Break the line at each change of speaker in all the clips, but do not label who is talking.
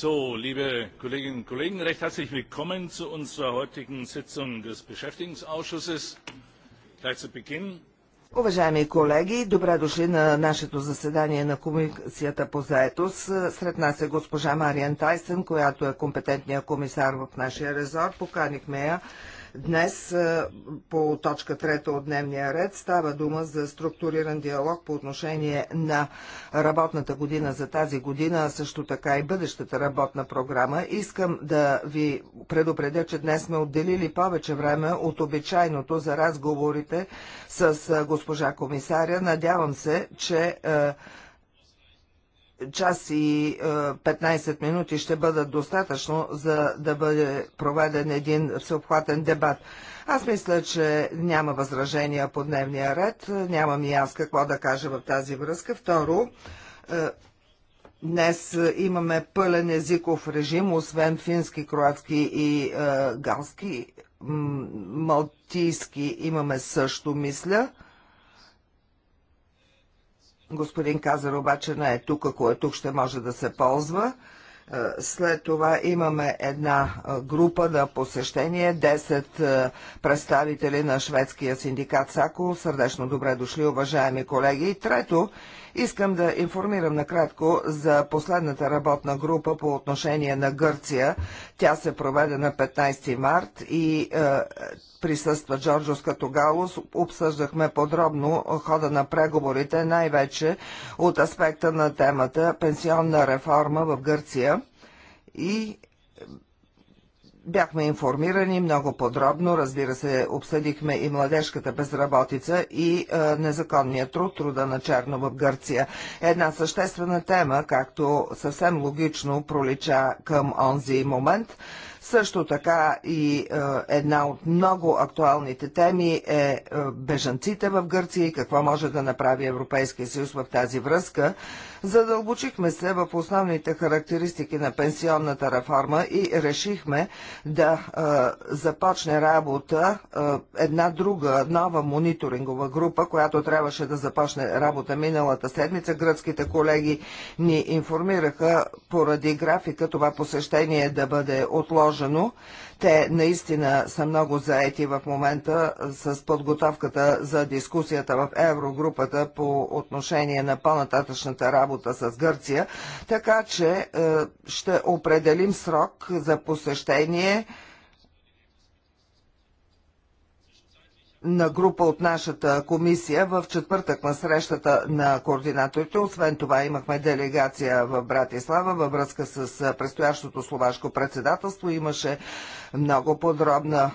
So, liebe Kolleginnen und Kollegen, recht herzlich willkommen zu unserer heutigen Sitzung des Beschäftigungsausschusses. Gleich zu Beginn.
Уважаеми колеги, добре дошли на нашето заседание на Комисията по заетост. Сред нас е госпожа Мариан Тайсън, която е компетентният комисар в нашия резор. Поканихме я Днес е, по точка трета от дневния ред става дума за структуриран диалог по отношение на работната година за тази година, а също така и бъдещата работна програма. Искам да ви предупредя, че днес сме отделили повече време от обичайното за разговорите с е, госпожа комисаря. Надявам се, че е, час и 15 е, минути ще бъдат достатъчно, за да бъде проведен един всеобхватен дебат. Аз мисля, че няма възражения по дневния ред. Нямам и аз какво да кажа в тази връзка. Второ, е, Днес имаме пълен езиков режим, освен фински, кроатски и е, галски. Малтийски имаме също, мисля. Господин Казар обаче не е тук, ако е тук ще може да се ползва. Е, след това имаме една е, група на посещение, 10 е, представители на шведския синдикат САКО. Сърдечно добре дошли, уважаеми колеги. И трето, Искам да информирам накратко за последната работна група по отношение на Гърция. Тя се проведе на 15 март и е, присъства Джорджос Катогалос. Обсъждахме подробно хода на преговорите, най-вече от аспекта на темата пенсионна реформа в Гърция и Бяхме информирани много подробно, разбира се, обсъдихме и младежката безработица и е, незаконния труд, труда на черно в Гърция. Една съществена тема, както съвсем логично пролича към онзи момент. Също така и е, една от много актуалните теми е, е бежанците в Гърция и какво може да направи Европейския съюз в тази връзка. Задълбочихме се в основните характеристики на пенсионната реформа и решихме да започне работа една друга нова мониторингова група, която трябваше да започне работа миналата седмица. Гръцките колеги ни информираха поради графика това посещение да бъде отложено. Те наистина са много заети в момента с подготовката за дискусията в Еврогрупата по отношение на по-нататъчната работа с Гърция, така че е, ще определим срок за посещение на група от нашата комисия в четвъртък на срещата на координаторите. Освен това имахме делегация в Братислава във връзка с предстоящото словашко председателство. Имаше много подробна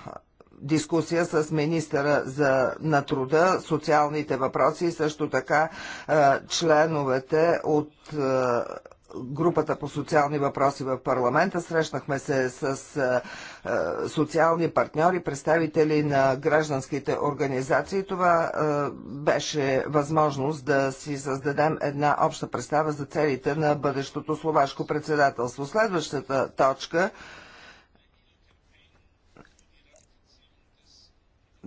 дискусия с министъра за, на труда, социалните въпроси и също така членовете от групата по социални въпроси в парламента. Срещнахме се с е, е, социални партньори, представители на гражданските организации. Това е, беше възможност да си създадем една обща представа за целите на бъдещото словашко председателство. Следващата точка –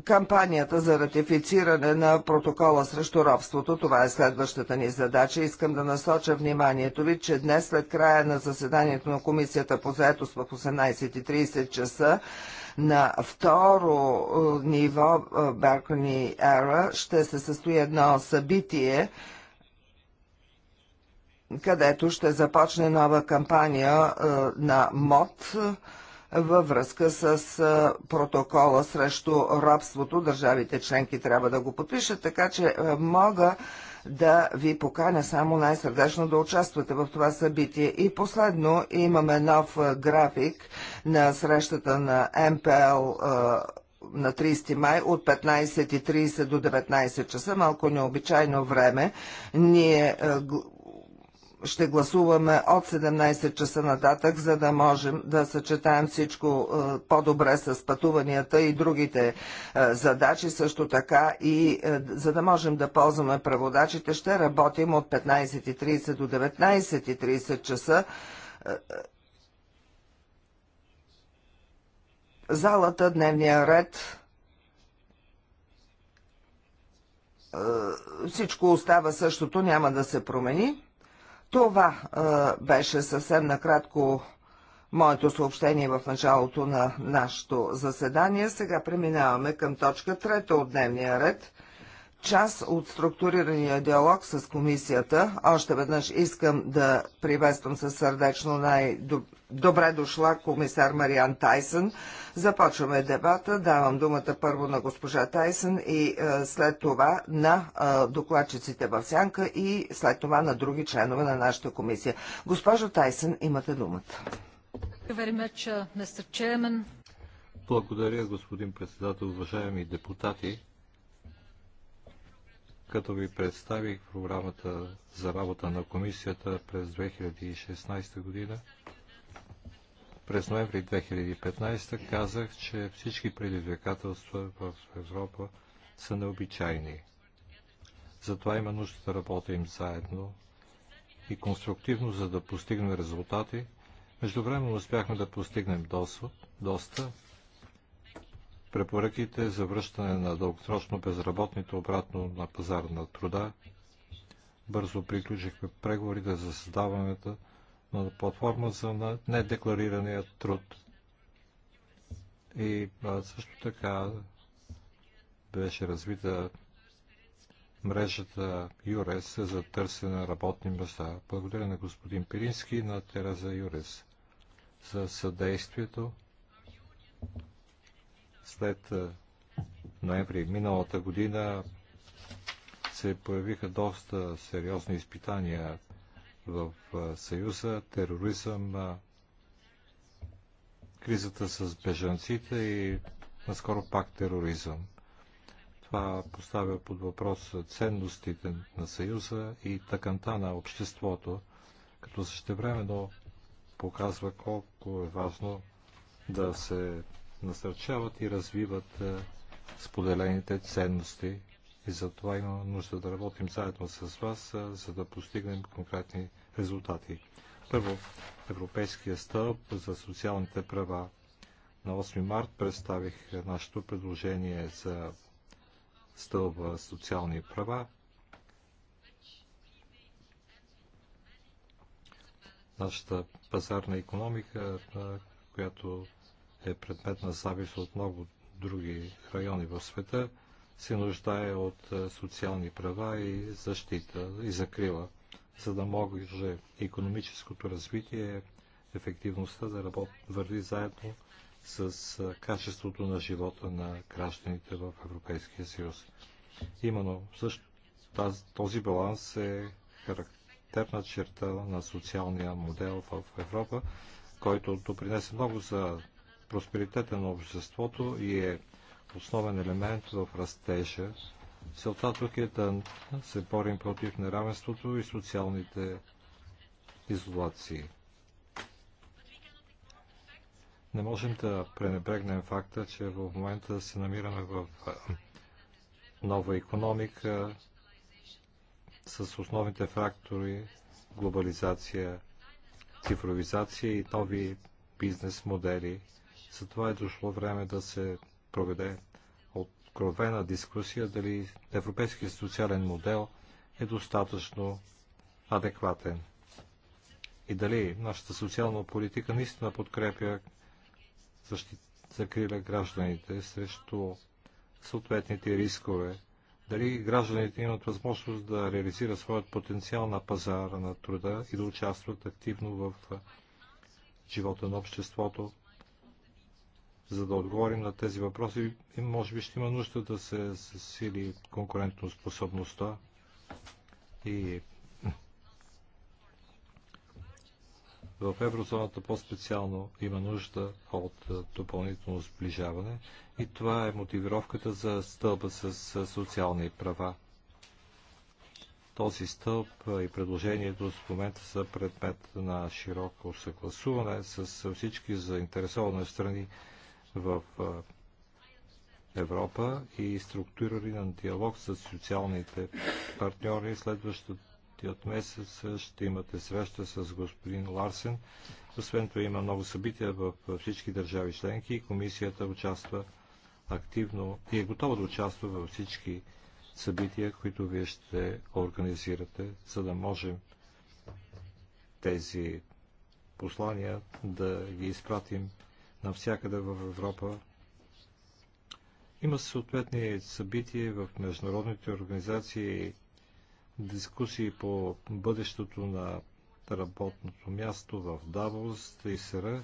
кампанията за ратифициране на протокола срещу робството. Това е следващата ни задача. Искам да насоча вниманието ви, че днес след края на заседанието на Комисията по заетост в 18.30 часа на второ е, ниво Беркони Ера ще се състои едно събитие, където ще започне нова кампания е, на МОД – във връзка с протокола срещу робството. Държавите членки трябва да го подпишат, така че мога да ви поканя само най-сърдечно да участвате в това събитие. И последно имаме нов график на срещата на МПЛ на 30 май от 15.30 до 19 часа, малко необичайно време. Ние ще гласуваме от 17 часа нататък, за да можем да съчетаем всичко е, по-добре с пътуванията и другите е, задачи, също така и е, за да можем да ползваме преводачите, ще работим от 15.30 до 19.30 часа. Залата, дневния ред, всичко остава същото, няма да се промени. Това беше съвсем накратко моето съобщение в началото на нашето заседание. Сега преминаваме към точка трета от дневния ред част от структурирания диалог с комисията. Още веднъж искам да приветствам със сърдечно най-добре дошла комисар Мариан Тайсън. Започваме дебата. Давам думата първо на госпожа Тайсън и е, след това на е, докладчиците в Сянка и след това на други членове на
нашата комисия. Госпожо Тайсън, имате думата.
Uh,
Благодаря, господин председател, уважаеми депутати като ви представих програмата за работа на комисията през 2016 година. През ноември 2015 казах, че всички предизвикателства в Европа са необичайни. Затова има нужда да работим заедно и конструктивно, за да постигнем резултати. Междувременно успяхме да постигнем доста препоръките за връщане на дългосрочно безработните обратно на пазар на труда. Бързо приключихме преговорите за създаването на платформа за недекларирания труд. И също така беше развита мрежата ЮРЕС за търсене на работни места. Благодаря на господин Пирински и на Тереза ЮРЕС за съдействието след ноември миналата година се появиха доста сериозни изпитания в Съюза, тероризъм, кризата с бежанците и наскоро пак тероризъм. Това поставя под въпрос ценностите на Съюза и тъканта на обществото, като същевременно показва колко е важно да се насърчават и развиват е, споделените ценности. И затова има нужда да работим заедно с вас, е, за да постигнем конкретни резултати. Първо, Европейския стълб за социалните права. На 8 март представих нашето предложение за стълба социални права. Нашата пазарна економика, е, която е предмет на завис от много други райони в света, се нуждае от е, социални права и защита и закрила, за да може економическото развитие, ефективността да върви заедно с е, качеството на живота на гражданите в Европейския съюз. Именно също таз, този баланс е характерна черта на социалния модел в Европа, който допринесе много за просперитета на обществото и е основен елемент в растежа. Целта тук е да се борим против неравенството и социалните изолации. Не можем да пренебрегнем факта, че в момента се намираме в нова економика с основните фактори глобализация, цифровизация и нови бизнес модели – затова е дошло време да се проведе откровена дискусия дали европейският социален модел е достатъчно адекватен и дали нашата социална политика наистина подкрепя закриля гражданите срещу съответните рискове, дали гражданите имат възможност да реализират своят потенциал на пазара на труда и да участват активно в живота на обществото за да отговорим на тези въпроси. И може би ще има нужда да се засили конкурентоспособността и в еврозоната по-специално има нужда от допълнително сближаване и това е мотивировката за стълба с социални права. Този стълб и предложението в момента са предмет на широко съгласуване с всички заинтересовани страни в Европа и на диалог с социалните партньори. Следващият месец ще имате среща с господин Ларсен. Освен това има много събития в всички държави членки и комисията участва активно и е готова да участва във всички събития, които вие ще организирате, за да можем тези послания да ги изпратим навсякъде в Европа. Има съответни събития в международните организации, дискусии по бъдещето на работното място в Давос, ИСР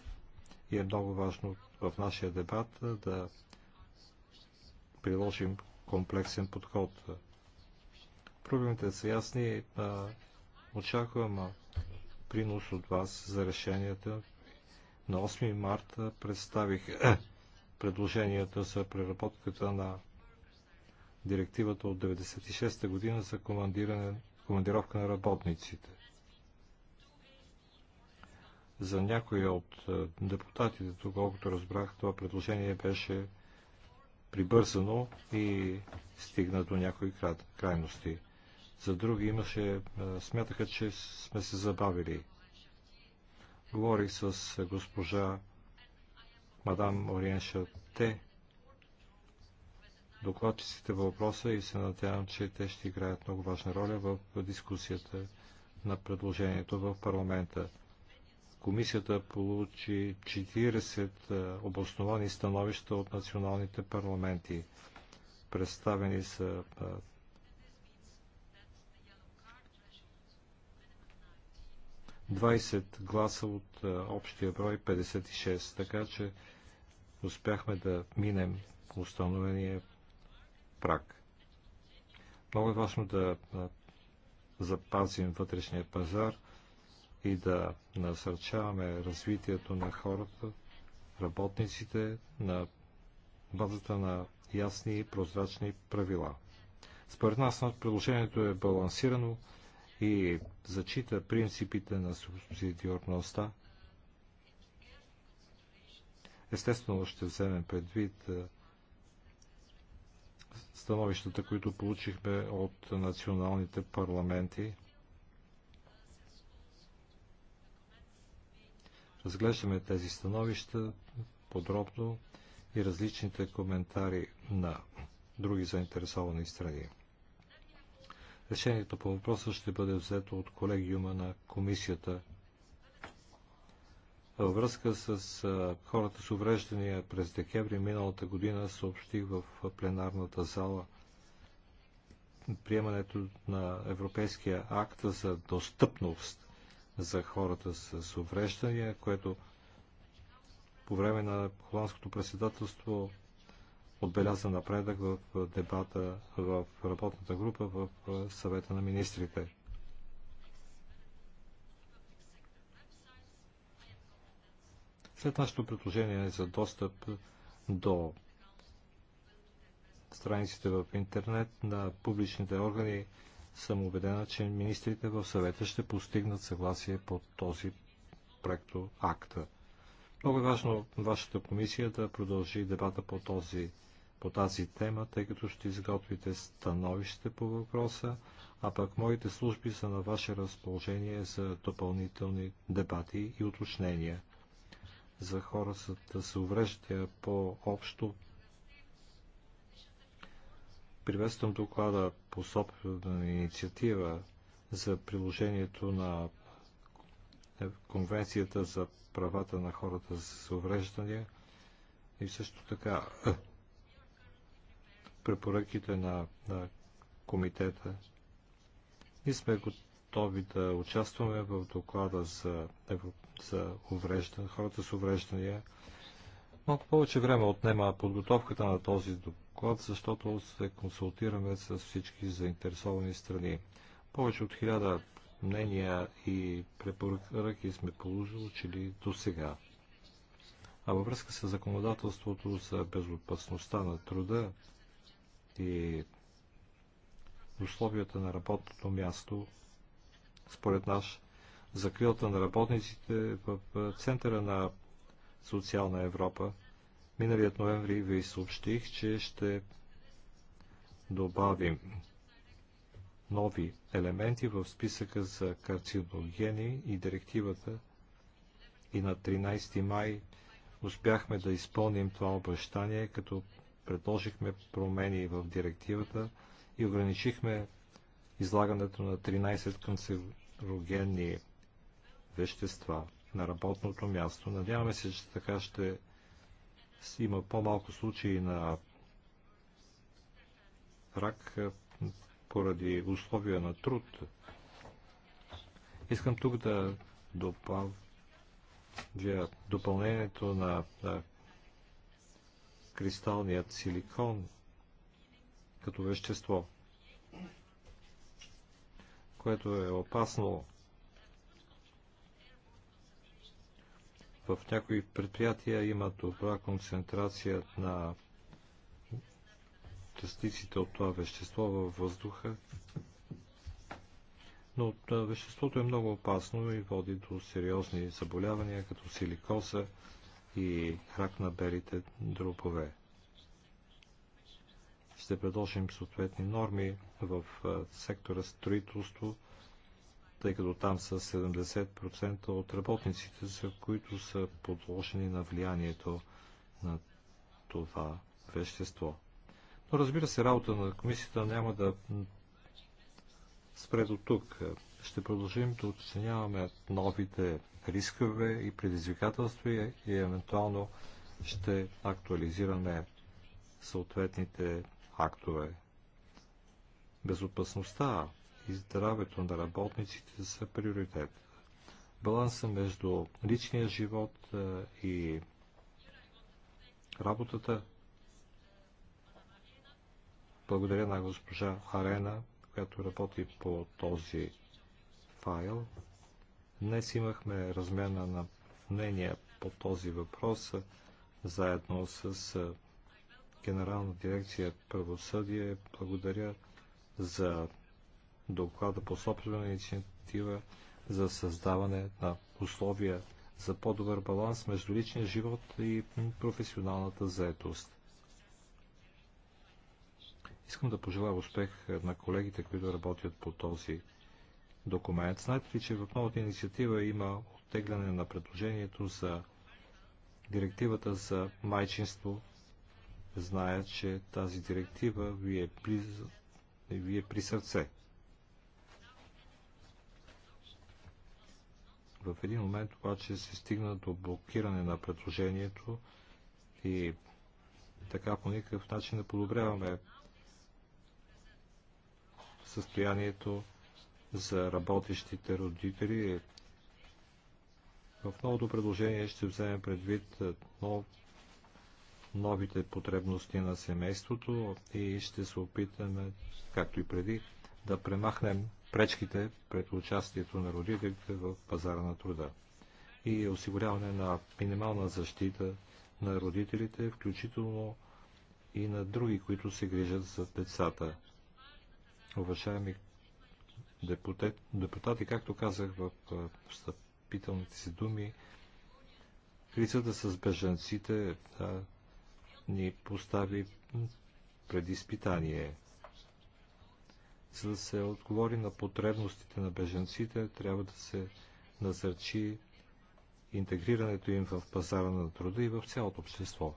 и е много важно в нашия дебат да приложим комплексен подход. Проблемите са ясни. Очаквам принос от вас за решенията на 8 марта представих е, предложенията за преработката на директивата от 1996 година за командировка на работниците. За някои от е, депутатите, доколкото разбрах, това предложение беше прибързано и стигна до някои крайности. За други имаше, е, смятаха, че сме се забавили. Говорих с госпожа мадам Ориен Шате, докладчиците въпроса и се надявам, че те ще играят много важна роля в дискусията на предложението в парламента. Комисията получи 40 обосновани становища от националните парламенти. Представени са 20 гласа от е, общия брой 56, така че успяхме да минем установения прак. Много е важно да е, запазим вътрешния пазар и да насърчаваме развитието на хората, работниците на базата на ясни и прозрачни правила. Според нас предложението е балансирано, и зачита принципите на субсидиорността. Естествено ще вземем предвид е, становищата, които получихме от националните парламенти. Разглеждаме тези становища подробно и различните коментари на други заинтересовани страни. Решението по въпроса ще бъде взето от колегиума на комисията. Във връзка с хората с увреждания през декември миналата година съобщих в пленарната зала приемането на Европейския акт за достъпност за хората с увреждания, което по време на холандското председателство отбеляза напредък в дебата в работната група в съвета на министрите. След нашето предложение за достъп до страниците в интернет на публичните органи, съм убедена, че министрите в съвета ще постигнат съгласие по този проекто акта. Много е важно вашата комисия да продължи дебата по този по тази тема, тъй като ще изготвите становище по въпроса, а пък моите служби са на ваше разположение за допълнителни дебати и уточнения за хора с увреждания по-общо. Приветствам доклада по собствена инициатива за приложението на Конвенцията за правата на хората с увреждания и също така препоръките на, на комитета. Ние сме готови да участваме в доклада за, за увреждане, хората с увреждания. Малко повече време отнема подготовката на този доклад, защото се консултираме с всички заинтересовани страни. Повече от хиляда мнения и препоръки сме получили до сега. А във връзка с законодателството за безопасността на труда, и условията на работното място, според нас, закрилата на работниците в центъра на социална Европа. Миналият ноември ви съобщих, че ще добавим нови елементи в списъка за карциногени и директивата и на 13 май успяхме да изпълним това обещание, като предложихме промени в директивата и ограничихме излагането на 13 канцерогенни вещества на работното място. Надяваме се, че така ще има по-малко случаи на рак поради условия на труд. Искам тук да допълня допълнението на, на кристалният силикон като вещество, което е опасно в някои предприятия има добра концентрация на частиците от това вещество във въздуха, но веществото е много опасно и води до сериозни заболявания, като силикоза, и рак на белите дробове. Ще предложим съответни норми в сектора строителство, тъй като там са 70% от работниците, за които са подложени на влиянието на това вещество. Но разбира се, работа на комисията няма да спре до тук. Ще продължим да оценяваме новите рискове и предизвикателства и евентуално ще актуализираме съответните актове. Безопасността и здравето на работниците са приоритет. Баланса между личния живот е, и работата. Благодаря на госпожа Арена, която работи по този файл. Днес имахме размяна на мнения по този въпрос заедно с Генерална дирекция правосъдие. Благодаря за доклада по собствена инициатива за създаване на условия за по-добър баланс между личния живот и професионалната заетост. Искам да пожелая успех на колегите, които работят по този документ. Знаете ли, че в новата инициатива има оттегляне на предложението за директивата за майчинство. Зная, че тази директива ви е при, ви е при сърце. В един момент обаче се стигна до блокиране на предложението и така по никакъв начин не подобряваме състоянието за работещите родители. В новото предложение ще вземем предвид е, нов, новите потребности на семейството и ще се опитаме, както и преди, да премахнем пречките пред участието на родителите в пазара на труда и осигуряване на минимална защита на родителите, включително и на други, които се грижат за децата. Уважаеми депутат, депутати, както казах в встъпителните си думи, кризата с беженците да, ни постави пред изпитание. За да се отговори на потребностите на беженците, трябва да се насърчи интегрирането им в пазара на труда и в цялото общество.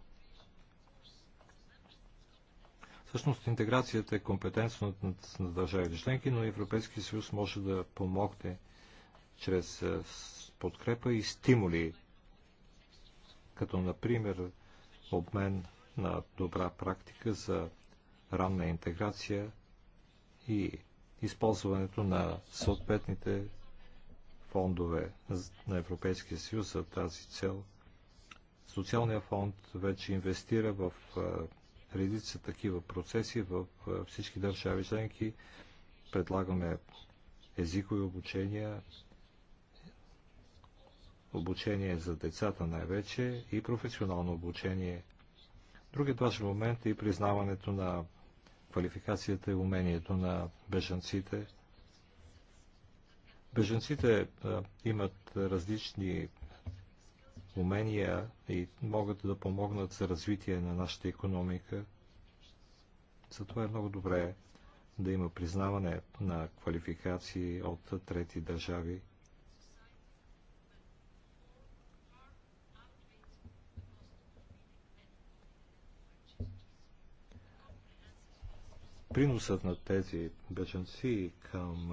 Всъщност интеграцията е компетентност на държавите членки, но Европейския съюз може да помогне чрез е, подкрепа и стимули, като например обмен на добра практика за ранна интеграция и използването на съответните фондове на Европейския съюз за тази цел. Социалният фонд вече инвестира в е, редица такива процеси в всички държави членки. Предлагаме езикови обучения, обучение за децата най-вече и професионално обучение. Другият важен момент е и признаването на квалификацията и умението на бежанците. Бежанците имат различни умения и могат да помогнат за развитие на нашата економика. Затова е много добре да има признаване на квалификации от трети държави. Приносът на тези беженци към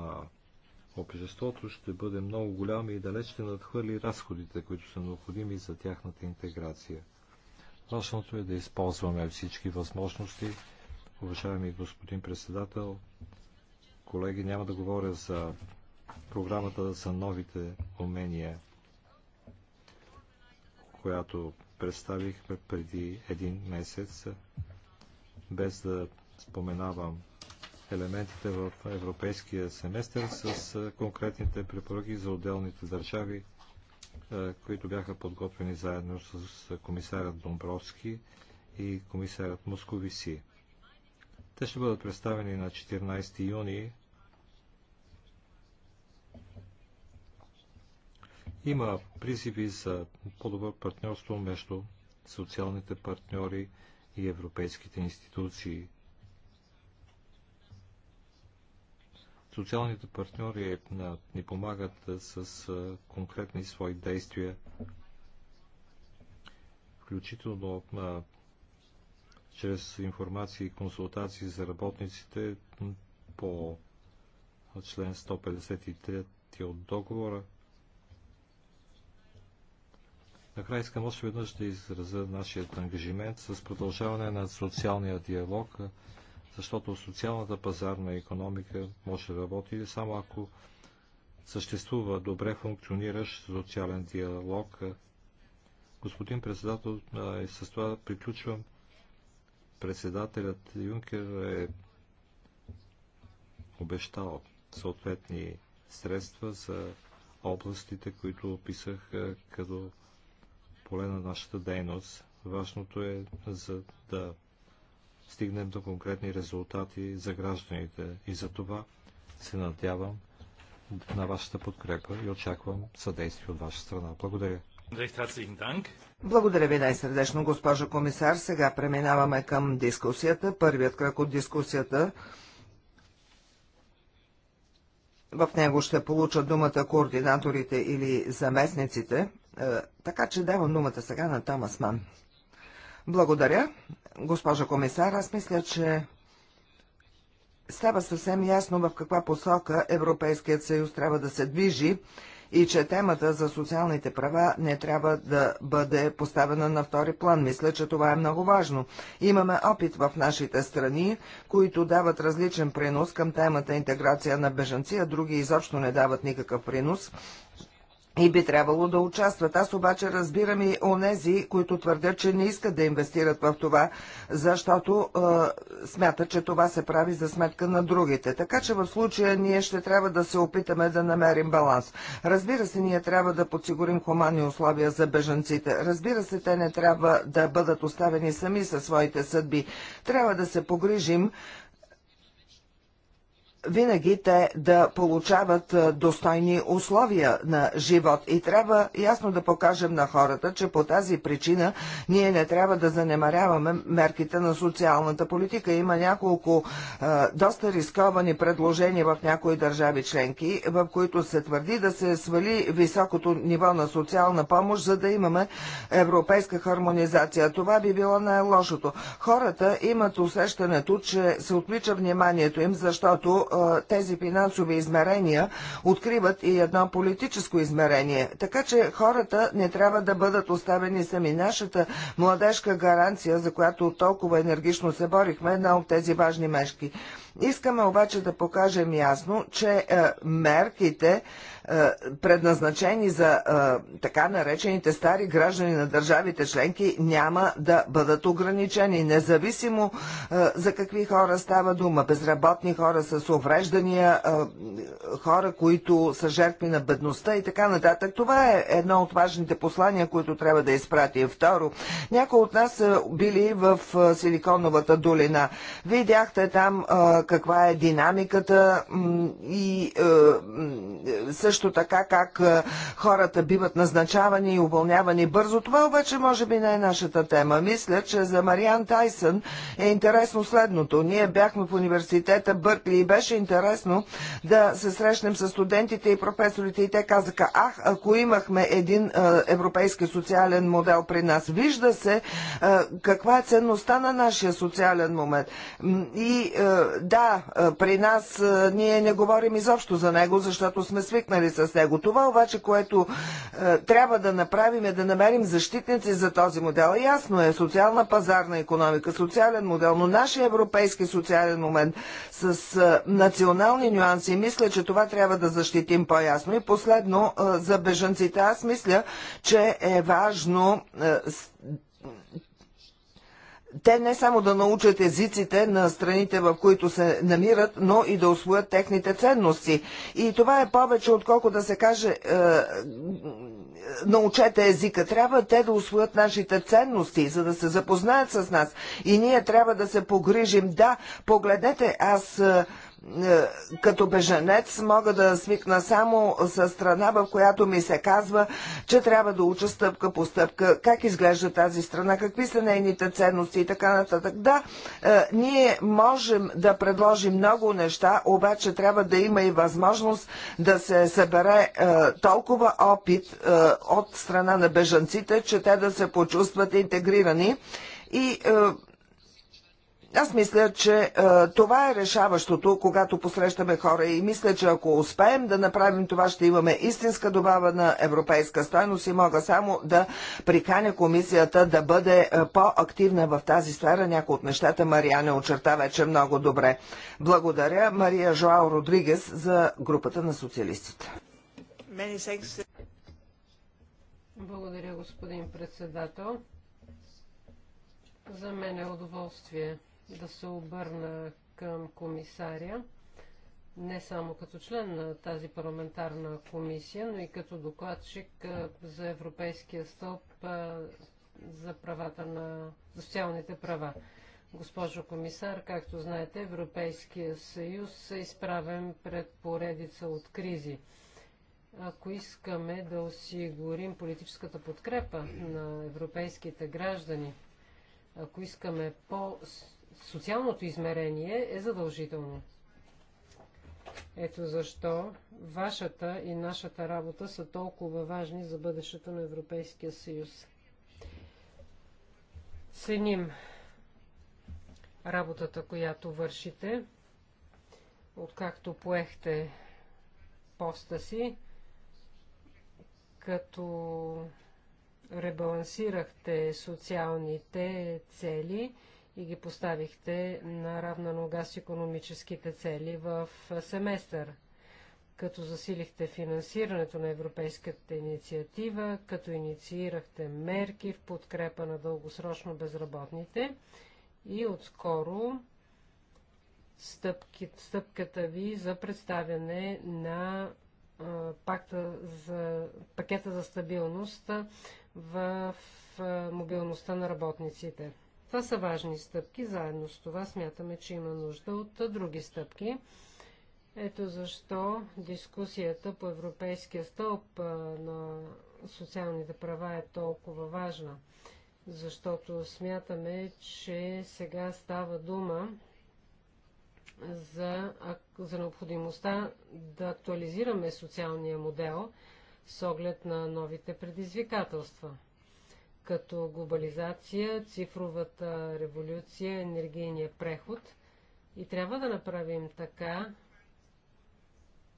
Обществото ще бъде много голямо и далеч ще надхвърли разходите, които са необходими за тяхната интеграция. Важното е да използваме всички възможности. Уважаеми господин председател, колеги, няма да говоря за програмата за новите умения, която представихме преди един месец, без да споменавам елементите в европейския семестър с конкретните препоръки за отделните държави, които бяха подготвени заедно с комисарят Домбровски и комисарят Московиси. Те ще бъдат представени на 14 юни. Има призиви за по-добро партньорство между социалните партньори и европейските институции – Социалните партньори е, ни помагат с конкретни свои действия, включително чрез информации и консултации за работниците по член 153 от договора. Накрая искам още веднъж да изразя нашият ангажимент с продължаване на социалния диалог защото социалната пазарна економика може да работи само ако съществува добре функциониращ социален диалог. Господин председател, и с това приключвам. Председателят Юнкер е обещал съответни средства за областите, които описах като поле на нашата дейност. Важното е за да стигнем до конкретни резултати за гражданите. И за това се надявам на вашата подкрепа и очаквам съдействие от ваша страна. Благодаря.
Благодаря ви най-сърдечно, госпожа комисар. Сега преминаваме към дискусията. Първият кръг от дискусията. В него ще получат думата координаторите или заместниците. Е, така че давам думата сега на Томас Ман. Благодаря. Госпожа комисар, аз мисля, че става съвсем ясно в каква посока Европейският съюз трябва да се движи и че темата за социалните права не трябва да бъде поставена на втори план. Мисля, че това е много важно. Имаме опит в нашите страни, които дават различен принос към темата интеграция на бежанци, а други изобщо не дават никакъв принос и би трябвало да участват. Аз обаче разбирам и онези, които твърдят, че не искат да инвестират в това, защото е, смятат, че това се прави за сметка на другите. Така че в случая ние ще трябва да се опитаме да намерим баланс. Разбира се, ние трябва да подсигурим хумани условия за бежанците. Разбира се, те не трябва да бъдат оставени сами със своите съдби. Трябва да се погрижим винаги те да получават достойни условия на живот. И трябва ясно да покажем на хората, че по тази причина ние не трябва да занемаряваме мерките на социалната политика. Има няколко е, доста рисковани предложения в някои държави членки, в които се твърди да се свали високото ниво на социална помощ, за да имаме европейска хармонизация. Това би било най-лошото. Хората имат усещането, че се отлича вниманието им, защото тези финансови измерения откриват и едно политическо измерение. Така че хората не трябва да бъдат оставени сами. Нашата младежка гаранция, за която толкова енергично се борихме, е една от тези важни мешки. Искаме обаче да покажем ясно, че е, мерките, е, предназначени за е, така наречените стари граждани на държавите членки, няма да бъдат ограничени, независимо за какви хора става дума. Безработни хора с увреждания, хора, които са жертви на бедността и така нататък. Това е едно от важните послания, които трябва да изпратим. Второ, някои от нас са били в Силиконовата долина. Видяхте там каква е динамиката и е, също така как е, хората биват назначавани и уволнявани бързо. Това обаче може би не е нашата тема. Мисля, че за Мариан Тайсън е интересно следното. Ние бяхме в университета Бъркли и беше интересно да се срещнем с студентите и професорите и те казаха, ах, ако имахме един е, европейски социален модел при нас, вижда се каква е ценността на нашия социален момент. И да, при нас ние не говорим изобщо за него, защото сме свикнали с него. Това обаче, което трябва да направим е да намерим защитници за този модел. Ясно е, социална пазарна економика, социален модел, но нашия европейски социален момент с национални нюанси, мисля, че това трябва да защитим по-ясно. И последно, за бежанците, аз мисля, че е важно те не само да научат езиците на страните, в които се намират, но и да освоят техните ценности. И това е повече, отколко да се каже е, научете езика. Трябва те да освоят нашите ценности, за да се запознаят с нас. И ние трябва да се погрижим. Да, погледнете, аз е, е, като беженец мога да свикна само с страна, в която ми се казва, че трябва да уча стъпка по стъпка, как изглежда тази страна, какви са нейните ценности и така нататък. Да, е, ние можем да предложим много неща, обаче трябва да има и възможност да се събере е, толкова опит от страна на бежанците, че те да се почувстват интегрирани и аз мисля, че е, това е решаващото, когато посрещаме хора и мисля, че ако успеем да направим това, ще имаме истинска добава на европейска стойност и мога само да приканя комисията да бъде е, по-активна в тази сфера. Някои от нещата не очерта вече много добре. Благодаря Мария Жоао Родригес за групата на социалистите.
Благодаря, господин председател. За мен е удоволствие да се обърна към комисаря, не само като член на тази парламентарна комисия, но и като докладчик за Европейския стоп за правата на за социалните права. Госпожо комисар, както знаете, Европейския съюз е изправен пред поредица от кризи. Ако искаме да осигурим политическата подкрепа на европейските граждани, ако искаме по социалното измерение е задължително. Ето защо вашата и нашата работа са толкова важни за бъдещето на Европейския съюз. Ценим работата, която вършите, откакто поехте поста си, като ребалансирахте социалните цели – и ги поставихте на равна нога с економическите цели в семестър, като засилихте финансирането на европейската инициатива, като инициирахте мерки в подкрепа на дългосрочно безработните и отскоро стъпки, стъпката ви за представяне на а, пакта за, пакета за стабилност в а, мобилността на работниците. Това са важни стъпки. Заедно с това смятаме, че има нужда от други стъпки. Ето защо дискусията по Европейския стълб на социалните права е толкова важна, защото смятаме, че сега става дума за, за необходимостта да актуализираме социалния модел с оглед на новите предизвикателства като глобализация, цифровата революция, енергийния преход. И трябва да направим така,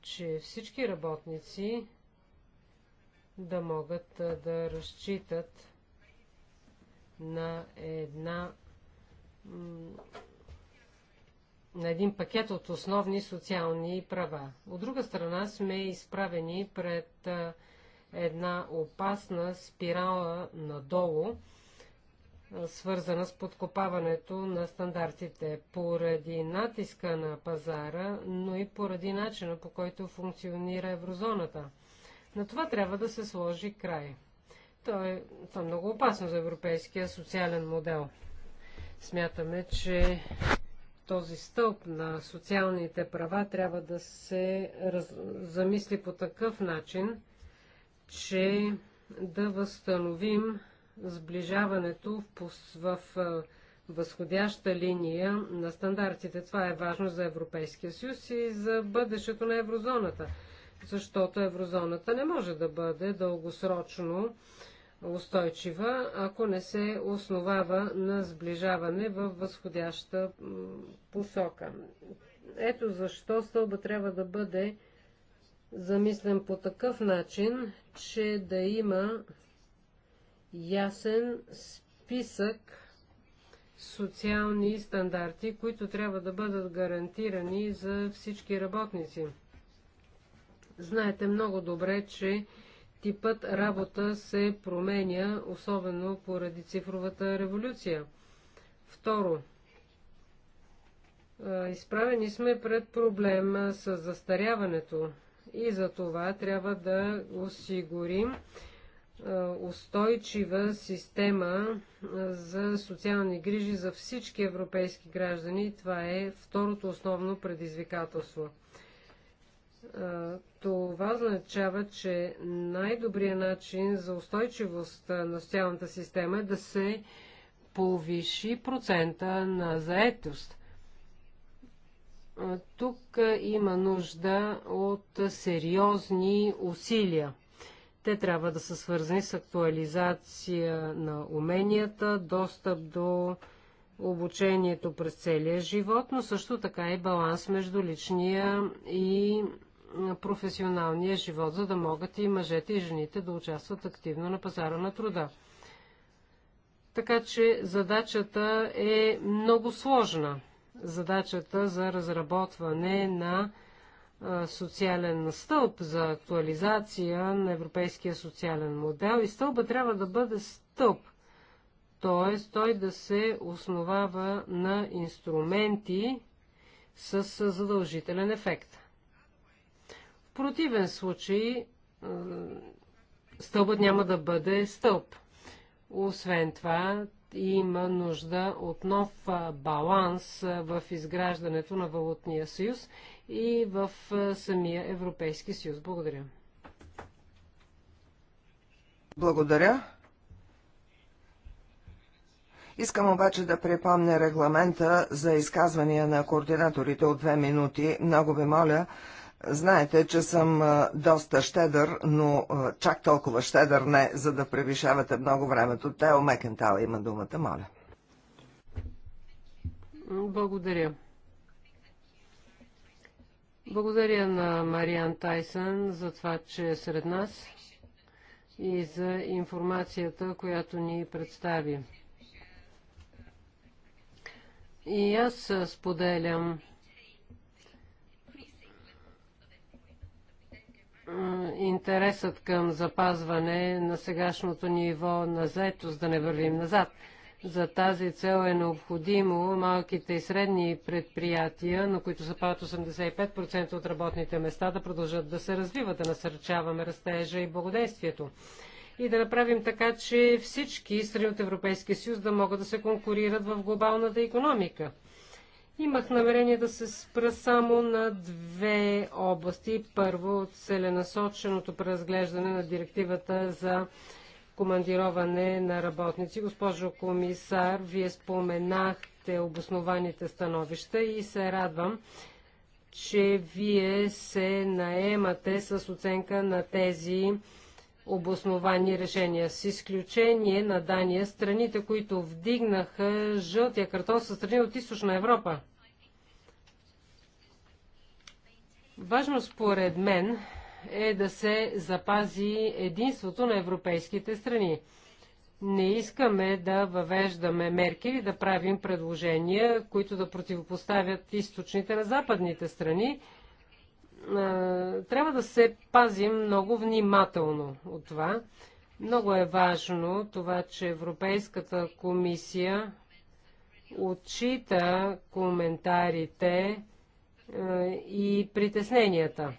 че всички работници да могат да разчитат на една на един пакет от основни социални права. От друга страна сме изправени пред една опасна спирала надолу, свързана с подкопаването на стандартите поради натиска на пазара, но и поради начина по който функционира еврозоната. На това трябва да се сложи край. То е, това е много опасно за европейския социален модел. Смятаме, че този стълб на социалните права трябва да се раз... замисли по такъв начин, че да възстановим сближаването в, в, в възходяща линия на стандартите. Това е важно за Европейския съюз и за бъдещето на еврозоната, защото еврозоната не може да бъде дългосрочно устойчива, ако не се основава на сближаване в възходяща посока. Ето защо стълба трябва да бъде замислен по такъв начин, че да има ясен списък социални стандарти, които трябва да бъдат гарантирани за всички работници. Знаете много добре, че типът работа се променя, особено поради цифровата революция. Второ, изправени сме пред проблема с застаряването и за това трябва да осигурим е, устойчива система е, за социални грижи за всички европейски граждани. Това е второто основно предизвикателство. Е, това означава, че най-добрият начин за устойчивост на социалната система е да се повиши процента на заетост – тук има нужда от сериозни усилия. Те трябва да са свързани с актуализация на уменията, достъп до обучението през целия живот, но също така и баланс между личния и професионалния живот, за да могат и мъжете и жените да участват активно на пазара на труда. Така че задачата е много сложна задачата за разработване на социален стълб за актуализация на европейския социален модел и стълба трябва да бъде стълб, т.е. той да се основава на инструменти с задължителен ефект. В противен случай стълбът няма да бъде стълб. Освен това, има нужда от нов баланс в изграждането на валутния съюз и в самия Европейски съюз. Благодаря.
Благодаря. Искам обаче да припомня регламента за изказвания на координаторите от две минути. Много ви моля Знаете, че съм доста щедър, но чак толкова щедър не, за да превишавате много времето. Тео мекентала има думата, моля.
Благодаря. Благодаря на Мариан Тайсън за това, че е сред нас и за информацията, която ни представи. И аз споделям интересът към запазване на сегашното ниво на заетост, да не вървим назад. За тази цел е необходимо малките и средни предприятия, на които са падат 85% от работните места, да продължат да се развиват, да насърчаваме растежа и благодействието. И да направим така, че всички страни от Европейския съюз да могат да се конкурират в глобалната економика. Имах намерение да се спра само на две области. Първо, от целенасоченото преразглеждане на директивата за командироване на работници. Госпожо комисар, вие споменахте обоснованите становища и се радвам, че вие се наемате с оценка на тези обосновани решения. С изключение на Дания, страните, които вдигнаха жълтия картон, са страни от източна Европа. Важно според мен е да се запази единството на европейските страни. Не искаме да въвеждаме мерки или да правим предложения, които да противопоставят източните на западните страни трябва да се пазим много внимателно от това. Много е важно това, че Европейската комисия отчита коментарите и притесненията,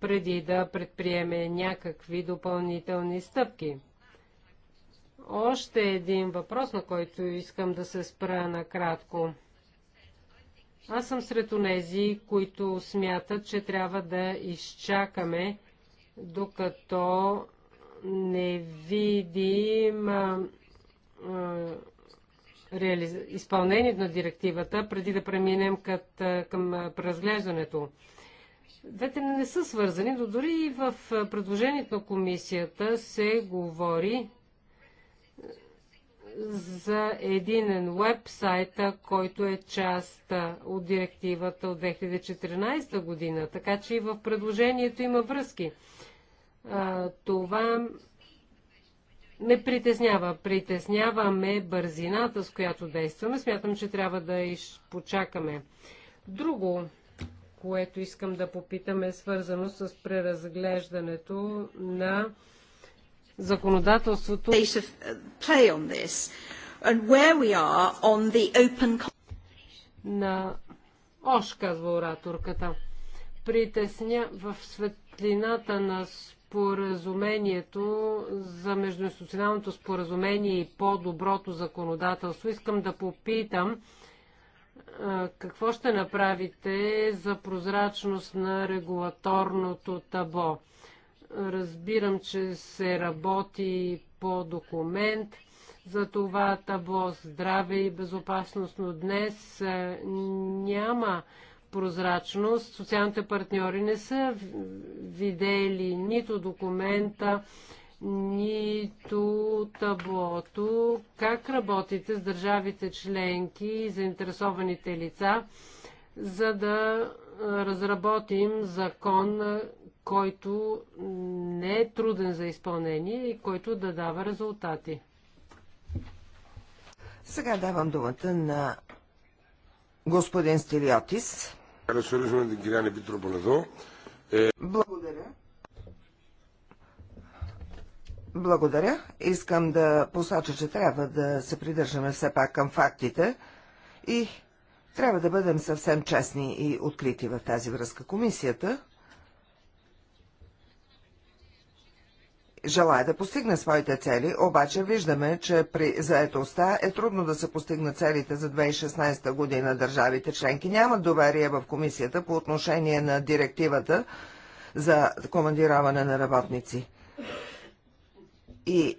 преди да предприеме някакви допълнителни стъпки. Още един въпрос, на който искам да се спра накратко – аз съм сред онези, които смятат, че трябва да изчакаме, докато не видим а, а, реали... изпълнението на директивата, преди да преминем кът, а, към преразглеждането. Двете не са свързани, но дори и в предложението на комисията се говори за единен сайта, който е част от директивата от 2014 година. Така че и в предложението има връзки. А, това не притеснява. Притесняваме бързината, с която действаме. Смятам, че трябва да изпочакаме. Друго, което искам да попитам е свързано с преразглеждането на законодателството. Uh, на Ош, казва ораторката. Притесня в светлината на споразумението за междуинституционалното споразумение и по-доброто законодателство. Искам да попитам какво ще направите за прозрачност на регулаторното табло? Разбирам, че се работи по документ за това табло здраве и безопасност, но днес е, няма прозрачност. Социалните партньори не са видели нито документа, нито таблото. Как работите с държавите членки и заинтересованите лица, за да разработим закон, който не е труден за изпълнение и който да дава резултати.
Сега давам думата на господин Стилиотис. Благодаря. Благодаря. Искам да посоча, че трябва да се придържаме все пак към фактите и трябва да бъдем съвсем честни и открити в тази връзка. Комисията желая да постигне своите цели, обаче виждаме, че при заетостта е трудно да се постигнат целите за 2016 година. Държавите членки нямат доверие в комисията по отношение на директивата за командираване на работници. И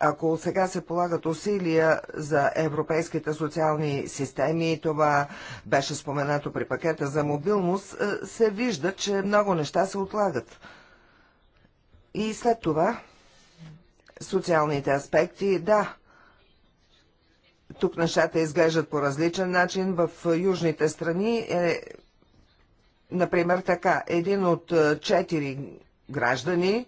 ако сега се полагат усилия за европейските социални системи, това беше споменато при пакета за мобилност, е, се вижда, че много неща се отлагат. И след това социалните аспекти, да, тук нещата изглеждат по различен начин. В е, южните страни е, например, така. Един от е, четири граждани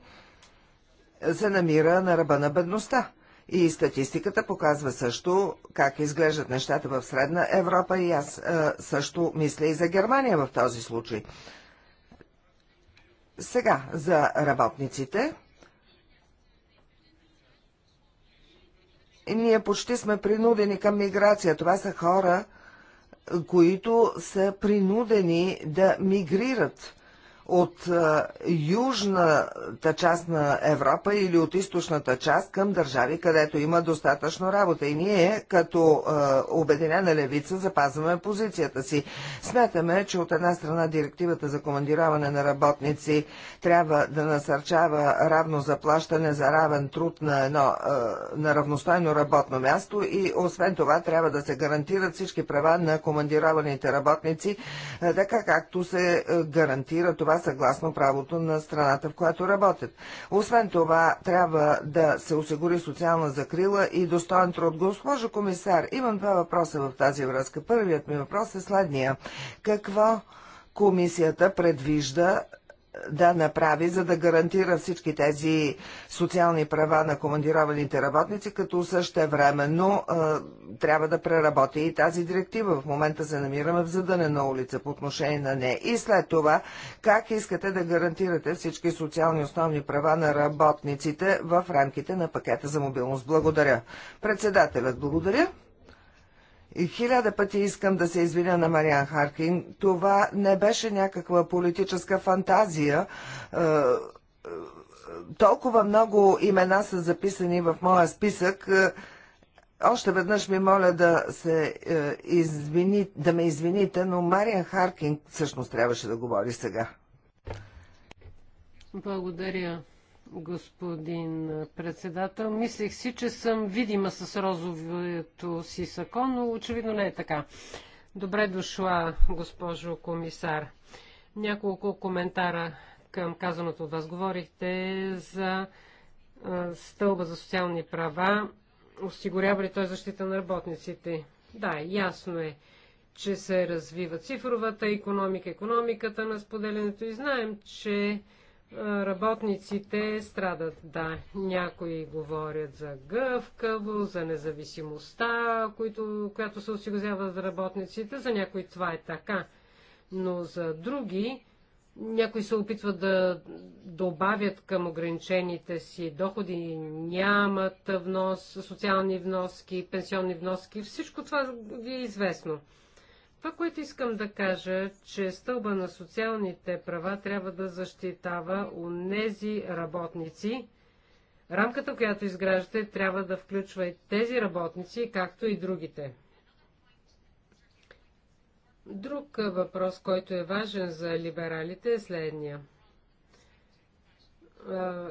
се намира на ръба на бедността. И статистиката показва също как изглеждат нещата в Средна Европа и аз е, също мисля и за Германия в този случай. Сега за работниците. Ние почти сме принудени към миграция. Това са хора, които са принудени да мигрират от е, южната част на Европа или от източната част към държави, където има достатъчно работа. И ние, като е, Обединена левица, запазваме позицията си. Смятаме, че от една страна директивата за командироване на работници трябва да насърчава равно заплащане за равен труд на едно е, на равностойно работно място и освен това трябва да се гарантират всички права на командированите работници, така както се гарантира това съгласно правото на страната, в която работят. Освен това, трябва да се осигури социална закрила и достоен труд. Госпожо комисар, имам два въпроса в тази връзка. Първият ми въпрос е следния. Какво комисията предвижда да направи, за да гарантира всички тези социални права на командированите работници, като същевременно а, е, трябва да преработи и тази директива. В момента се намираме в на улица по отношение на нея. И след това, как искате да гарантирате всички социални основни права на работниците в рамките на пакета за мобилност? Благодаря. Председателят, благодаря. Хиляда пъти искам да се извиня на Мариан Харкин. Това не беше някаква политическа фантазия. Е, е, толкова много имена са записани в моя списък. Е, още веднъж ми моля да се извини, да ме извините, но Мариан Харкин всъщност трябваше да говори сега.
Благодаря господин председател. Мислех си, че съм видима с розовото си сако, но очевидно не е така. Добре дошла, госпожо комисар. Няколко коментара към казаното от вас. Говорихте за стълба за социални права. Осигурява ли той защита на работниците? Да, ясно е че се развива цифровата економика, економиката на споделянето и знаем, че работниците страдат. Да, някои говорят за гъвкаво, за независимостта, които, която се осигурява за работниците. За някои това е така. Но за други, някои се опитват да добавят към ограничените си доходи, нямат внос, социални вноски, пенсионни вноски. Всичко това ви е известно. Това, което искам да кажа, че стълба на социалните права трябва да защитава нези работници. Рамката, която изграждате, трябва да включва и тези работници, както и другите. Друг въпрос, който е важен за либералите е следния.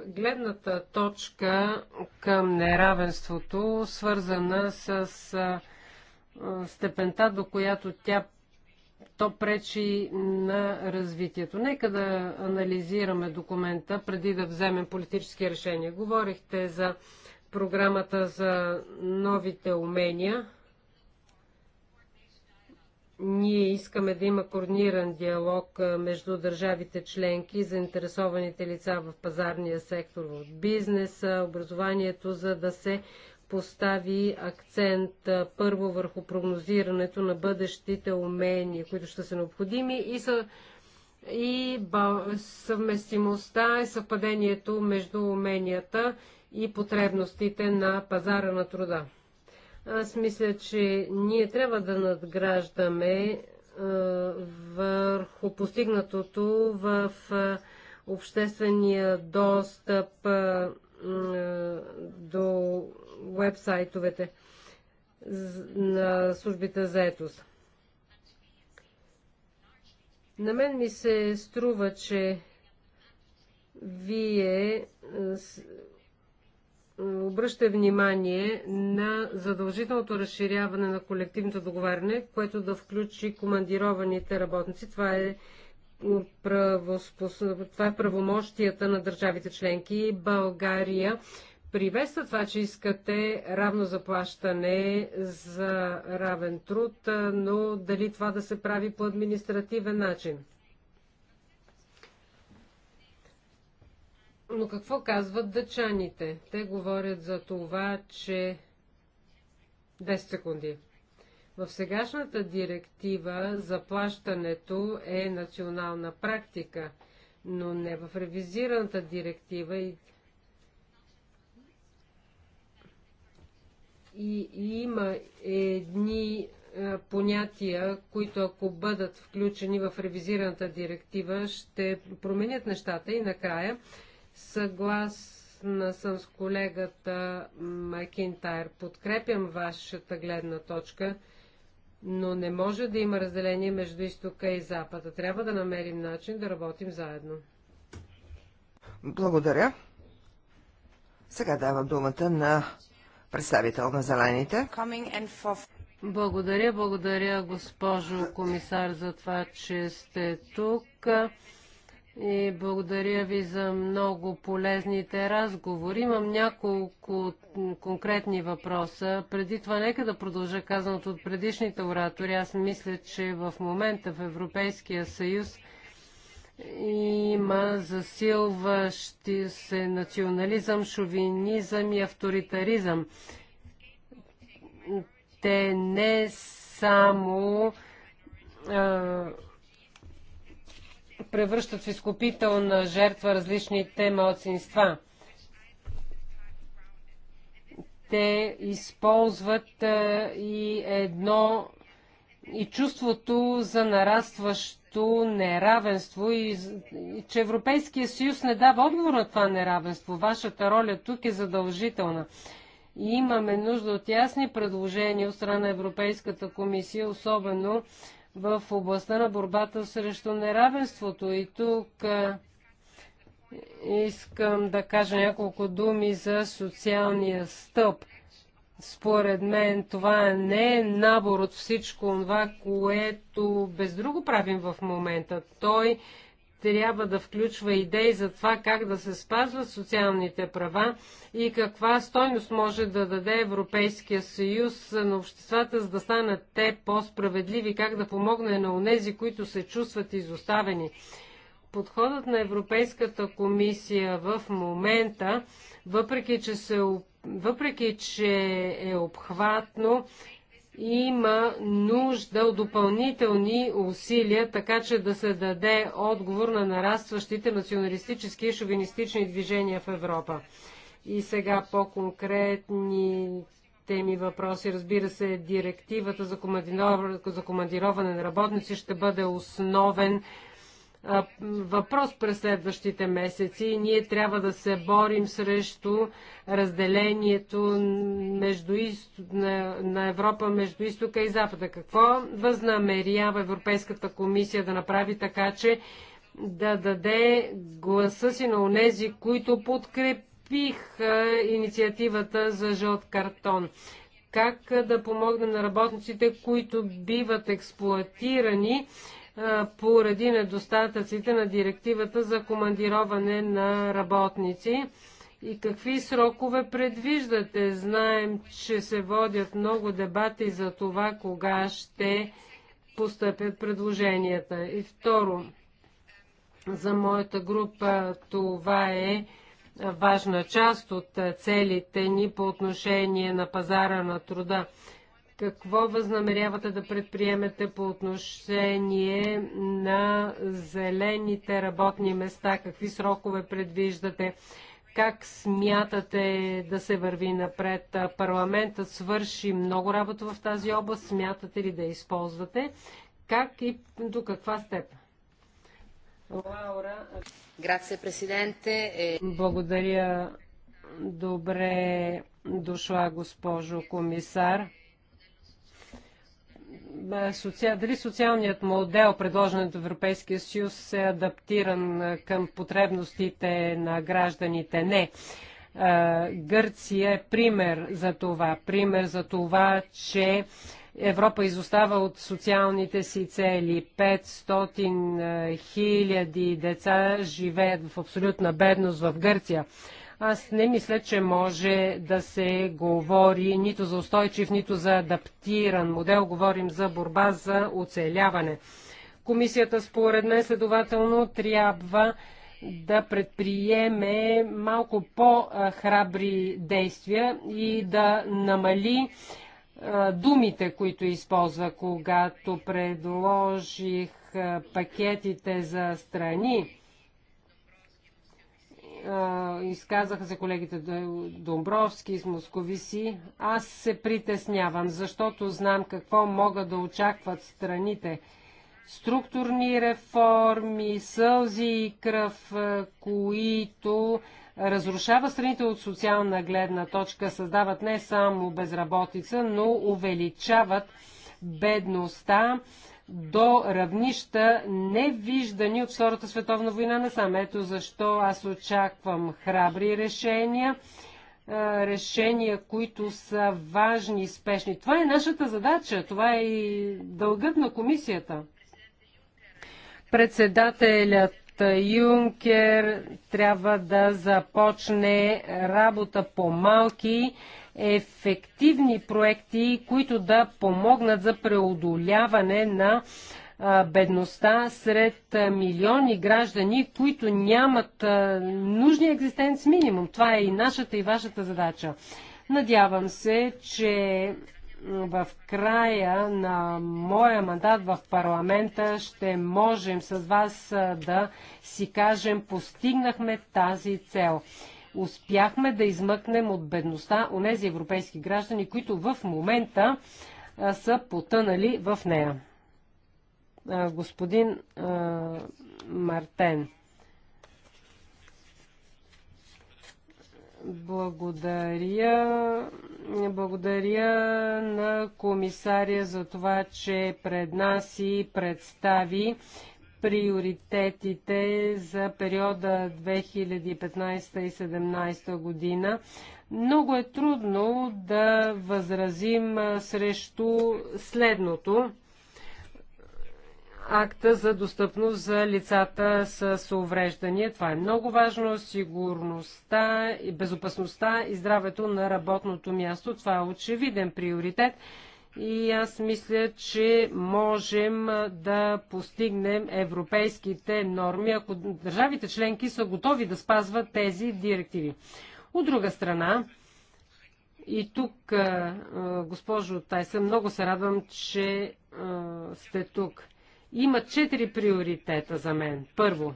Гледната точка към неравенството, свързана с степента, до която тя то пречи на развитието. Нека да анализираме документа преди да вземем политически решения. Говорихте за програмата за новите умения. Ние искаме да има координиран диалог между държавите членки, заинтересованите лица в пазарния сектор, в бизнеса, образованието, за да се постави акцент първо върху прогнозирането на бъдещите умения, които ще са необходими и са и съвместимостта и съвпадението между уменията и потребностите на пазара на труда. Аз мисля, че ние трябва да надграждаме върху постигнатото в обществения достъп до вебсайтовете на службите за етост. На мен ми се струва, че вие е, обръща внимание на задължителното разширяване на колективното договаряне, което да включи командированите работници. Това е, правоспос... Това е правомощията на държавите членки. България Приветства това, че искате равно заплащане за равен труд, но дали това да се прави по административен начин? Но какво казват дъчаните? Те говорят за това, че... 10 секунди. В сегашната директива заплащането е национална практика, но не в ревизираната директива и и, и има едни е, понятия, които ако бъдат включени в ревизираната директива, ще променят нещата. И накрая, съгласна съм с колегата Макинтайр, подкрепям вашата гледна точка, но не може да има разделение между изтока и запада. Трябва да намерим начин да работим заедно.
Благодаря. Сега давам думата на представител на Зелените.
Благодаря, благодаря госпожо комисар за това, че сте тук. И благодаря ви за много полезните разговори. Имам няколко конкретни въпроса. Преди това нека да продължа казаното от предишните оратори. Аз мисля, че в момента в Европейския съюз има засилващи се национализъм, шовинизъм и авторитаризъм. Те не само а, превръщат в изкупителна жертва различните малцинства. Те използват а, и едно и чувството за нарастващ като неравенство и, и че Европейския съюз не дава отговор на това неравенство. Вашата роля тук е задължителна. И имаме нужда от ясни предложения от страна на Европейската комисия, особено в областта на борбата срещу неравенството. И тук а, е, искам да кажа няколко думи за социалния стълб – според мен това не е набор от всичко това, което без друго правим в момента. Той трябва да включва идеи за това как да се спазват социалните права и каква стойност може да даде Европейския съюз на обществата, за да станат те по-справедливи, как да помогне на онези, които се чувстват изоставени. Подходът на Европейската комисия в момента въпреки че, се, въпреки, че е обхватно, има нужда от допълнителни усилия, така че да се даде отговор на нарастващите националистически и шовинистични движения в Европа. И сега по-конкретни теми въпроси. Разбира се, директивата за командироване на работници ще бъде основен въпрос през следващите месеци и ние трябва да се борим срещу разделението между на, Европа между изтока и запада. Какво възнамерява Европейската комисия да направи така, че да даде гласа си на онези, които подкрепиха инициативата за жълт картон? Как да помогнем на работниците, които биват експлуатирани? поради недостатъците на директивата за командироване на работници. И какви срокове предвиждате? Знаем, че се водят много дебати за това, кога ще постъпят предложенията. И второ, за моята група това е важна част от целите ни по отношение на пазара на труда. Какво възнамерявате да предприемете по отношение на зелените работни места? Какви срокове предвиждате? Как смятате да се върви напред? Парламентът свърши много работа в тази област. Смятате ли да използвате? Как и до каква степен? Лаура. Е, Благодаря. Добре дошла, госпожо комисар. Е, дали социалният модел, предложен от Европейския съюз, е адаптиран е, към потребностите на гражданите? Не. Е, Гърция е пример за това. Пример за това, че Европа изостава от социалните си цели. 500 хиляди деца живеят в абсолютна бедност в Гърция. Аз не мисля, че може да се говори нито за устойчив, нито за адаптиран модел. Говорим за борба за оцеляване. Комисията, според мен, следователно трябва да предприеме малко по-храбри действия и да намали думите, които използва, когато предложих пакетите за страни изказаха се колегите Домбровски и Московиси, аз се притеснявам, защото знам какво могат да очакват страните. Структурни реформи, сълзи и кръв, които разрушава страните от социална гледна точка, създават не само безработица, но увеличават бедността, до равнища невиждани от Втората световна война насам. Ето защо аз очаквам храбри решения, решения, които са важни и спешни. Това е нашата задача, това е и дългът на комисията. Председателят Юнкер трябва да започне работа по малки ефективни проекти, които да помогнат за преодоляване на бедността сред милиони граждани, които нямат нужния екзистенц минимум. Това е и нашата и вашата задача. Надявам се, че в края на моя мандат в парламента ще можем с вас да си кажем постигнахме тази цел успяхме да измъкнем от бедността онези европейски граждани, които в момента са потънали в нея. господин а, Мартен. Благодаря. Благодаря на комисаря за това, че пред нас и представи приоритетите за периода 2015 и 2017 година. Много е трудно да възразим срещу следното. Акта за достъпност за лицата с увреждания. Това е много важно. Сигурността, безопасността и здравето на работното място. Това е очевиден приоритет и аз мисля, че можем да постигнем европейските норми, ако държавите членки са готови да спазват тези директиви. От друга страна, и тук, госпожо Тайсън, много се радвам, че сте тук. Има четири приоритета за мен. Първо,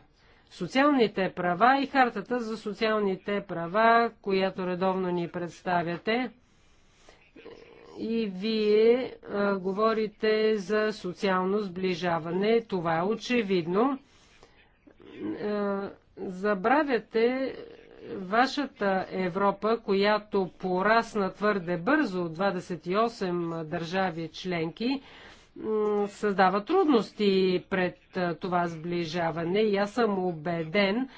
социалните права и хартата за социалните права, която редовно ни представяте и вие а, говорите за социално сближаване. Това е очевидно. А, забравяте вашата Европа, която порасна твърде бързо от 28 държави членки, създава трудности пред това сближаване и аз съм убеден,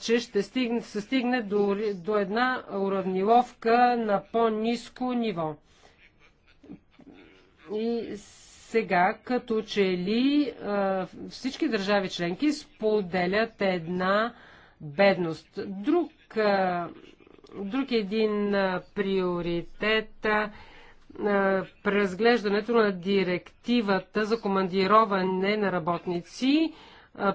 че ще стигне, се стигне до, до една уравниловка на по-низко ниво. И сега, като че ли всички държави членки споделят една бедност. Друг, друг един приоритет преразглеждането на директивата за командироване на работници.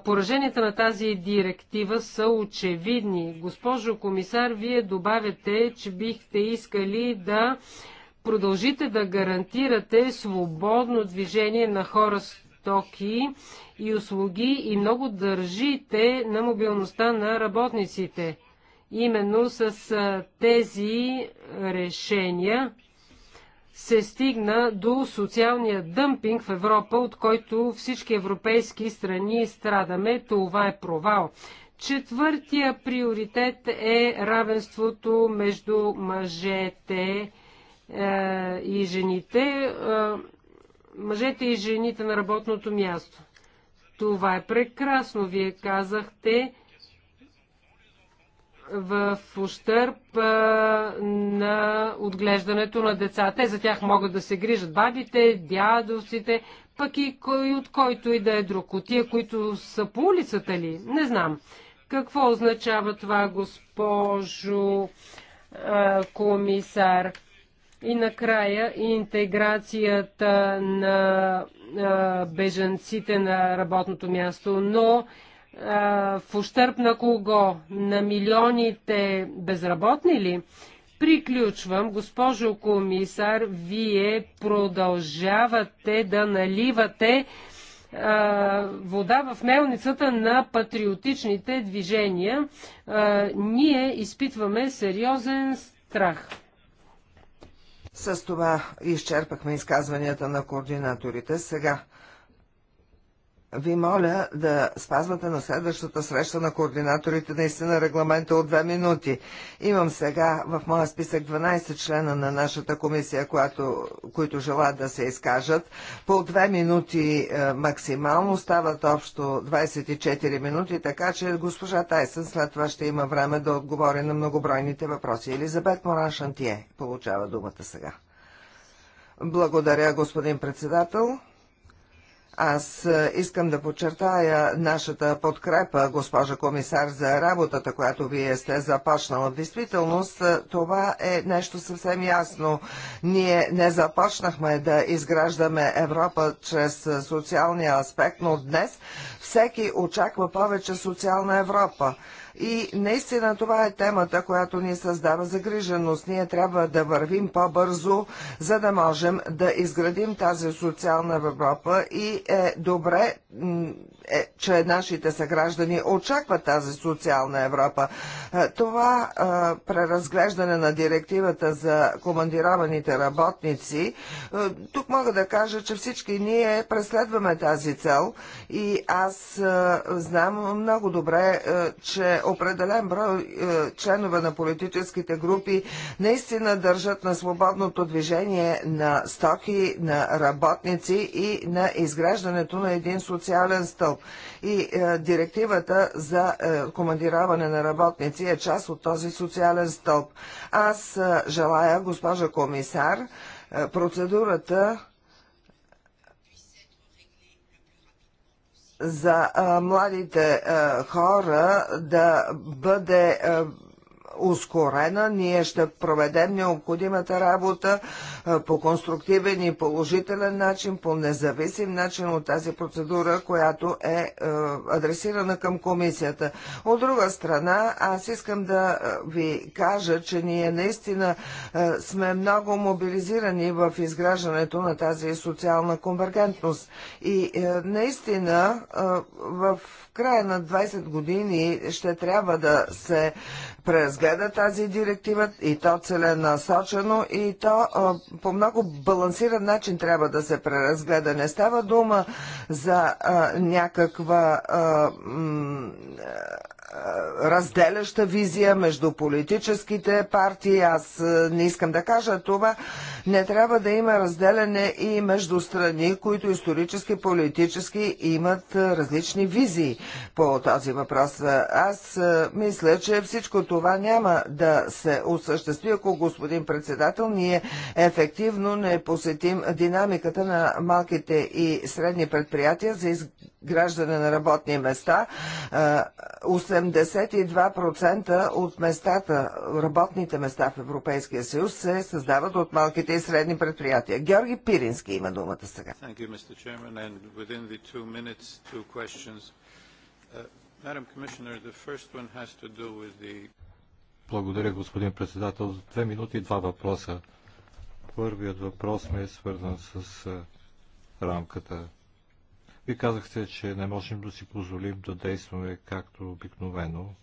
Пораженията на тази директива са очевидни. Госпожо комисар, вие добавяте, че бихте искали да продължите да гарантирате свободно движение на хора, стоки и услуги и много държите на мобилността на работниците. Именно с тези решения се стигна до социалния дъмпинг в Европа, от който всички европейски страни страдаме. Това е провал. Четвъртия приоритет е равенството между мъжете и е, и жените, е, мъжете и жените на работното място. Това е прекрасно. Вие казахте в ущърп е, на отглеждането на деца. Те за тях могат да се грижат бабите, дядовците, пък и кой, от който и да е друг. От тия, които са по улицата ли? Не знам. Какво означава това, госпожо комисар? И накрая интеграцията на бежанците на работното място, но в ущърп на кого? На милионите безработни ли? Приключвам, госпожо комисар, вие продължавате да наливате вода в мелницата на патриотичните движения. ние изпитваме сериозен страх.
С това изчерпахме изказванията на координаторите. Сега ви моля да спазвате на следващата среща на координаторите наистина регламента от две минути. Имам сега в моя списък 12 члена на нашата комисия, която, които желаят да се изкажат. По две минути е, максимално стават общо 24 минути, така че госпожа Тайсън след това ще има време да отговори на многобройните въпроси. Елизабет Моран Шантие получава думата сега. Благодаря, господин председател. Аз е, искам да подчертая нашата подкрепа, госпожа комисар, за работата, която вие сте започнала. В действителност е, това е нещо съвсем ясно. Ние не започнахме да изграждаме Европа чрез е, социалния аспект, но днес всеки очаква повече социална Европа. И наистина това е темата, която ни създава загриженост. Ние трябва да вървим по-бързо, за да можем да изградим тази социална Европа и е добре, е, че нашите съграждани очакват тази социална Европа. Е, това е, преразглеждане на директивата за командированите работници, е, тук мога да кажа, че всички ние преследваме тази цел и аз е, знам много добре, е, че определен брой е, членове на политическите групи наистина държат на свободното движение на стоки, на работници и на изграждането на един социален стълб. И е, директивата за е, командираване на работници е част от този социален стълб. Аз желая, госпожа комисар, процедурата за младите хора да бъде ускорена. Ние ще проведем необходимата работа е, по конструктивен и положителен начин, по независим начин от тази процедура, която е, е адресирана към комисията. От друга страна, аз искам да е, ви кажа, че ние наистина сме много мобилизирани в изграждането на тази социална конвергентност. И наистина в края на 20 години ще трябва да се преразгледа тази директива и то целенасочено и то по много балансиран начин трябва да се преразгледа. Не става дума за а, някаква а, разделяща визия между политическите партии. Аз е, не искам да кажа това. Не трябва да има разделяне и между страни, които исторически, политически имат е, различни визии по този въпрос. Аз е, мисля, че всичко това няма да се осъществи, ако господин председател ние ефективно не посетим динамиката на малките и средни предприятия за изграждане на работни места. 72% от местата, работните места в Европейския съюз се създават от малките и средни предприятия. Георги Пирински има думата сега.
Uh,
Благодаря, господин председател. За Две минути два въпроса. Първият въпрос ми е свързан с рамката вие казахте, че не можем да си позволим да действаме както обикновено,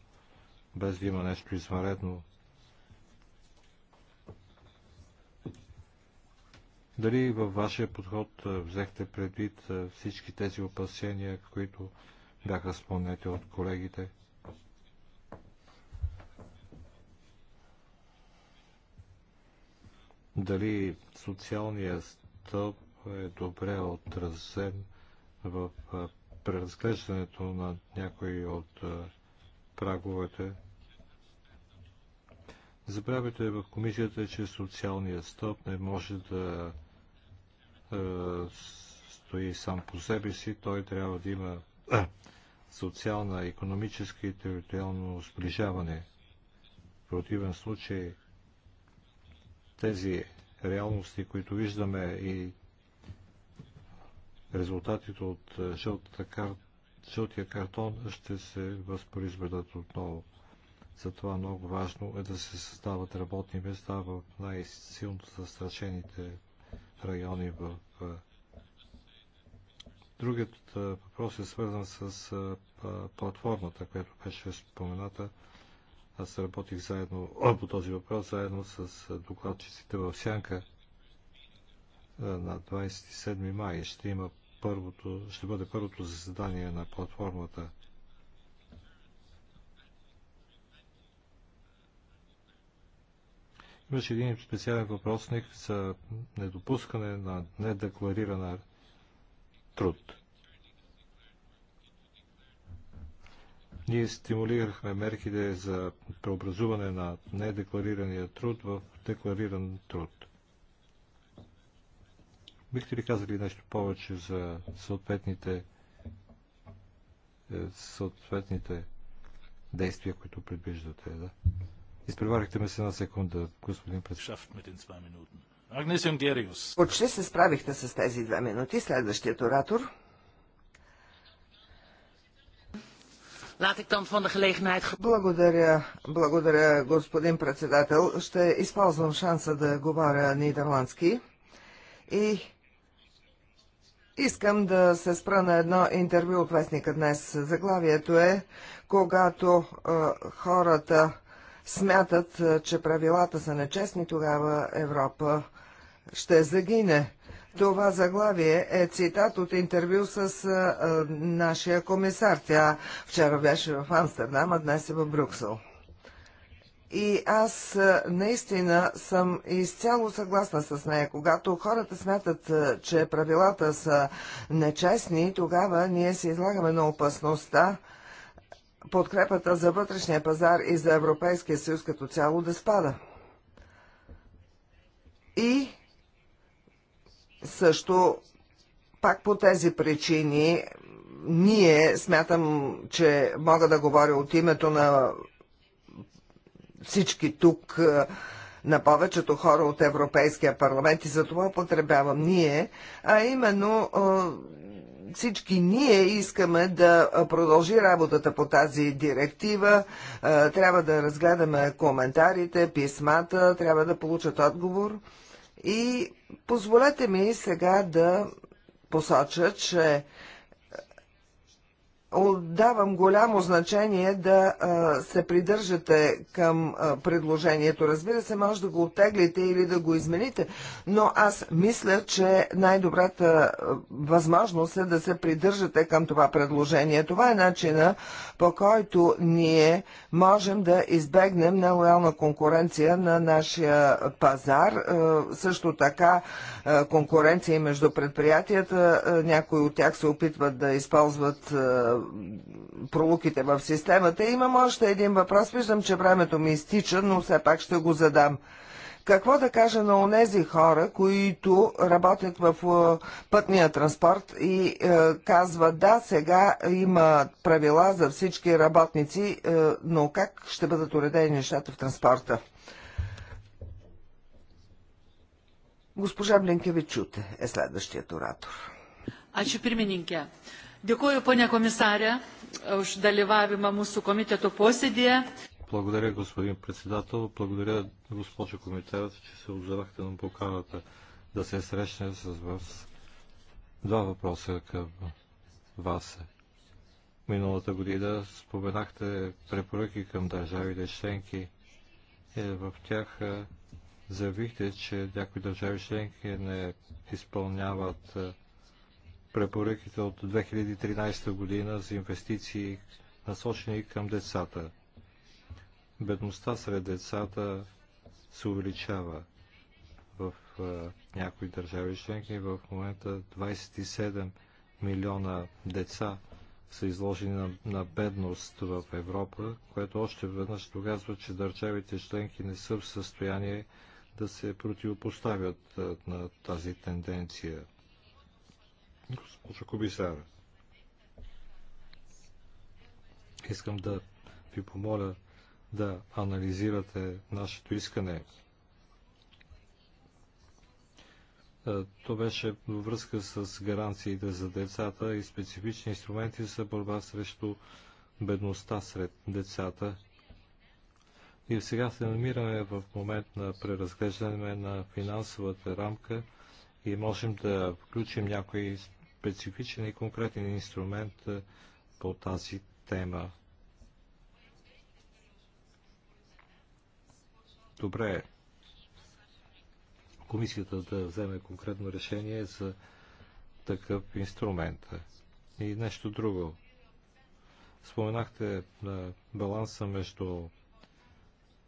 без да има нещо извънредно. Дали във вашия подход взехте предвид всички тези опасения, които бяха спомнете от колегите? Дали социалният стълб е добре отразен? в преразглеждането на някои от праговете. Забравяйте в комисията, че социалният стоп не може да е, стои сам по себе си. Той трябва да има е, социална, економическа и териториално сближаване. В противен случай тези реалности, които виждаме и резултатите от е, кар... жълтия картон ще се възпроизведат отново. Затова много важно е да се създават работни места в най-силно застрашените райони в е. Другият е, въпрос е свързан с платформата, която беше спомената. Аз работих заедно по този въпрос, заедно с докладчиците в Сянка. Е, на 27 май ще, има първото, ще бъде първото заседание на платформата Имаше един специален въпросник за недопускане на недекларирана труд. Ние стимулирахме мерките за преобразуване на недекларирания труд в деклариран труд. Бихте ли казали нещо повече за съответните, е, съответните действия, които предвиждате? Да? Изпреварихте ме се една секунда, господин председател.
Почти се справихте с тези две минути. Следващият оратор. Благодаря, благодаря, господин председател. Ще използвам шанса да говоря нидерландски. И Искам да се спра на едно интервю от вестника днес. Заглавието е Когато е, хората смятат, че правилата са нечестни, тогава Европа ще загине. Това заглавие е цитат от интервю с е, нашия комисар. Тя вчера беше в Амстердам, а днес е в Брюксел. И аз наистина съм изцяло съгласна с нея. Когато хората смятат, че правилата са нечестни, тогава ние се излагаме на опасността подкрепата за вътрешния пазар и за Европейския съюз като цяло да спада. И също пак по тези причини ние смятам, че мога да говоря от името на всички тук е, на повечето хора от Европейския парламент и за това употребявам ние, а именно е, всички ние искаме да продължи работата по тази директива. Е, трябва да разгледаме коментарите, писмата, трябва да получат отговор. И позволете ми сега да посоча, че Отдавам голямо значение да а, се придържате към а, предложението. Разбира се, може да го оттеглите или да го измените, но аз мисля, че най-добрата възможност е да се придържате към това предложение. Това е начина по който ние можем да избегнем нелоялна конкуренция на нашия пазар. Е, също така е, конкуренция между предприятията. Е, някои от тях се опитват да използват пролуките в системата. Имам още един въпрос. Виждам, че времето ми изтича, но все пак ще го задам. Какво да кажа на онези хора, които работят в е, пътния транспорт и е, казват да, сега има правила за всички работници, е, но как ще бъдат уредени нещата в транспорта? Госпожа Блинкевичуте е следващият оратор.
Ačiū pirmininkė. Dėkuoju, ponia komisarė, už dalyvavimą mūsų komiteto posėdėje.
Благодаря, господин председател. Благодаря, госпожо комитера, че се отзовахте на поканата да се срещне с вас. Два въпроса към вас. Миналата година споменахте препоръки към държавите членки. Е, в тях е, заявихте, че някои държави членки не изпълняват е, препоръките от 2013 година за инвестиции насочени към децата бедността сред децата се увеличава в някои държави членки. В момента 27 милиона деца са изложени на, на бедност в Европа, което още веднъж доказва, че държавите членки не са в състояние да се противопоставят на тази тенденция. Госпожо комисар, искам да ви помоля да анализирате нашето искане. Е, то беше във връзка с гаранциите за децата и специфични инструменти за борба срещу бедността сред децата. И сега се намираме в момент на преразглеждане на финансовата рамка и можем да включим някой специфичен и конкретен инструмент е, по тази тема. добре комисията да вземе конкретно решение за такъв инструмент. И нещо друго. Споменахте на баланса между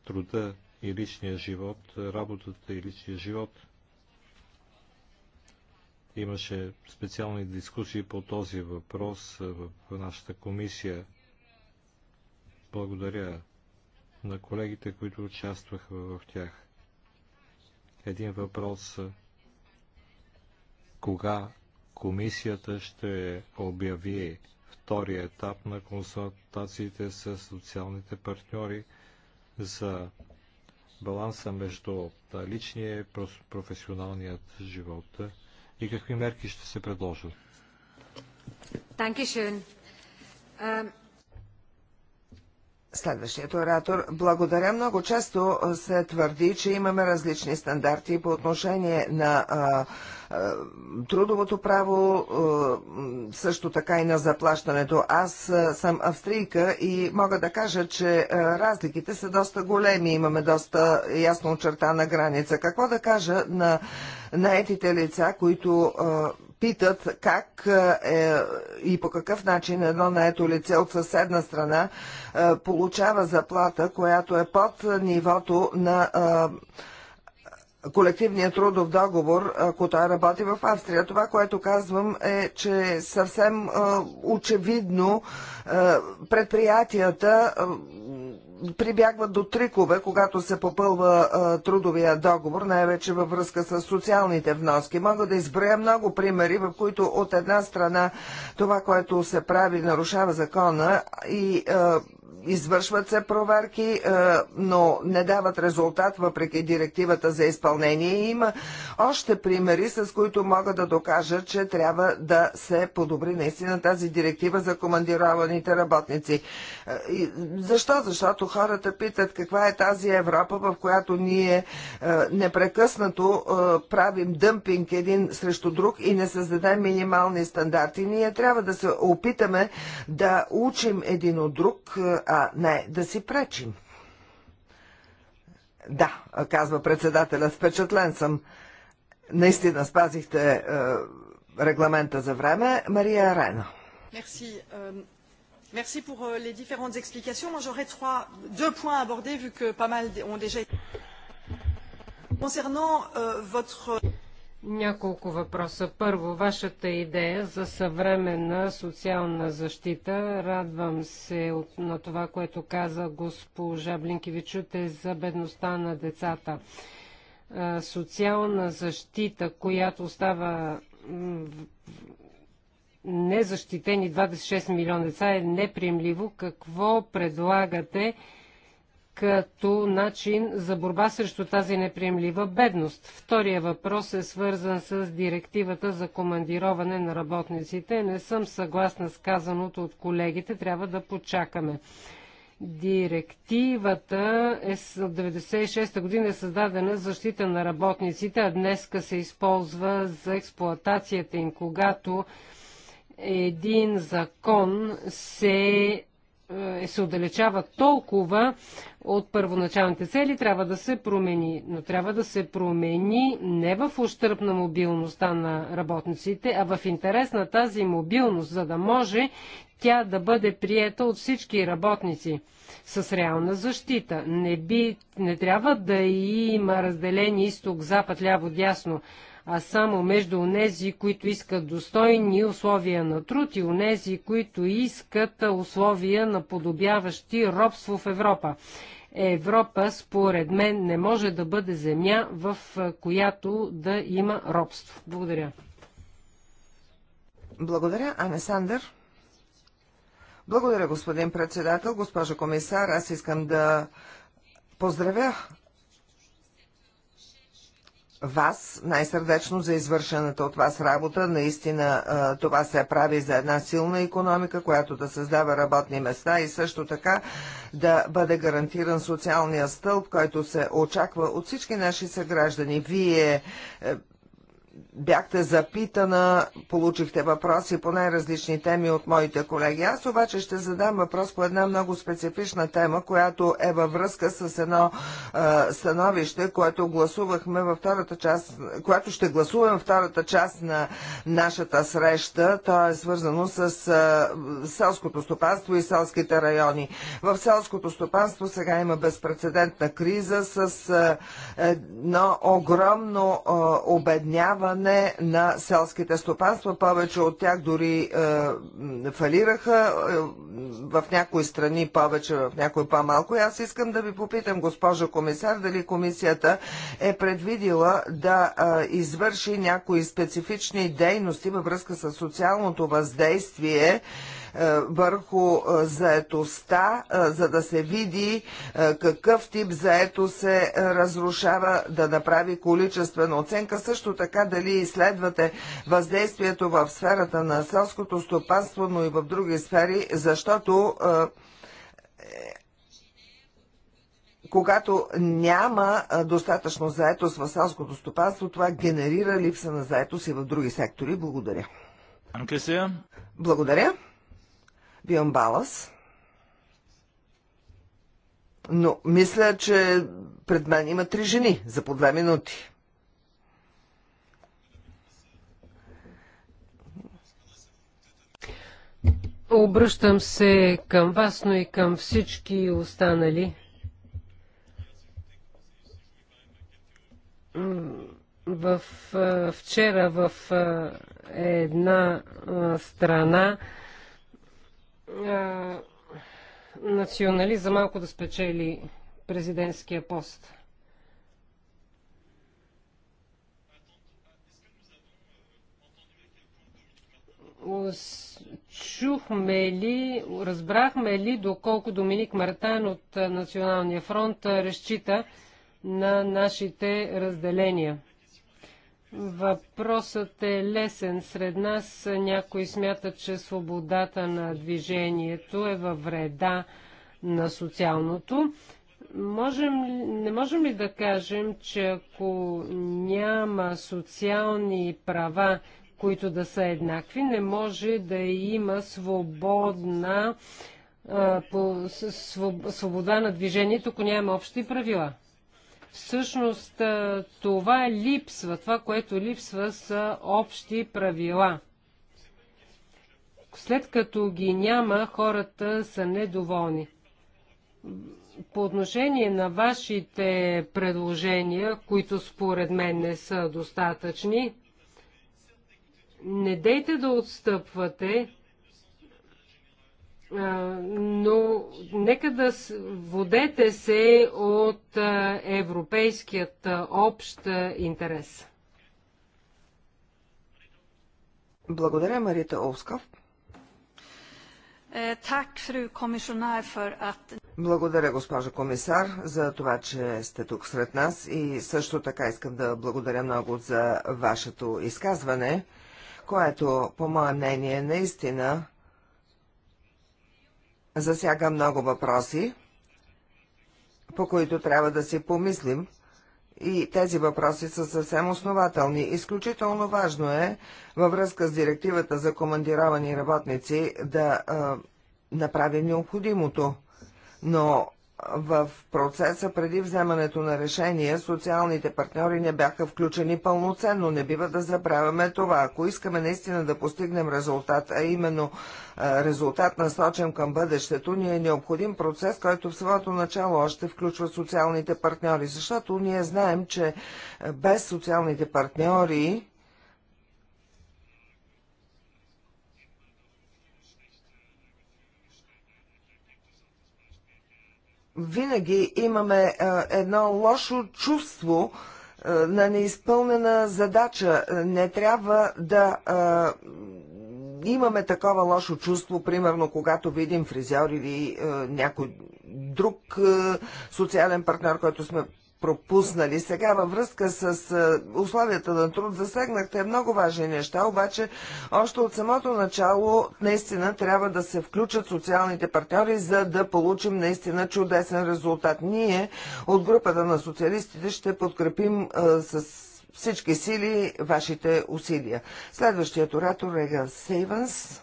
труда и личния живот, работата и личния живот. Имаше специални дискусии по този въпрос в нашата комисия. Благодаря на колегите, които участваха в тях. Един въпрос кога комисията ще обяви втория етап на консултациите с социалните партньори за баланса между личния и професионалният живот и какви мерки ще се предложат.
Dankeschön.
Следващият оратор. Благодаря. Много често се твърди, че имаме различни стандарти по отношение на а, а, трудовото право, а, също така и на заплащането. Аз съм австрийка и мога да кажа, че разликите са доста големи. Имаме доста ясно очертана граница. Какво да кажа на наетите лица, които питат как е, е, и по какъв начин едно наето лице от съседна страна е, получава заплата, която е под нивото на е, колективния трудов договор, ако той работи в Австрия. Това, което казвам е, че съвсем е, очевидно е, предприятията е, прибягват до трикове, когато се попълва а, трудовия договор, най-вече във връзка с социалните вноски. Мога да изброя много примери, в които от една страна това, което се прави, нарушава закона и а, извършват се проверки, е, но не дават резултат въпреки директивата за изпълнение. И има още примери, с които мога да докажа, че трябва да се подобри наистина тази директива за командированите работници. Е, защо? Защото хората питат каква е тази Европа, в която ние е, непрекъснато правим дъмпинг един срещу друг и не създадем минимални стандарти. Ние трябва да се опитаме да учим един от друг, а не да си пречим. Да, казва председателя, впечатлен съм. Наистина спазихте е, регламента за време. Мария Арена.
Мерси. Merci pour les différentes explications. Moi, j'aurais trois, deux points à aborder vu que pas mal ont déjà été. Concernant euh, votre
няколко въпроса. Първо, вашата идея за съвременна социална защита. Радвам се от, на това, което каза госпожа Блинкевичуте за бедността на децата. А, социална защита, която остава незащитени 26 милиона деца е неприемливо. Какво предлагате? като начин за борба срещу тази неприемлива бедност. Втория въпрос е свързан с директивата за командироване на работниците. Не съм съгласна с казаното от колегите, трябва да почакаме. Директивата е от 96-та година е създадена защита на работниците, а днеска се използва за експлоатацията им, когато един закон се е, се отдалечава толкова от първоначалните цели, трябва да се промени. Но трябва да се промени не в ущърп на мобилността на работниците, а в интерес на тази мобилност, за да може тя да бъде приета от всички работници с реална защита. Не, би, не трябва да има разделение изток-запад, ляво-дясно, а само между онези, които искат достойни условия на труд и онези, които искат условия на подобяващи робство в Европа. Европа, според мен, не може да бъде земя,
в която да има робство. Благодаря. Благодаря, Анесандър. Благодаря, господин председател. Госпожа комисар, аз искам да поздравя вас най-сърдечно за извършената от вас работа. Наистина това се прави за една силна економика, която да създава работни места и също така да бъде гарантиран социалния стълб, който се очаква от всички наши съграждани. Вие е, бяхте запитана, получихте въпроси по най-различни теми от моите колеги. Аз обаче ще задам въпрос по една много специфична тема, която е във връзка с едно е, становище, което гласувахме във втората част, което ще гласуваме във втората част на нашата среща. То е свързано с е, селското стопанство и селските райони. В селското стопанство сега има безпредседентна криза с е, едно огромно е, обедняване падне на селските стопанства. Повече от тях дори е, фалираха, е, в някои страни повече, в някои по-малко. И аз искам да ви попитам, госпожа комисар, дали комисията е предвидила да е, извърши някои специфични дейности във връзка с социалното въздействие е, е, върху е, заетостта, е, за да се види какъв тип заето се разрушава, да направи количествена оценка. Също така дали изследвате въздействието в сферата на селското стопанство, но и в други сфери, защото когато няма достатъчно заетост в селското стопанство, това генерира липса на заетост и в други сектори. Благодаря. Благодаря. Бион Балас. Но мисля, че пред мен има три жени за по две минути.
Обръщам се към вас, но и към всички останали. В, вчера в една страна националист за малко да спечели президентския пост. Чухме ли, разбрахме ли доколко Доминик Мартан от Националния фронт разчита на нашите разделения? Въпросът е лесен. Сред нас някои смятат, че свободата на движението е във вреда на социалното. Можем, не можем ли да кажем, че ако няма социални права, които да са еднакви, не може да има свободна, а, по, своб, свобода на движението, ако няма общи правила? Всъщност това е липсва. Това, което липсва са общи правила. След като ги няма, хората са недоволни. По отношение на вашите предложения, които според мен не са достатъчни, не дейте да отстъпвате, но нека да водете се от европейският общ интерес.
Благодаря, Марита Олсков. Е, благодаря, госпожа комисар, за това, че сте тук сред нас и също така искам да благодаря много за вашето изказване, което, по мое мнение, наистина засяга много въпроси, по които трябва да си помислим и тези въпроси са съвсем основателни. Изключително важно е във връзка с директивата за командировани работници да а, направим необходимото. Но в процеса преди вземането на решение социалните партньори не бяха включени пълноценно. Не бива да забравяме това. Ако искаме наистина да постигнем резултат, а именно резултат насочен към бъдещето, ни е необходим процес, който в своето начало още включва социалните партньори. Защото ние знаем, че без социалните партньори винаги имаме едно лошо чувство на неизпълнена задача. Не трябва да имаме такова лошо чувство, примерно когато видим фризьор или някой друг социален партньор, който сме пропуснали. Сега във връзка с условията на труд засегнахте много важни неща, обаче още от самото начало наистина трябва да се включат социалните партньори, за да получим наистина чудесен резултат. Ние от групата на социалистите ще подкрепим а, с всички сили вашите усилия. Следващият оратор е Сейванс.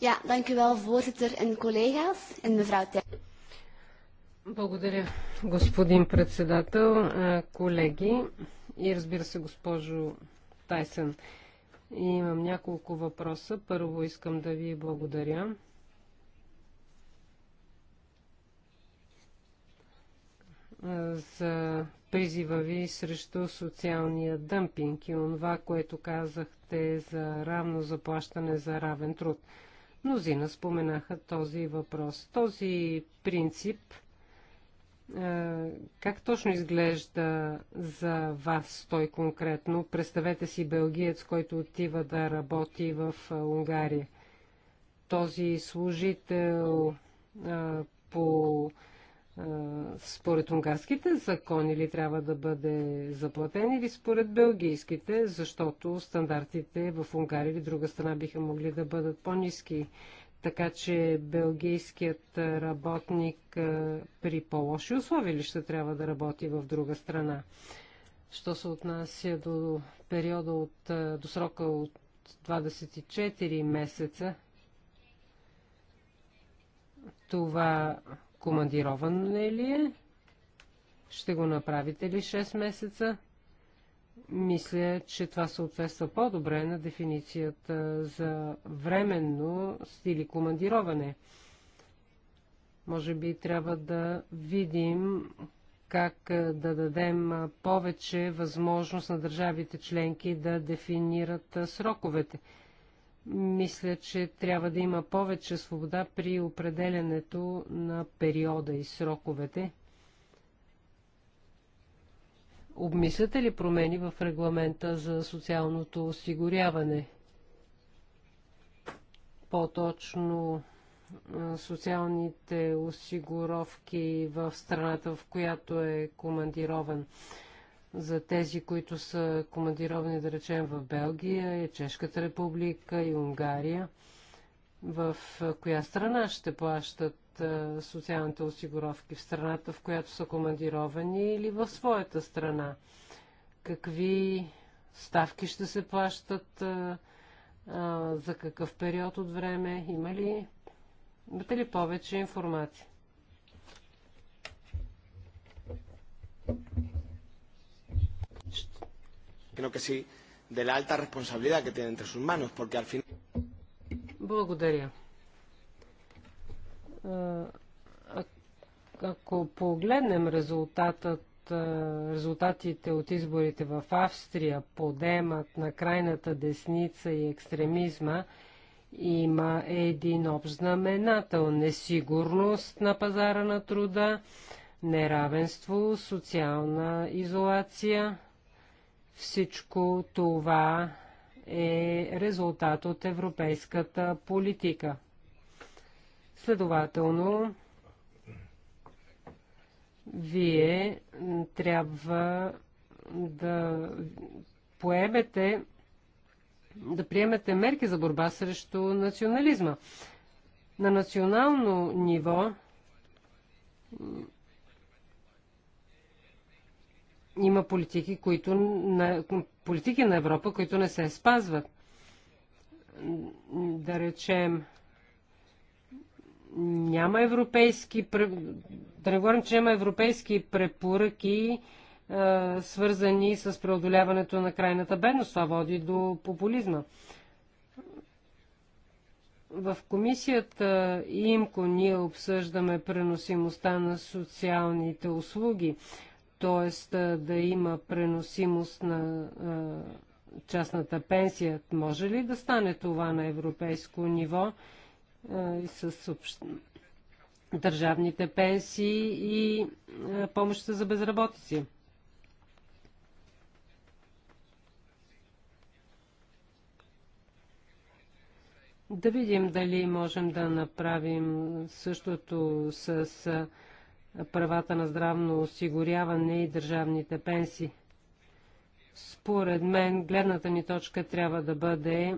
Ja, dank u wel, voorzitter en collega's en mevrouw Ter.
Благодаря, господин председател, колеги и разбира се, госпожо Тайсън. имам няколко въпроса. Първо искам да ви благодаря. за призива ви срещу социалния дъмпинг и онова, което казахте за равно заплащане за равен труд. Мнозина споменаха този въпрос. Този принцип как точно изглежда за вас той конкретно? Представете си белгиец, който отива да работи в Унгария. Този служител по според унгарските закони ли трябва да бъде заплатен или според белгийските, защото стандартите в Унгария или друга страна биха могли да бъдат по-низки. Така че белгийският работник при по-лоши условия ли ще трябва да работи в друга страна? Що се отнася до периода от, до срока от 24 месеца, това Командирован е ли нали е? Ще го направите ли 6 месеца? Мисля, че това съответства по-добре на дефиницията за временно стили командироване. Може би трябва да видим как да дадем повече възможност на държавите членки да дефинират сроковете. Мисля, че трябва да има повече свобода при определенето на периода и сроковете. Обмисляте ли промени в регламента за социалното осигуряване? По-точно социалните осигуровки в страната, в която е командирован за тези, които са командировани, да речем, в Белгия, и Чешката република и Унгария, в коя страна ще плащат социалните осигуровки? В страната, в която са командировани или в своята страна? Какви ставки ще се плащат? За какъв период от време? Има ли Имате ли повече информация?
creo que sí, de la alta responsabilidad
que tiene entre sus manos, porque al final.
Благодаря. Е, ако погледнем резултатът, е, резултатите от изборите в Австрия, подемат на крайната десница и екстремизма, има един общ знаменател – несигурност на пазара на труда, неравенство, социална изолация всичко това е резултат от европейската политика. Следователно, вие трябва да поемете, да приемете мерки за борба срещу национализма. На национално ниво има политики, които на, политики на Европа, които не се спазват. Да речем, няма европейски, да не говорим, че няма европейски препоръки, свързани с преодоляването на крайната бедност. Това води до популизма. В комисията ИМКО ние обсъждаме преносимостта на социалните услуги т.е. да има преносимост на частната пенсия. Може ли да стане това на европейско ниво и с държавните пенсии и помощта за безработици? Да видим дали можем да направим същото с правата на здравно осигуряване и държавните пенсии. Според мен, гледната ни точка трябва да бъде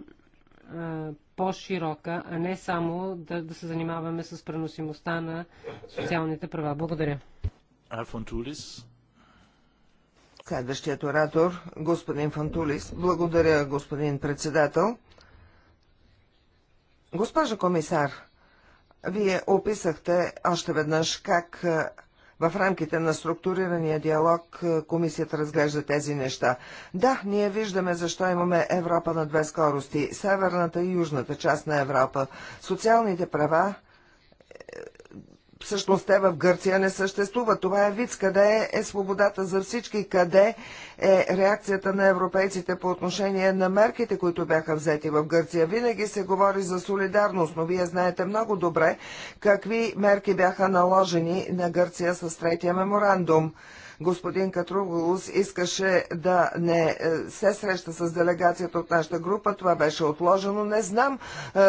по-широка, а не само да, да се занимаваме с
преносимостта на социалните права. Благодаря. Фонтулис. Следващият оратор, господин Фантулис. Благодаря, господин председател. Госпожа комисар, вие описахте още веднъж как е, в рамките на структурирания диалог е, комисията разглежда тези неща. Да, ние виждаме защо имаме Европа на две скорости – северната и южната част на Европа. Социалните права всъщност те в Гърция не съществуват. Това е вид, къде е, е свободата за всички, къде е реакцията на европейците по отношение на мерките, които бяха взети в Гърция. Винаги се говори за солидарност, но вие знаете много добре какви мерки бяха наложени на Гърция с третия меморандум. Господин Катругулус искаше да не е, се среща с делегацията от нашата група. Това беше отложено. Не знам. Е,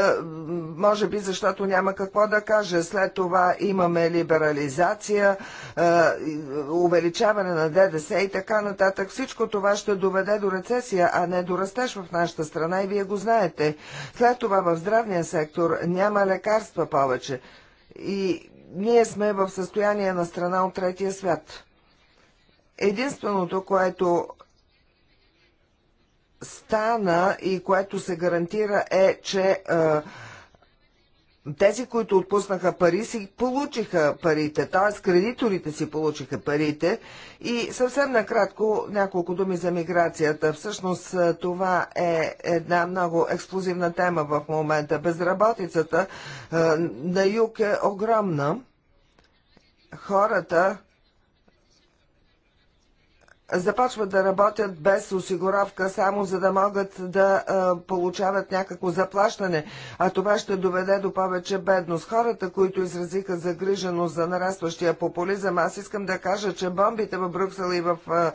може би защото няма какво да каже. След това имаме либерализация, е, увеличаване на ДДС и така нататък. Всичко това ще доведе до рецесия, а не до растеж в нашата страна и вие го знаете. След това в здравния сектор няма лекарства повече. И ние сме в състояние на страна от третия свят. Единственото, което стана и което се гарантира е, че тези, които отпуснаха пари, си получиха парите, т.е. кредиторите си получиха парите. И съвсем накратко няколко думи за миграцията. Всъщност това е една много експлозивна тема в момента. Безработицата на юг е огромна. Хората започват да работят без осигуровка, само за да могат да а, получават някакво заплащане, а това ще доведе до повече бедност. Хората, които изразиха загриженост за нарастващия популизъм, аз искам да кажа, че бомбите в Брюксел и в а,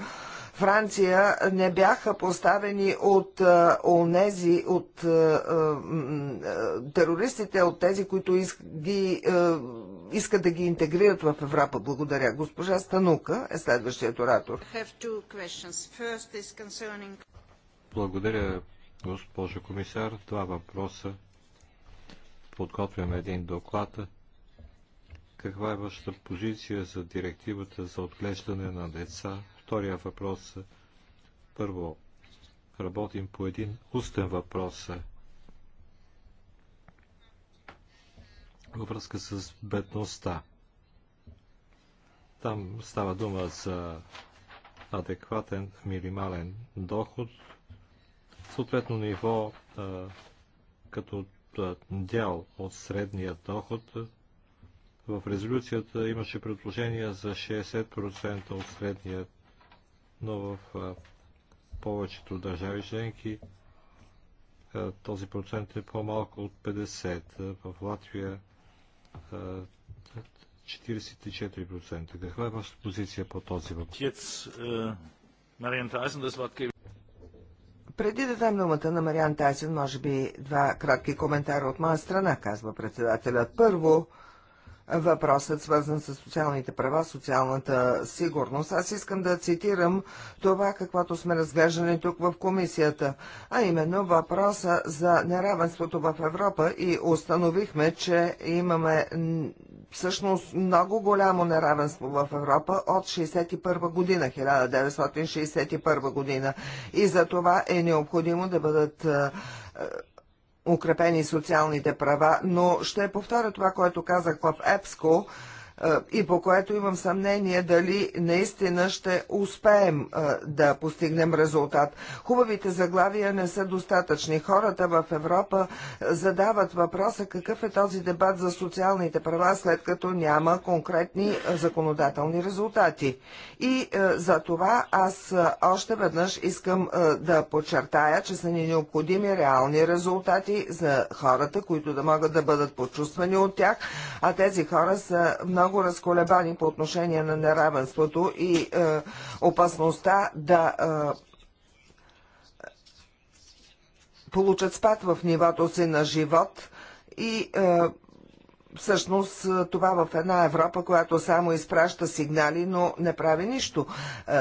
Франция не бяха поставени от е, онези, от е, е, терористите, от тези, които ги, искат да ги интегрират в Европа. Благодаря. Госпожа Станука е следващият
оратор. Благодаря, госпожо комисар. Два въпроса. Подготвяме един доклад каква е вашата позиция за директивата за отглеждане на деца втория въпрос. Е, първо, работим по един устен въпрос е, във връзка с бедността. Там става дума за адекватен минимален доход, съответно ниво а, е, като дял от средния доход. В резолюцията имаше предложение за 60% от средния но в повечето държави членки този процент е по-малко от 50. В Латвия 44%. Каква е вашата позиция по този въпрос? Е,
е
Преди да дам думата на Мариан Тайсен, може би два кратки коментара от моя страна, казва председателят. Първо, въпросът, свързан с социалните права, социалната сигурност. Аз искам да цитирам това, каквото сме разглеждали тук в комисията, а именно въпроса за неравенството в Европа и установихме, че имаме всъщност много голямо неравенство в Европа от 1961 година, 1961 година. И за това е необходимо да бъдат укрепени социалните права, но ще повторя това, което казах в ЕПСКО и по което имам съмнение дали наистина ще успеем да постигнем резултат. Хубавите заглавия не са достатъчни. Хората в Европа задават въпроса какъв е този дебат за социалните права, след като няма конкретни законодателни резултати. И за това аз още веднъж искам да подчертая, че са ни необходими реални резултати за хората, които да могат да бъдат почувствани от тях, а тези хора са много много разколебани по отношение на неравенството и е, опасността да е, получат спад в нивото си на живот и е, всъщност е, това в една Европа, която само изпраща сигнали, но не прави нищо. Е,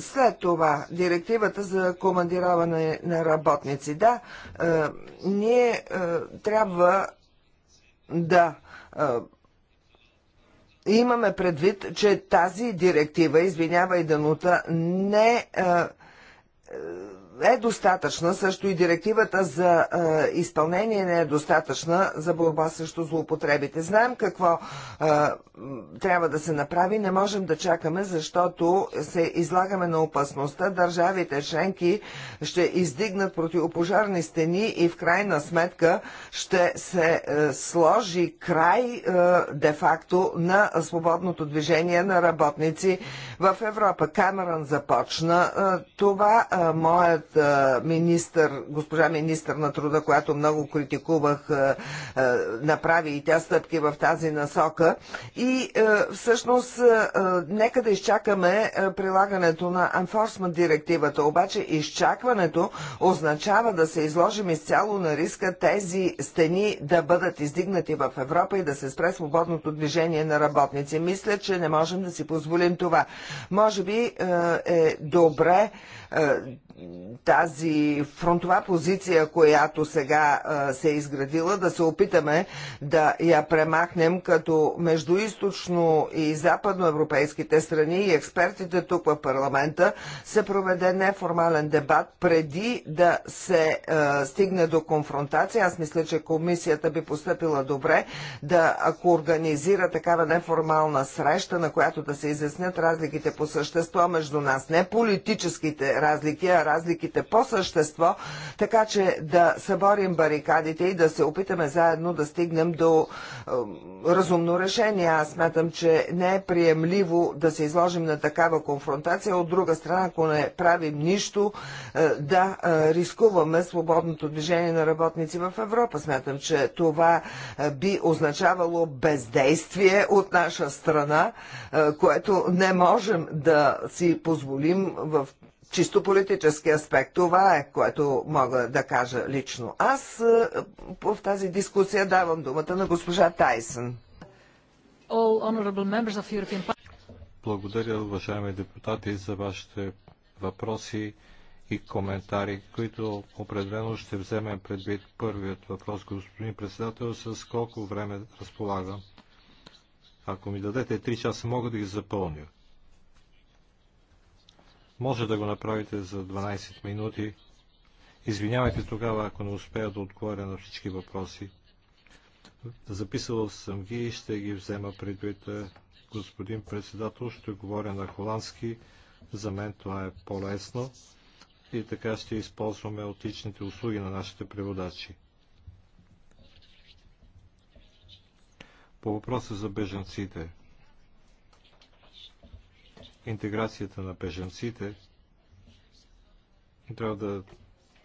след това, директивата за командироване на работници. Да, е, ние трябва да имаме предвид, че тази директива, извинява и Данута, не е, е, е достатъчна, също и директивата за е, изпълнение не е достатъчна за борба срещу злоупотребите. Знаем какво е, трябва да се направи, не можем да чакаме, защото се излагаме на опасността. Държавите членки ще издигнат противопожарни стени и в крайна сметка ще се е, сложи край е, де-факто на свободното движение на работници в Европа. Камерън започна е, това. Е, моят нашият министър, госпожа министър на труда, която много критикувах, направи и тя стъпки в тази насока. И всъщност нека да изчакаме прилагането на enforcement директивата. Обаче изчакването означава да се изложим изцяло на риска тези стени да бъдат издигнати в Европа и да се спре свободното движение на работници. Мисля, че не можем да си позволим това. Може би е добре тази фронтова позиция, която сега а, се е изградила, да се опитаме да я премахнем като между източно и западноевропейските страни и експертите тук в парламента се проведе неформален дебат преди да се а, стигне до конфронтация. Аз мисля, че комисията би поступила добре да ако организира такава неформална среща, на която да се изяснят разликите по същество между нас, не политическите разлики, а разликите по същество, така че да съборим барикадите и да се опитаме заедно да стигнем до разумно решение. Аз смятам, че не е приемливо да се изложим на такава конфронтация. От друга страна, ако не правим нищо, е, да е, рискуваме свободното движение на работници в Европа. Смятам, че това е, би означавало бездействие от наша страна, което не можем да си позволим в чисто политически аспект. Това е, което мога да кажа лично.
Аз е,
в тази дискусия давам думата на госпожа Тайсън.
Благодаря, уважаеми депутати, за вашите въпроси и коментари, които определено ще вземем предвид първият въпрос, господин председател, с колко време разполагам. Ако ми дадете 3 часа, мога да ги запълня. Може да го направите за 12 минути. Извинявайте тогава, ако не успея да отговоря на всички въпроси. Записал съм ги и ще ги взема предвид. Господин председател, ще говоря на холандски. За мен това е по-лесно. И така ще използваме отличните услуги на нашите преводачи. По въпроса за бежанците – интеграцията на бежанците трябва да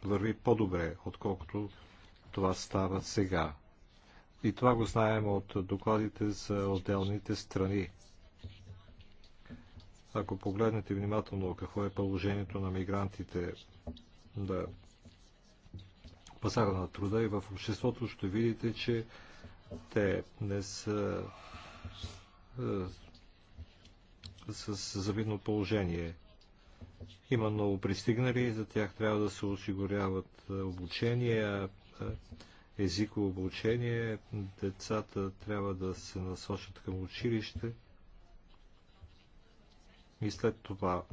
върви по-добре, отколкото това става сега. И това го знаем от докладите за отделните страни. Ако погледнете внимателно какво е положението на мигрантите да пазара на труда и в обществото, ще видите, че те не са е, с завидно положение. Има много пристигнали, за тях трябва да се осигуряват обучения, езиково обучение, децата трябва да се насочат към училище и след това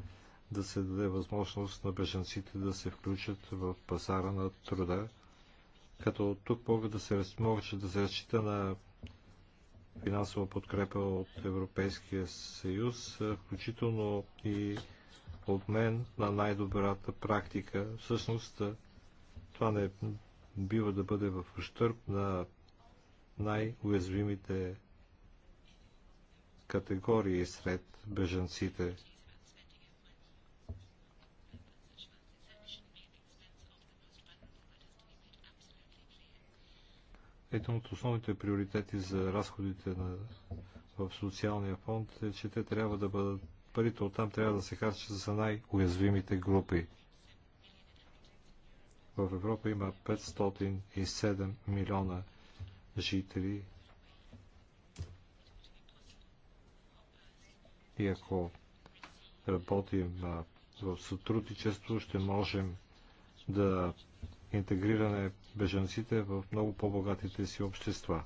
да се даде възможност на бежанците да се включат в пазара на труда, като тук могат да да се разчита на финансова подкрепа от Европейския съюз, е, включително и обмен на най-добрата практика. Всъщност е, това не бива да бъде в ущърп на най-уязвимите категории сред бежанците. един от основните приоритети за разходите на, в социалния фонд е, че те трябва да бъдат, парите от там трябва да се харчат за най-уязвимите групи. В Европа има 507 милиона жители. И ако работим в сътрудничество, ще можем да интегриране бежанците в много по-богатите си общества.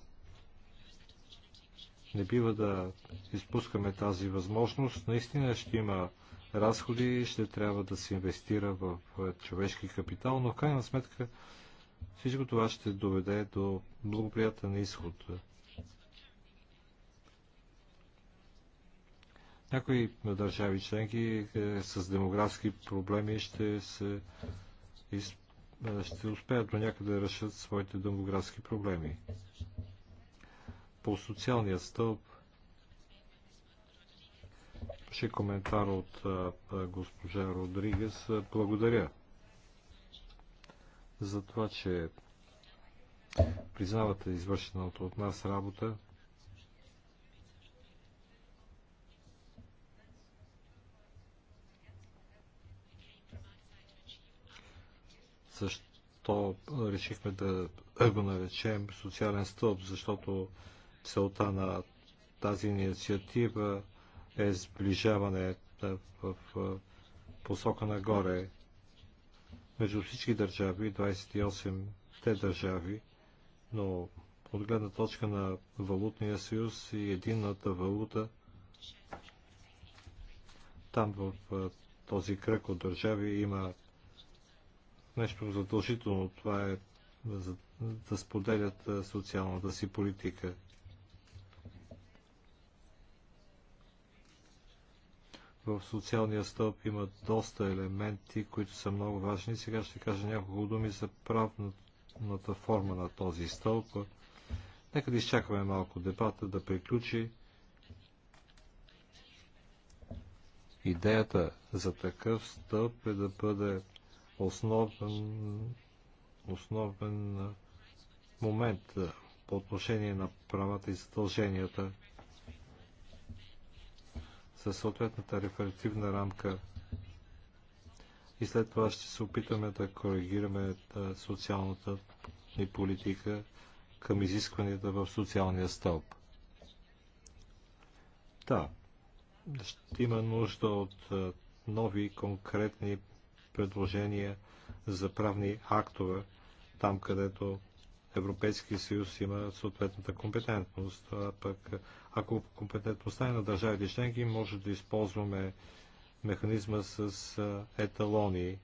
Не бива да изпускаме тази възможност. Наистина ще има разходи, ще трябва да се инвестира в човешки капитал, но в крайна сметка всичко това ще доведе до благоприятен изход. Някои държави членки е, с демографски проблеми ще се изпускат е, ще успеят до някъде да решат своите демографски проблеми. По социалния стълб ще коментар от е, е, госпожа Родригес. Благодаря за това, че признавате извършената от нас работа. защо решихме да го наречем социален стълб, защото целта на тази инициатива е сближаване в посока нагоре между всички държави, 28-те държави, но от гледна точка на валутния съюз и единната валута, там в този кръг от държави има нещо задължително. Това е да, да споделят социалната си политика. В социалния стълб има доста елементи, които са много важни. Сега ще кажа няколко думи за правната форма на този стълб. Нека да изчакаме малко дебата да приключи. Идеята за такъв стълб е да бъде основен, основен момент по отношение на правата и задълженията със съответната реферативна рамка и след това ще се опитаме да коригираме социалната ни политика към изискванията в социалния стълб. Да, ще има нужда от нови конкретни предложения за правни актове, там където Европейския съюз има съответната компетентност. А пък, ако компетентността е на държавите членки, може да използваме механизма с еталони,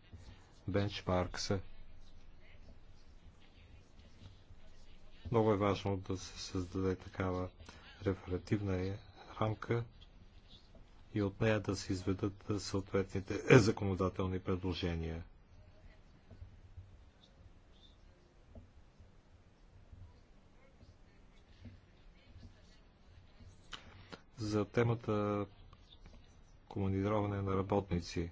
бенчмаркс. Много е важно да се създаде такава реферативна рамка, и от нея да се изведат е, съответните е, законодателни предложения. За темата командироване на работници.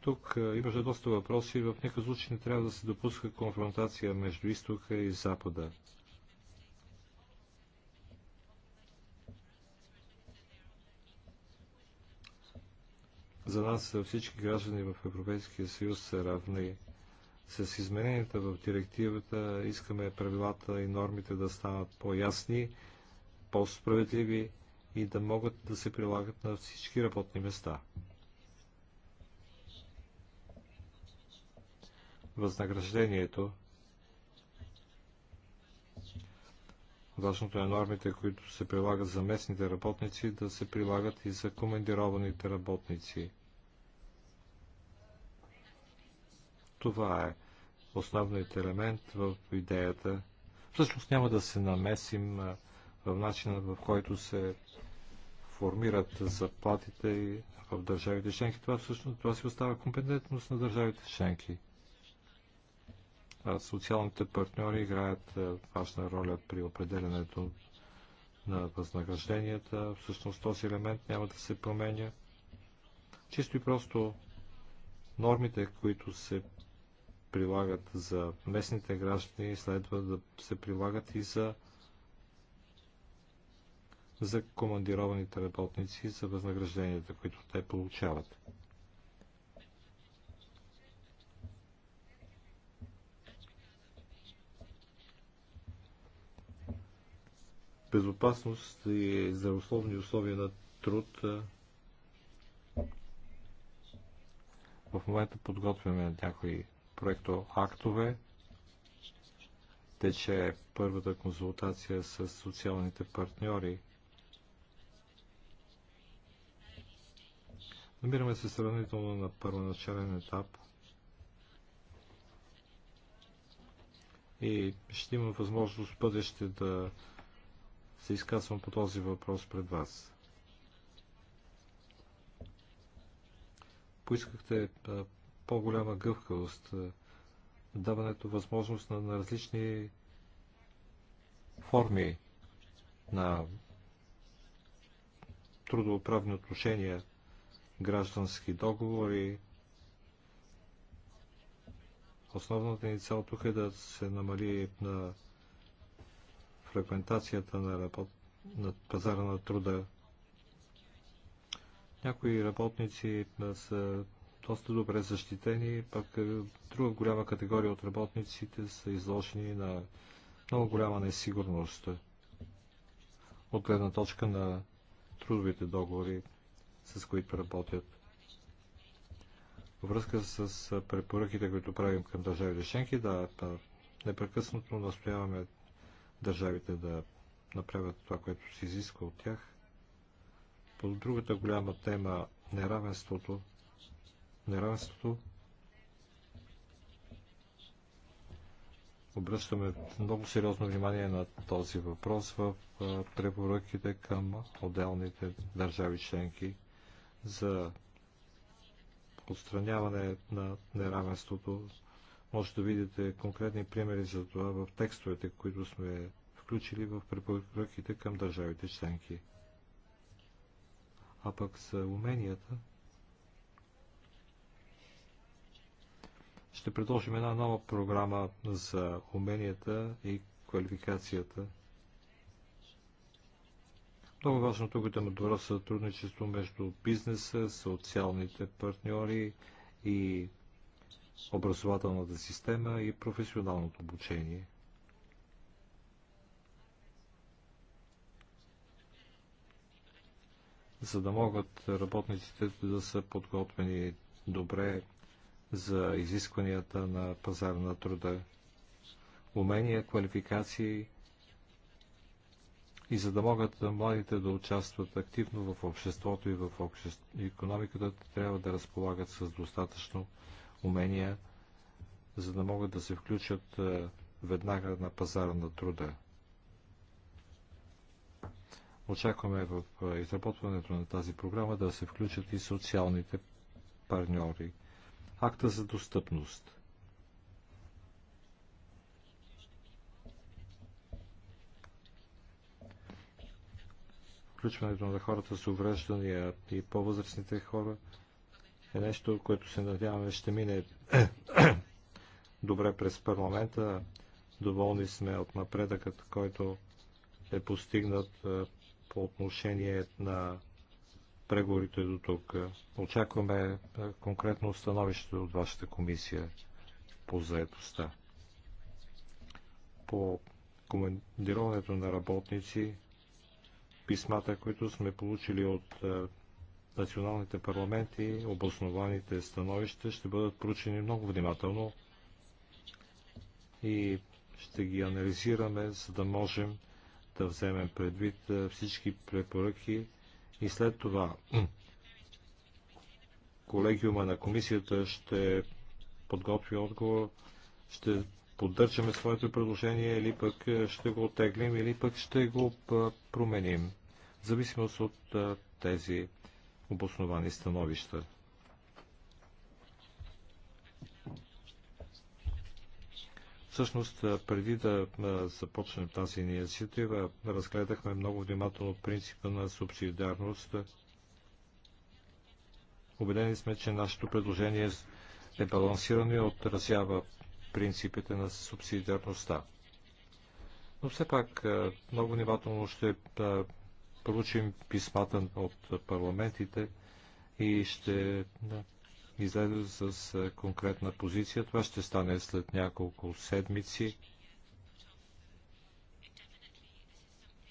Тук е, имаше доста въпроси. В някакъв случай не трябва да се допуска конфронтация между изтока и запада. За нас всички граждани в Европейския съюз са равни. С измененията в директивата искаме правилата и нормите да станат по-ясни, по-справедливи и да могат да се прилагат на всички работни места. Възнаграждението Важното е нормите, които се прилагат за местните работници, да се прилагат и за командированите работници – Това е основният елемент в идеята. Всъщност няма да се намесим в начина, в който се формират заплатите в държавите членки. Това всъщност това си остава компетентност на държавите членки. социалните партньори играят важна роля при определенето на възнагражденията. Всъщност този елемент няма да се променя. Чисто и просто нормите, които се прилагат за местните граждани, следва да се прилагат и за за командированите работници, за възнагражденията, които те получават. Безопасност и здравословни условия на труд. В момента подготвяме някои проекто актове. Тече първата консултация с социалните партньори. Намираме се сравнително на първоначален етап и ще имам възможност в бъдеще да се изказвам по този въпрос пред вас. Поискахте по-голяма гъвкавост, е, даването възможност на, на различни форми на трудоправни отношения, граждански договори. Основната ни цел тук е да се намали на фрагментацията на, работ... на пазара на труда. Някои работници е, са доста добре защитени, пък е, друга голяма категория от работниците са изложени на много голяма несигурност от гледна точка на трудовите договори, с които работят. връзка с препоръките, които правим към държавите членки, да, непрекъснато настояваме държавите да направят това, което се изисква от тях. По другата голяма тема, неравенството, неравенството. Обръщаме много сериозно внимание на този въпрос в препоръките към отделните държави членки за отстраняване на неравенството. Може да видите конкретни примери за това в текстовете, които сме включили в препоръките към държавите членки. А пък за уменията – ще предложим една нова програма за уменията и квалификацията. Много важно тук е да има добро сътрудничество между бизнеса, социалните партньори и образователната система и професионалното обучение. За да могат работниците да са подготвени добре за изискванията на пазар на труда. Умения, квалификации и за да могат младите да участват активно в обществото и в обществ... економиката, трябва да разполагат с достатъчно умения, за да могат да се включат е, веднага на пазара на труда. Очакваме в е, изработването на тази програма да се включат и социалните партньори акта за достъпност. Включването на хората с увреждания и по-възрастните хора е нещо, което се надяваме ще мине добре през парламента. Доволни сме от напредъкът, който е постигнат по отношение на преговорите до тук. Очакваме е, конкретно становището от вашата комисия по заедостта. По командироването на работници, писмата, които сме получили от е, националните парламенти, обоснованите становища ще бъдат проучени много внимателно и ще ги анализираме, за да можем да вземем предвид е, всички препоръки, и след това колегиума на комисията ще подготви отговор, ще поддържаме своето предложение или пък е, ще го отеглим, или пък ще го е, променим, в зависимост от е, тези обосновани становища. Всъщност, преди да започнем тази инициатива, разгледахме много внимателно принципа на субсидиарност. Убедени сме, че нашето предложение е балансирано и отразява принципите на субсидиарността. Но все пак много внимателно ще получим писмата от парламентите и ще излезе с конкретна позиция. Това ще стане след няколко седмици.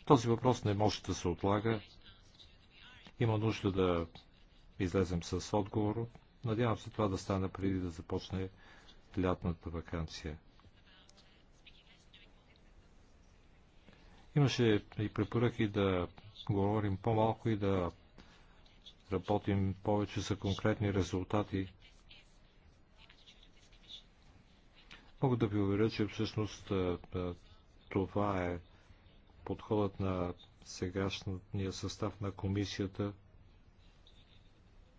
Този въпрос не може да се отлага. Има нужда да излезем с отговор. Надявам се това да стане преди да започне лятната вакансия. Имаше и препоръки да говорим по-малко и да работим повече за конкретни резултати. Мога да ви уверя, че всъщност това е подходът на сегашния състав на комисията.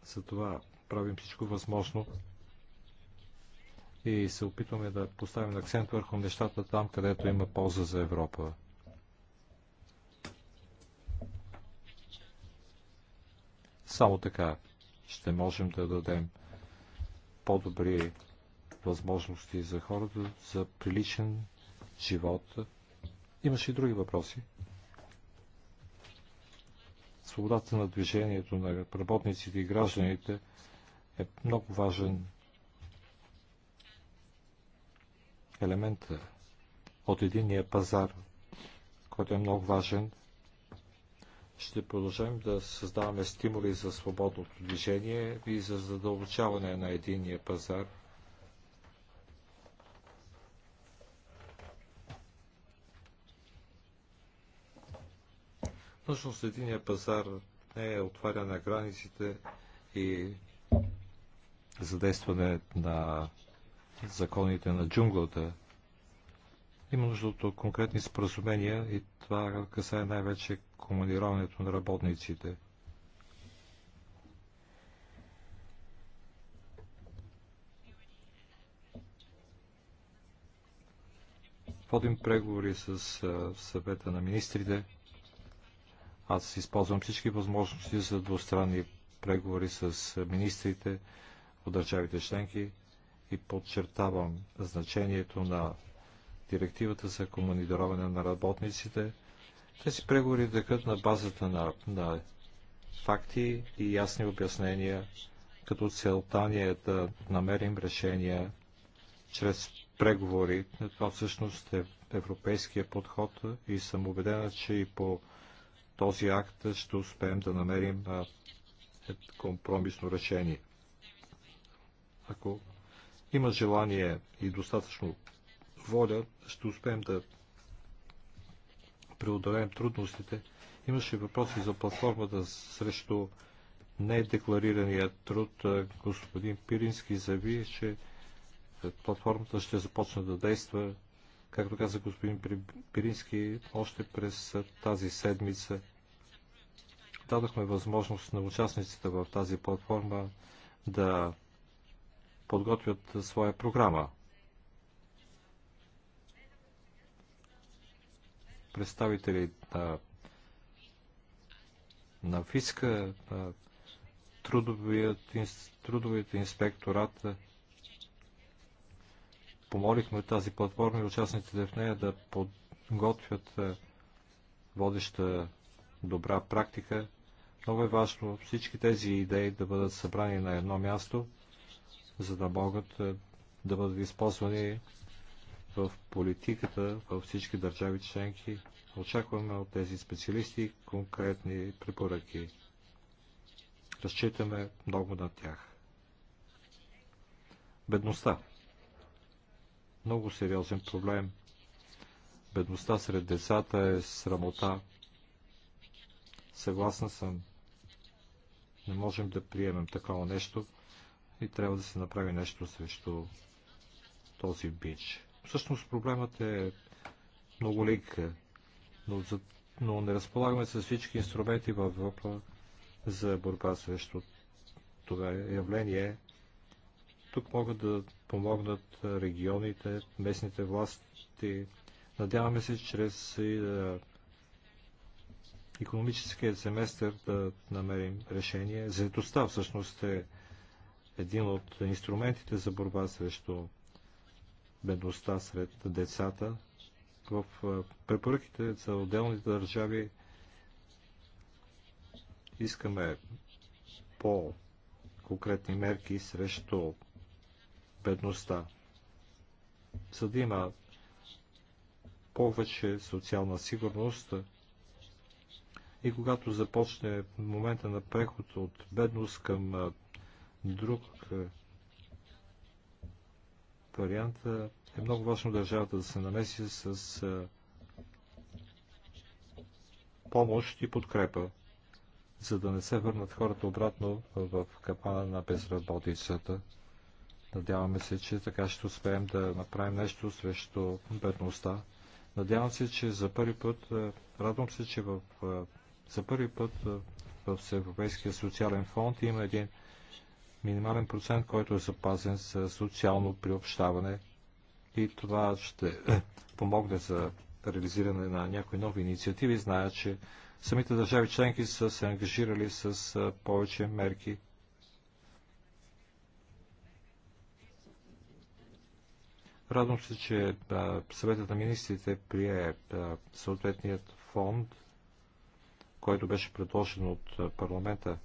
Затова правим всичко възможно и се опитваме да поставим акцент върху нещата там, където има полза за Европа. Само така ще можем да дадем по-добри възможности за хората за приличен живот. Имаше и други въпроси. Свободата на движението на работниците и гражданите е много важен елемент от единия пазар, който е много важен ще продължим да създаваме стимули за свободното движение и за задълбочаване на единия пазар. Всъщност единия пазар не е отваря на границите и задействане на законите на джунглата. Има нужда от конкретни споразумения и това касае най-вече командироването на работниците. Водим преговори с съвета на министрите. Аз използвам всички възможности за двустранни преговори с министрите от държавите членки и подчертавам значението на директивата за командироване на работниците тези преговори тъкат на базата на, на факти и ясни обяснения, като целта ни е да намерим решения чрез преговори. Това всъщност е европейския подход и съм убедена, че и по този акт ще успеем да намерим компромисно решение. Ако има желание и достатъчно воля, ще успеем да преодолеем трудностите. Имаше въпроси за платформата срещу недекларирания труд. Господин Пирински заяви, че платформата ще започне да действа, както каза господин Пирински, още през тази седмица. Дадохме възможност на участниците в тази платформа да подготвят своя програма. представители на, на фиска, на трудовият, трудовият инспекторат. Помолихме тази платформа и участниците в нея да подготвят е, водеща добра практика. Много е важно всички тези идеи да бъдат събрани на едно място, за да могат е, да бъдат използвани в политиката във всички държави членки. Очакваме от тези специалисти конкретни препоръки. Разчитаме много на тях. Бедността. Много сериозен проблем. Бедността сред децата е срамота. Съгласна съм. Не можем да приемем такова нещо и трябва да се направи нещо срещу този бич. Всъщност проблемът е много лик, но, за, но не разполагаме с всички инструменти в Европа за борба срещу това явление. Тук могат да помогнат регионите, местните власти. Надяваме се, чрез економическия семестър да намерим решение. Заедостта всъщност е един от инструментите за борба срещу бедността сред децата. В препоръките за отделните държави искаме по-конкретни мерки срещу бедността, за да има повече социална сигурност и когато започне момента на преход от бедност към друг вариант е много важно държавата да се намеси с е, помощ и подкрепа, за да не се върнат хората обратно в капана на безработицата. Надяваме се, че така ще успеем да направим нещо срещу бедността. Надявам се, че за първи път, е, радвам се, че в, е, за първи път в Европейския социален фонд има един минимален процент, който е запазен за социално приобщаване и това ще е, помогне за реализиране на някои нови инициативи. Зная, че самите държави членки са се ангажирали с е, повече мерки. Радвам се, че е, съветът на министрите прие съответният фонд, който беше предложен от парламента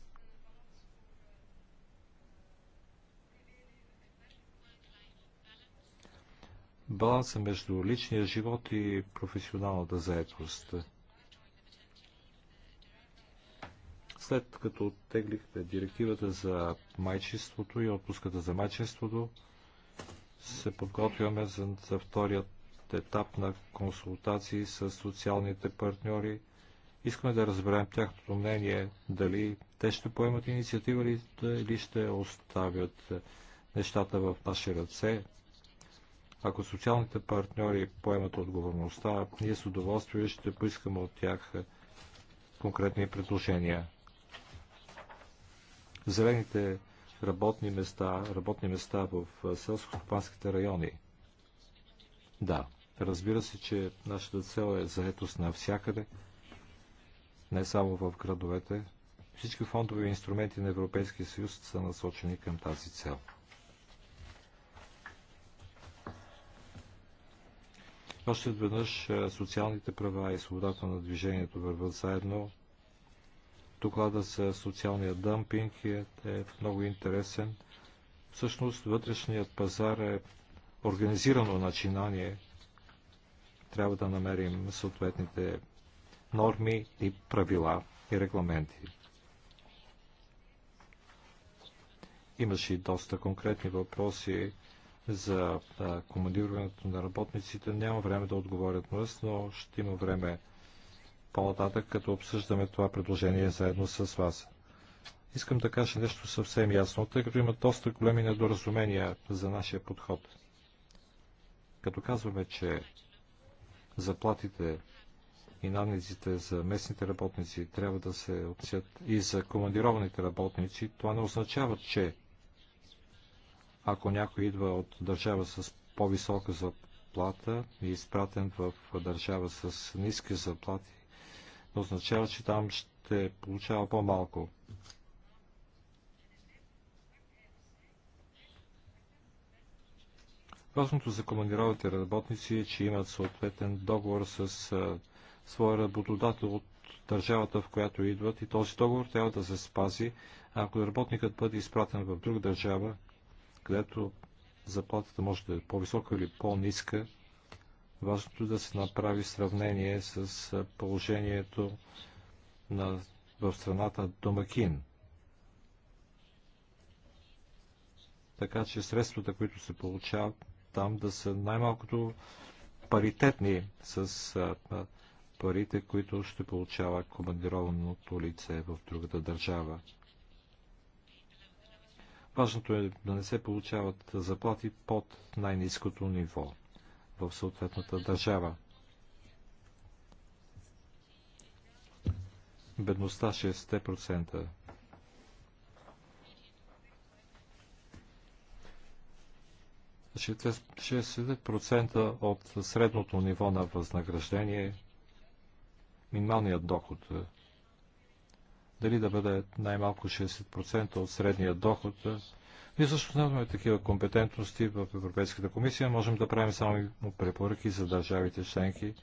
баланса между личния живот и професионалната заедност. След като оттеглихме директивата за майчеството и отпуската за майчеството, се подготвяме за, за вторият етап на консултации с социалните партньори. Искаме да разберем тяхното мнение, дали те ще поемат инициатива или ще оставят нещата в наши ръце. Ако социалните партньори поемат отговорността, ние с удоволствие ще поискаме от тях конкретни предложения. Зелените работни места, работни места в селско-стопанските райони. Да, разбира се, че нашата цел е заетост навсякъде, не само в градовете. Всички фондови инструменти на Европейския съюз са насочени към тази цел. Още веднъж е, социалните права и свободата на движението върват заедно. Доклада за социалния дъмпинг е, е много интересен. Всъщност вътрешният пазар е организирано начинание. Трябва да намерим съответните норми и правила и регламенти. Имаше и доста конкретни въпроси за командирането на работниците. Няма време да отговорят днес, но ще има време по-нататък, като обсъждаме това предложение заедно с вас. Искам да кажа нещо съвсем ясно, тъй като има доста големи недоразумения за нашия подход. Като казваме, че заплатите и надниците за местните работници трябва да се отсят и за командированите работници, това не означава, че ако някой идва от държава с по-висока заплата и е изпратен в държава с ниски заплати, означава, че там ще получава по-малко. Важното за командированите работници е, че имат съответен договор с своя работодател от държавата, в която идват и този договор трябва да се спази. Ако работникът бъде изпратен в друга държава, където заплатата може да е по-висока или по-ниска. Важното е да се направи сравнение с положението на, в страната домакин. Така че средствата, които се получават там, да са най-малкото паритетни с а, парите, които ще получава командированото лице в другата държава. Важното е да не се получават заплати под най-низкото ниво в съответната държава. Бедността 60%. 60% от средното ниво на възнаграждение, минималният доход е, дали да бъде най-малко 60% от средния доход. Ние също нямаме такива компетентности в Европейската комисия. Можем да правим само препоръки за държавите членки,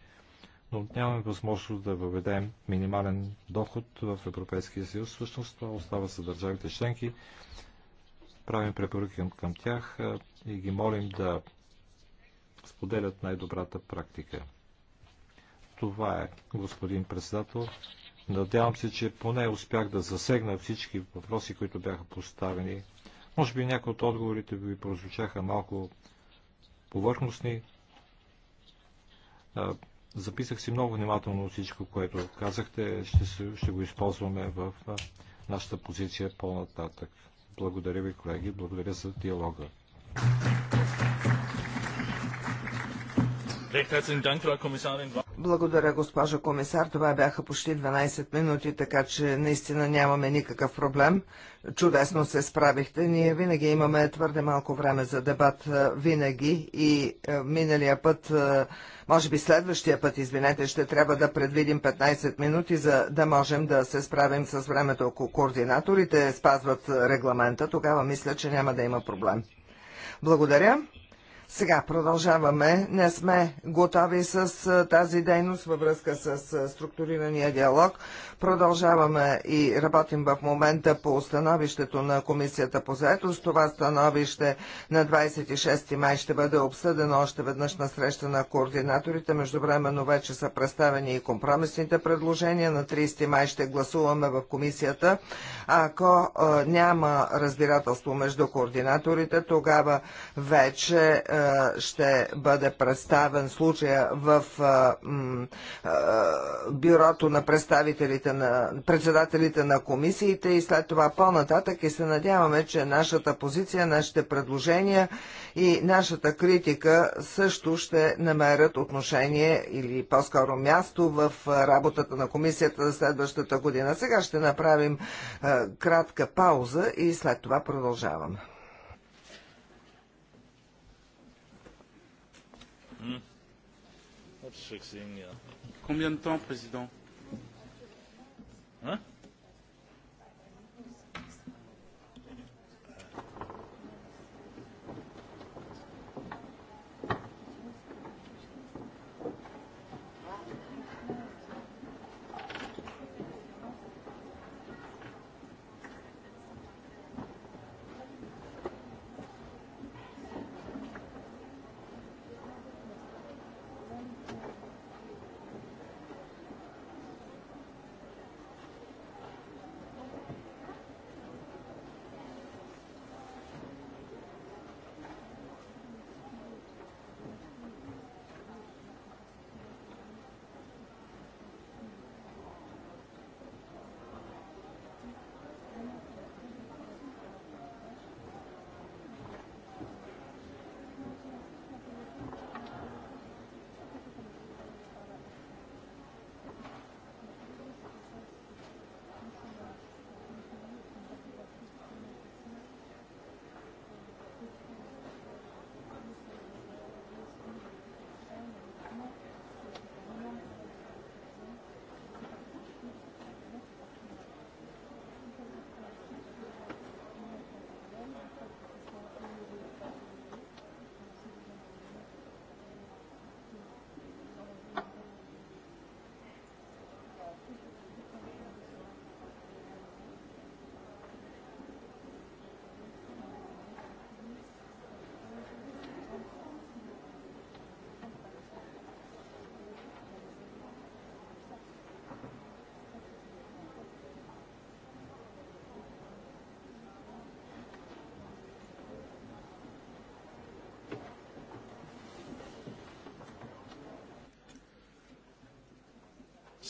но нямаме възможност да въведем минимален доход в Европейския съюз. Всъщност това остава за държавите членки. Правим препоръки към тях и ги молим да споделят най-добрата практика. Това е, господин председател. Надявам се, че поне успях да засегна всички въпроси, които бяха поставени. Може би някои от отговорите ви прозвучаха малко повърхностни. Записах си много внимателно всичко, което казахте. Ще, се, ще го използваме в нашата позиция по-нататък. Благодаря ви, колеги. Благодаря за диалога.
Благодаря, госпожо комисар. Това бяха почти 12 минути, така че наистина нямаме никакъв проблем. Чудесно се справихте. Ние винаги имаме твърде малко време за дебат. Винаги и миналия път, може би следващия път, извинете, ще трябва да предвидим 15 минути, за да можем да се справим с времето, ако координаторите спазват регламента. Тогава мисля, че няма да има проблем. Благодаря. Сега продължаваме. Не сме готови с тази дейност във връзка с структурирания диалог. Продължаваме и работим в момента по становището на Комисията по заетост. Това становище на 26 май ще бъде обсъдено още веднъж на среща на координаторите. Междувременно вече са представени и компромисните предложения. На 30 май ще гласуваме в Комисията. Ако няма разбирателство между координаторите, тогава вече е, ще бъде представен случая в е, е, бюрото на представителите на председателите на комисиите и след това по-нататък и се надяваме, че нашата позиция, нашите предложения и нашата критика също ще намерят отношение или по-скоро място в работата на комисията за следващата година. Сега ще направим кратка пауза и след това продължаваме. Combien de temps, Président
Hein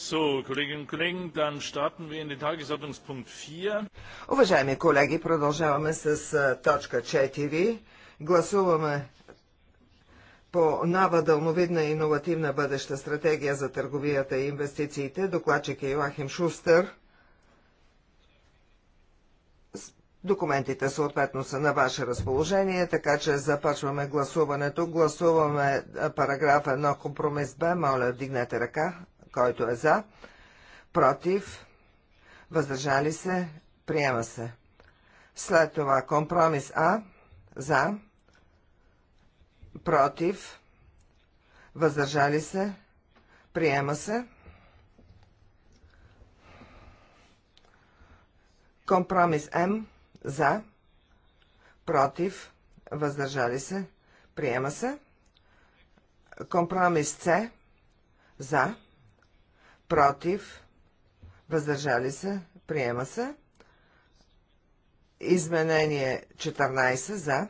So,
Уважаеми колеги, продължаваме с точка 4. Гласуваме по нова дълновидна и иновативна бъдеща стратегия за търговията и инвестициите. Докладчик е Йоахим Шустър. Документите съответно са на ваше разположение, така че започваме гласуването. Гласуваме параграф 1, компромис Б. Моля, вдигнете ръка който е за, против, въздържали се, приема се. След това компромис А, за, против, въздържали се, приема се. Компромис М, за, против, въздържали се, приема се. Компромис С, за, против, въздържали се, приема се. Изменение 14 за,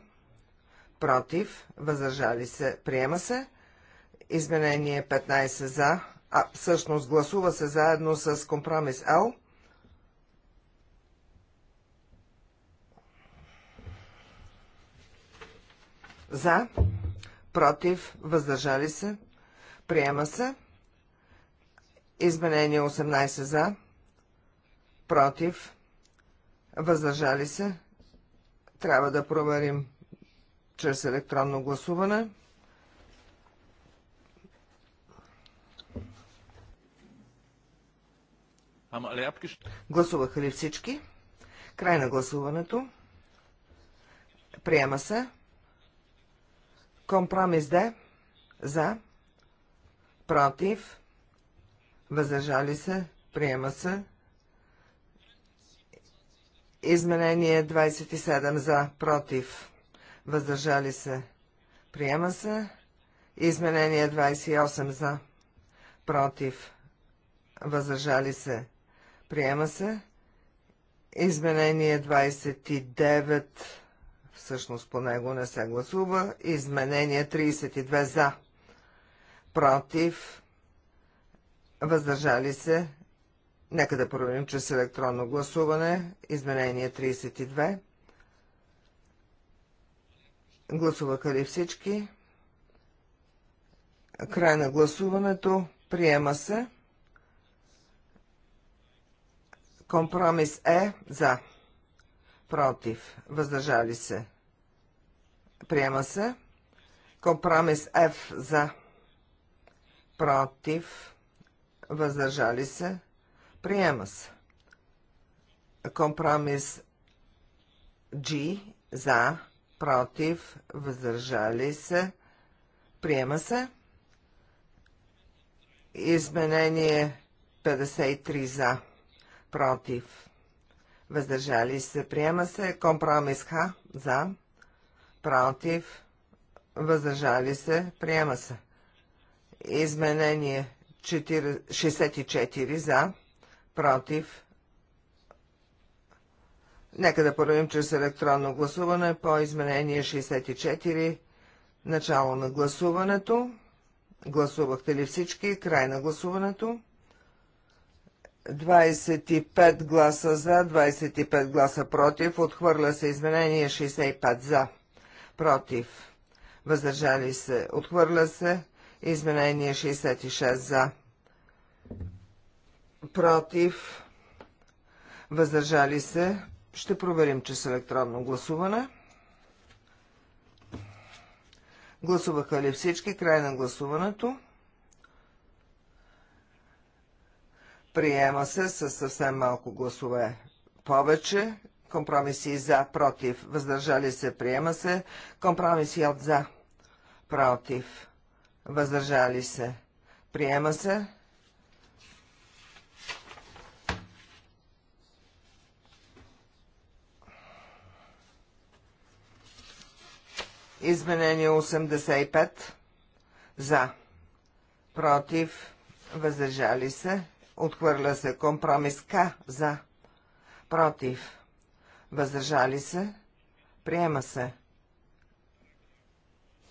против, въздържали се, приема се. Изменение 15 за, а всъщност гласува се заедно с компромис L. За, против, въздържали се, приема се. Изменение 18 за, против, въздържали се. Трябва да проверим чрез електронно гласуване. Гласуваха ли всички? Край на гласуването. Приема се. Компромис Д. За. Против въздържали се, приема се. Изменение 27 за, против, въздържали се, приема се. Изменение 28 за, против, въздържали се, приема се. Изменение 29, всъщност по него не се гласува. Изменение 32 за, против, въздържали се. Нека да проверим чрез електронно гласуване. Изменение 32. Гласуваха ли всички? Край на гласуването. Приема се. Компромис е за. Против. Въздържали се. Приема се. Компромис F за. Против въздържали се, приема се. Компромис G за, против, въздържали се, приема се. Изменение 53 за, против, въздържали се, приема се. Компромис Х за, против, въздържали се, приема се. Изменение 64 за, против. Нека да проверим чрез електронно гласуване по изменение 64, начало на гласуването. Гласувахте ли всички? Край на гласуването. 25 гласа за, 25 гласа против. Отхвърля се изменение 65 за, против. Въздържали се. Отхвърля се Изменение 66 за. Против. Въздържали се. Ще проверим, че с електронно гласуване. Гласуваха ли всички? Край на гласуването. Приема се с съвсем малко гласове повече. Компромиси за, против, въздържали се, приема се. Компромиси от за, против, въздържали се, приема се. Изменение 85. За. Против. Въздържали се. Отхвърля се компромис К. За. Против. Въздържали се. Приема се.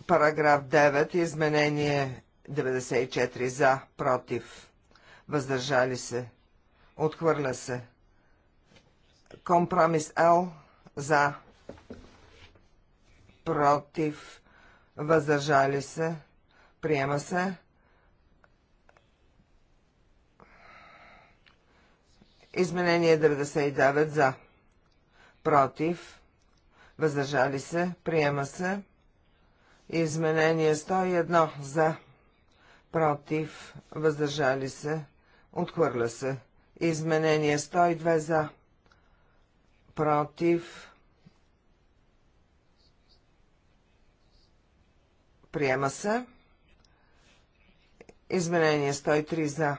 Параграф 9. Изменение 94 за, против, въздържали се, отхвърля се. Компромис Л за, против, въздържали се, приема се. Изменение 99 за, против, въздържали се, приема се. Изменение 101 за, против, въздържали се, отхвърля се. Изменение 102 за, против, приема се. Изменение 103 за.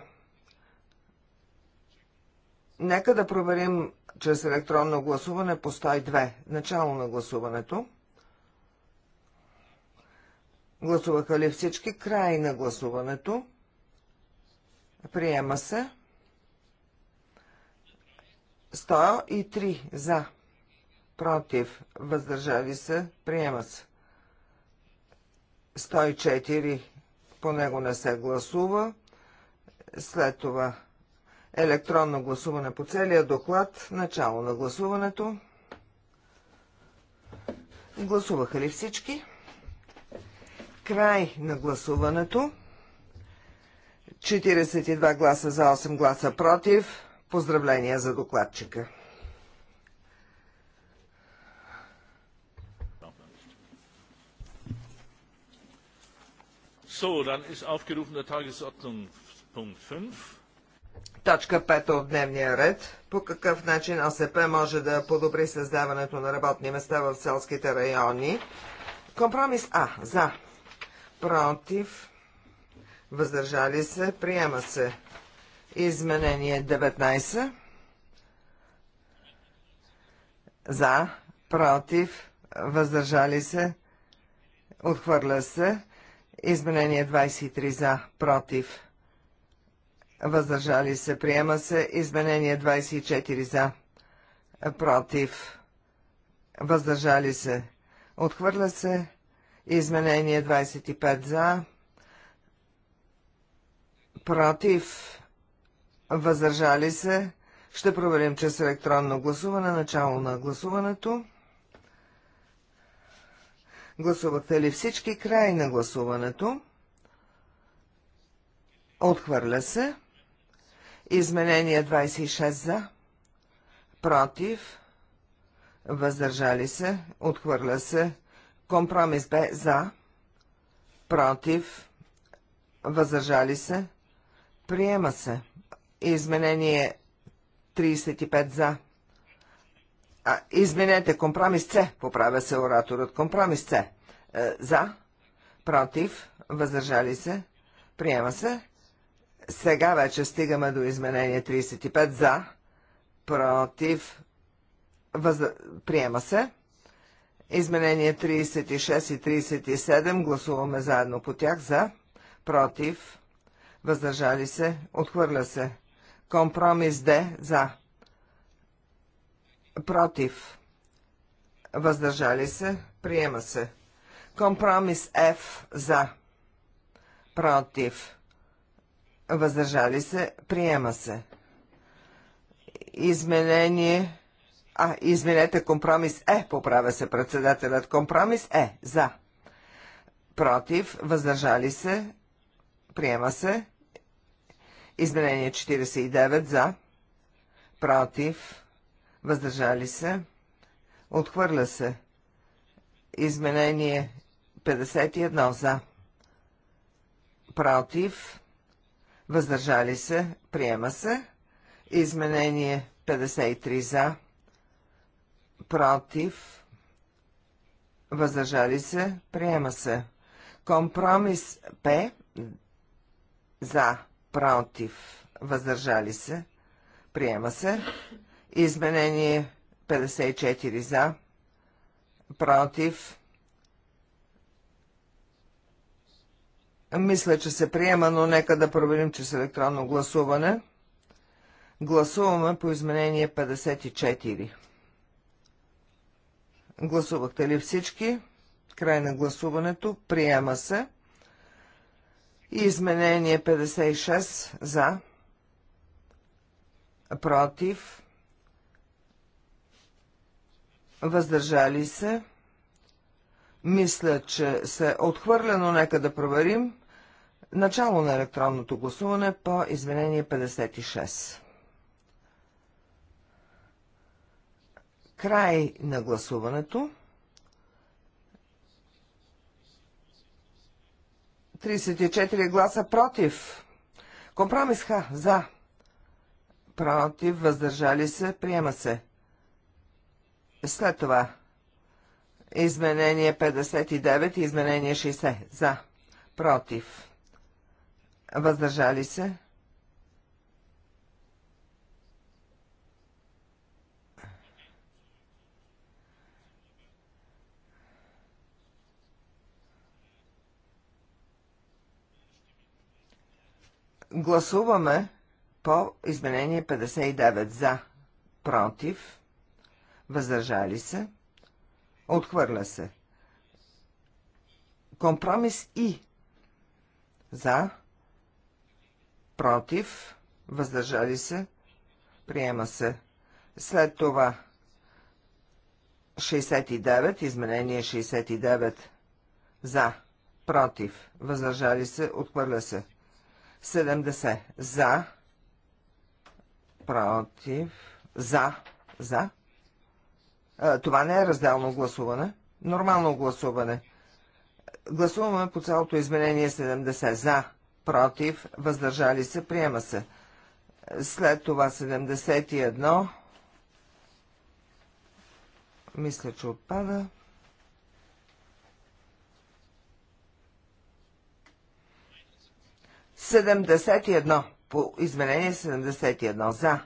Нека да проверим чрез електронно гласуване по 102. Начало на гласуването. Гласуваха ли всички? Край на гласуването. Приема се. 103 за. Против. Въздържали се. Приема се. 104. По него не се гласува. След това електронно гласуване по целия доклад. Начало на гласуването. Гласуваха ли всички? Край на гласуването. 42 гласа за 8 гласа против. Поздравления за докладчика.
So, dann ist aufgerufen der 5.
Точка 5 от дневния ред. По какъв начин ОСП може да подобри създаването на работни места в селските райони? Компромис А. За против, въздържали се, приема се. Изменение 19. За, против, въздържали се, отхвърля се. Изменение 23 за, против, въздържали се, приема се. Изменение 24 за, против, въздържали се, отхвърля се. Изменение 25 за, против, въздържали се. Ще проверим чрез електронно гласуване начало на гласуването. Гласувахте ли всички край на гласуването? Отхвърля се. Изменение 26 за. Против. Въздържали се. Отхвърля се. Компромис Б за, против, въздържали се, приема се. Изменение 35 за. А, изменете компромис С, поправя се ораторът. Компромис С. Е, за, против, въздържали се, приема се. Сега вече стигаме до изменение 35 за, против, въз... приема се. Изменение 36 и 37 гласуваме заедно по тях за, против, въздържали се, отхвърля се. Компромис Д за, против, въздържали се, приема се. Компромис Ф за, против, въздържали се, приема се. Изменение а, извинете, компромис Е, поправя се председателят. Компромис Е, за. Против, въздържали се, приема се. Изменение 49, за. Против, въздържали се, отхвърля се. Изменение 51, за. Против, въздържали се, приема се. Изменение 53, за против, въздържали се, приема се. Компромис П за, против, въздържали се, приема се. Изменение 54 за, против. Мисля, че се приема, но нека да проверим, че с електронно гласуване. Гласуваме по изменение 54. Гласувахте ли всички? Край на гласуването. Приема се. И изменение 56 за, против, въздържали се. Мисля, че се е отхвърля, но нека да проверим. Начало на електронното гласуване по изменение 56. Край на гласуването. 34 гласа против. Компромис Х. За. Против. Въздържали се. Приема се. След това. Изменение 59 и изменение 60. За. Против. Въздържали се. Гласуваме по изменение 59 за, против, въздържали се, отхвърля се. Компромис И за, против, въздържали се, приема се. След това 69, изменение 69 за, против, въздържали се, отхвърля се. 70 за, против, за, за. А, това не е разделно гласуване, нормално гласуване. Гласуваме по цялото изменение 70 за, против, въздържали се, приема се. След това 71, мисля, че отпада. 71. По изменение 71. За.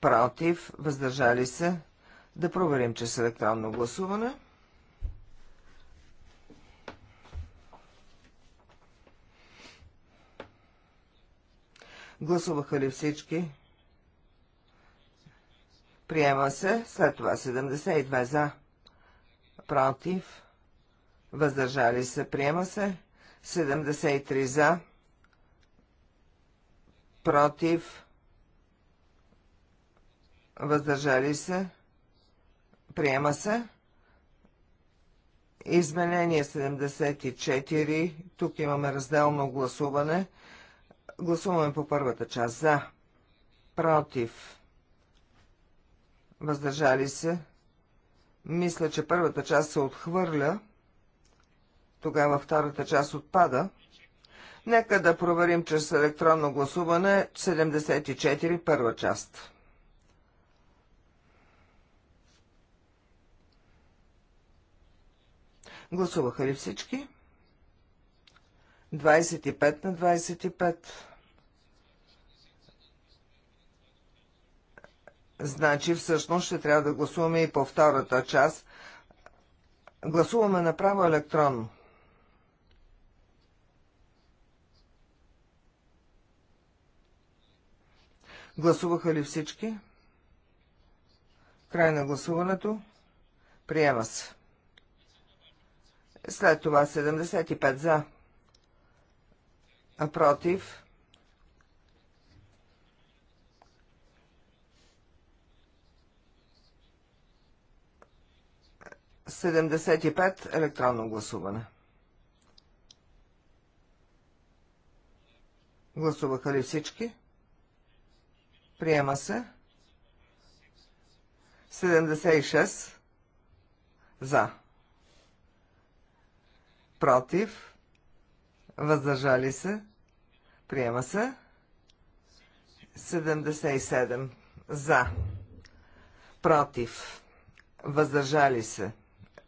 Против. Въздържали се. Да проверим, че с електронно гласуване. Гласуваха ли всички? Приема се. След това 72 за. Против. Въздържали се. Приема се. 73 за против, въздържали се, приема се. Изменение 74, тук имаме разделно гласуване. Гласуваме по първата част. За, против, въздържали се. Мисля, че първата част се отхвърля, тогава втората част отпада. Нека да проверим чрез електронно гласуване 74 първа част. Гласуваха ли всички? 25 на 25. Значи всъщност ще трябва да гласуваме и по втората част. Гласуваме направо електронно. Гласуваха ли всички? Край на гласуването. Приема се. След това 75 за. А против? Седемдесет и пет електронно гласуване. Гласуваха ли всички? Приема се. 76 за. Против. Въздържали се. Приема се. 77 за. Против. Въздържали се.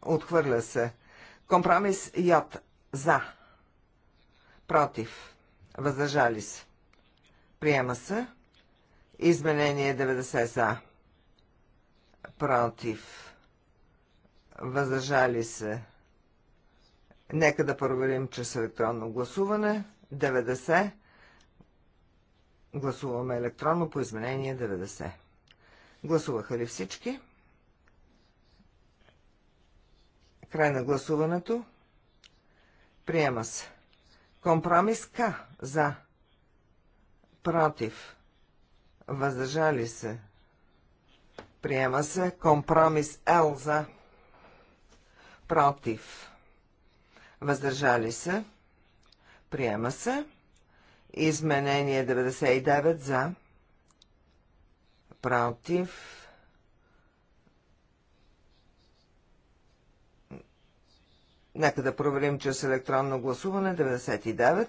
Отхвърля се. Компромис Йод. За. Против. Въздържали се. Приема се. Изменение 90 за. Против. Въздържали се. Нека да проверим чрез електронно гласуване. 90. Гласуваме електронно по изменение 90. Гласуваха ли всички? Край на гласуването. Приема се. Компромис К. За. Против въздържали се. Приема се компромис Л за против. Въздържали се. Приема се. Изменение 99 за против. Нека да проверим чрез електронно гласуване 99.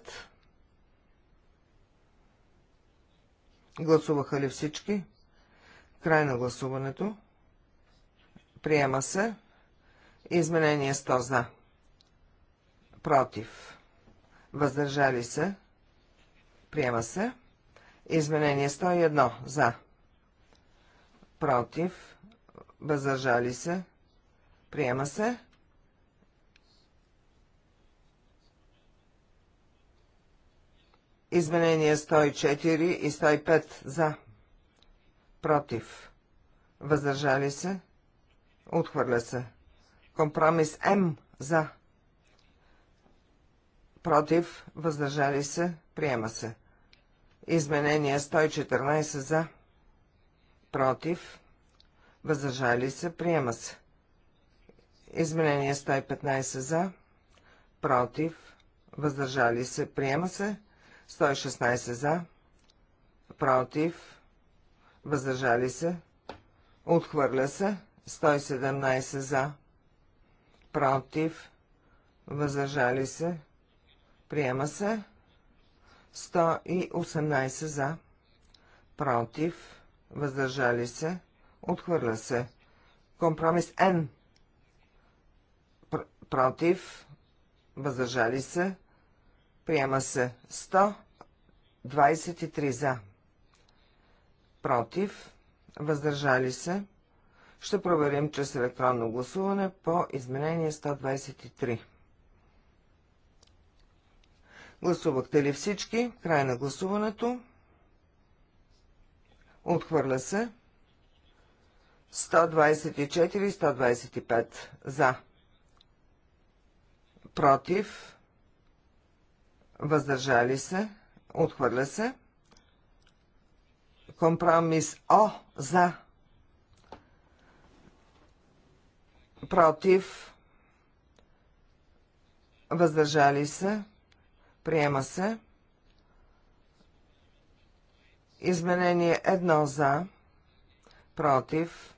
Гласуваха ли всички? Край на гласуването. Приема се. Изменение 100 за. Против. Въздържали се. Приема се. Изменение 101 за. Против. Въздържали се. Приема се. Изменения 104 и 105 за. Против. Въздържали се. Отхвърля се. Компромис М за. Против. Въздържали се. Приема се. Изменение 114 за. Против. Въздържали се. Приема се. Изменение 115 за. Против. Въздържали се. Приема се. 116 за, против, въздържали се, отхвърля се, 117 за, против, въздържали се, приема се, 118 за, против, въздържали се, отхвърля се. Компромис Н. против, въздържали се, Приема се 123 за. Против. Въздържали се. Ще проверим чрез електронно гласуване по изменение 123. Гласувахте ли всички? Край на гласуването. Отхвърля се. 124 и 125 за. Против въздържали се, отхвърля се. Компромис О за, против, въздържали се, приема се. Изменение едно за, против,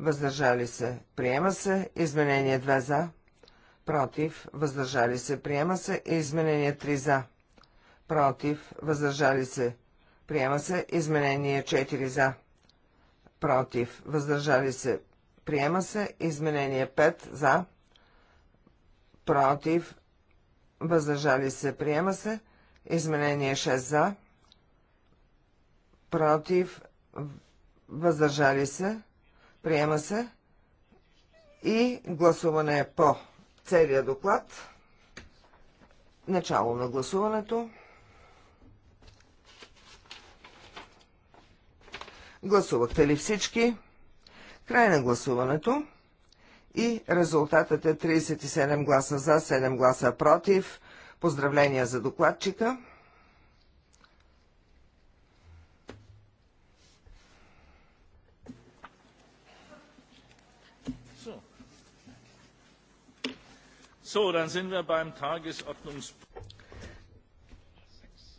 въздържали се, приема се. Изменение две за, против, въздържали се, приема се. Изменение 3 за, против, въздържали се, приема се. Изменение 4 за, против, въздържали се, приема се. Изменение 5 за, против, въздържали се, приема се. Изменение 6 за, против, въздържали се, приема се и гласуване по целият доклад. Начало на гласуването. Гласувахте ли всички? Край на гласуването. И резултатът е 37 гласа за, 7 гласа против. Поздравления за докладчика.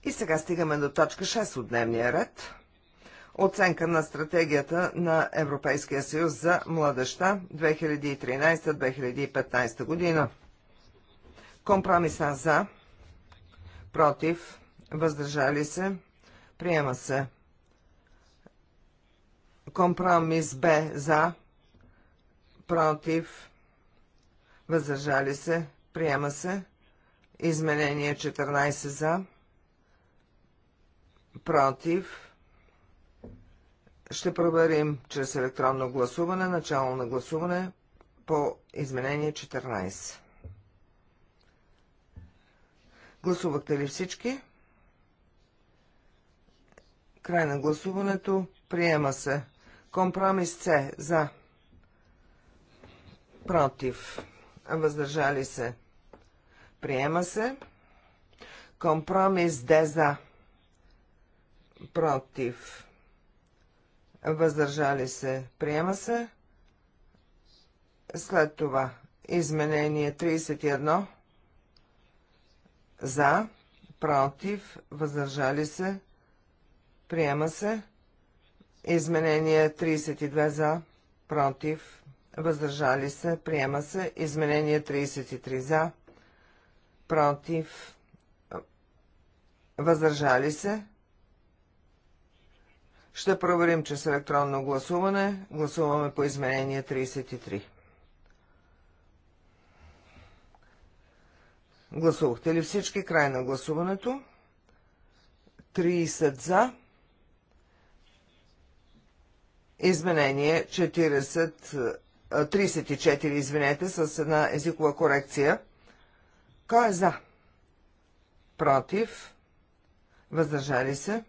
И сега стигаме до точка 6 от дневния ред. Оценка на стратегията на Европейския съюз за младеща 2013-2015 година. Компромиса за, против, въздържали се, приема се. Компромис Б за, против, въздържали се, приема се. Изменение 14 за, против. Ще проверим чрез електронно гласуване, начало на гласуване по изменение 14. Гласувахте ли всички? Край на гласуването. Приема се. Компромис С. За. Против въздържали се. Приема се. Компромис Д за. Против. Въздържали се. Приема се. След това изменение 31. За. Против. Въздържали се. Приема се. Изменение 32 за. Против въздържали се, приема се. Изменение 33 за, против, въздържали се. Ще проверим, че с електронно гласуване гласуваме по изменение 33. Гласувахте ли всички? Край на гласуването. 30 за. Изменение 40 34, извинете, с една езикова корекция. Кой е за? Против? Въздържали се?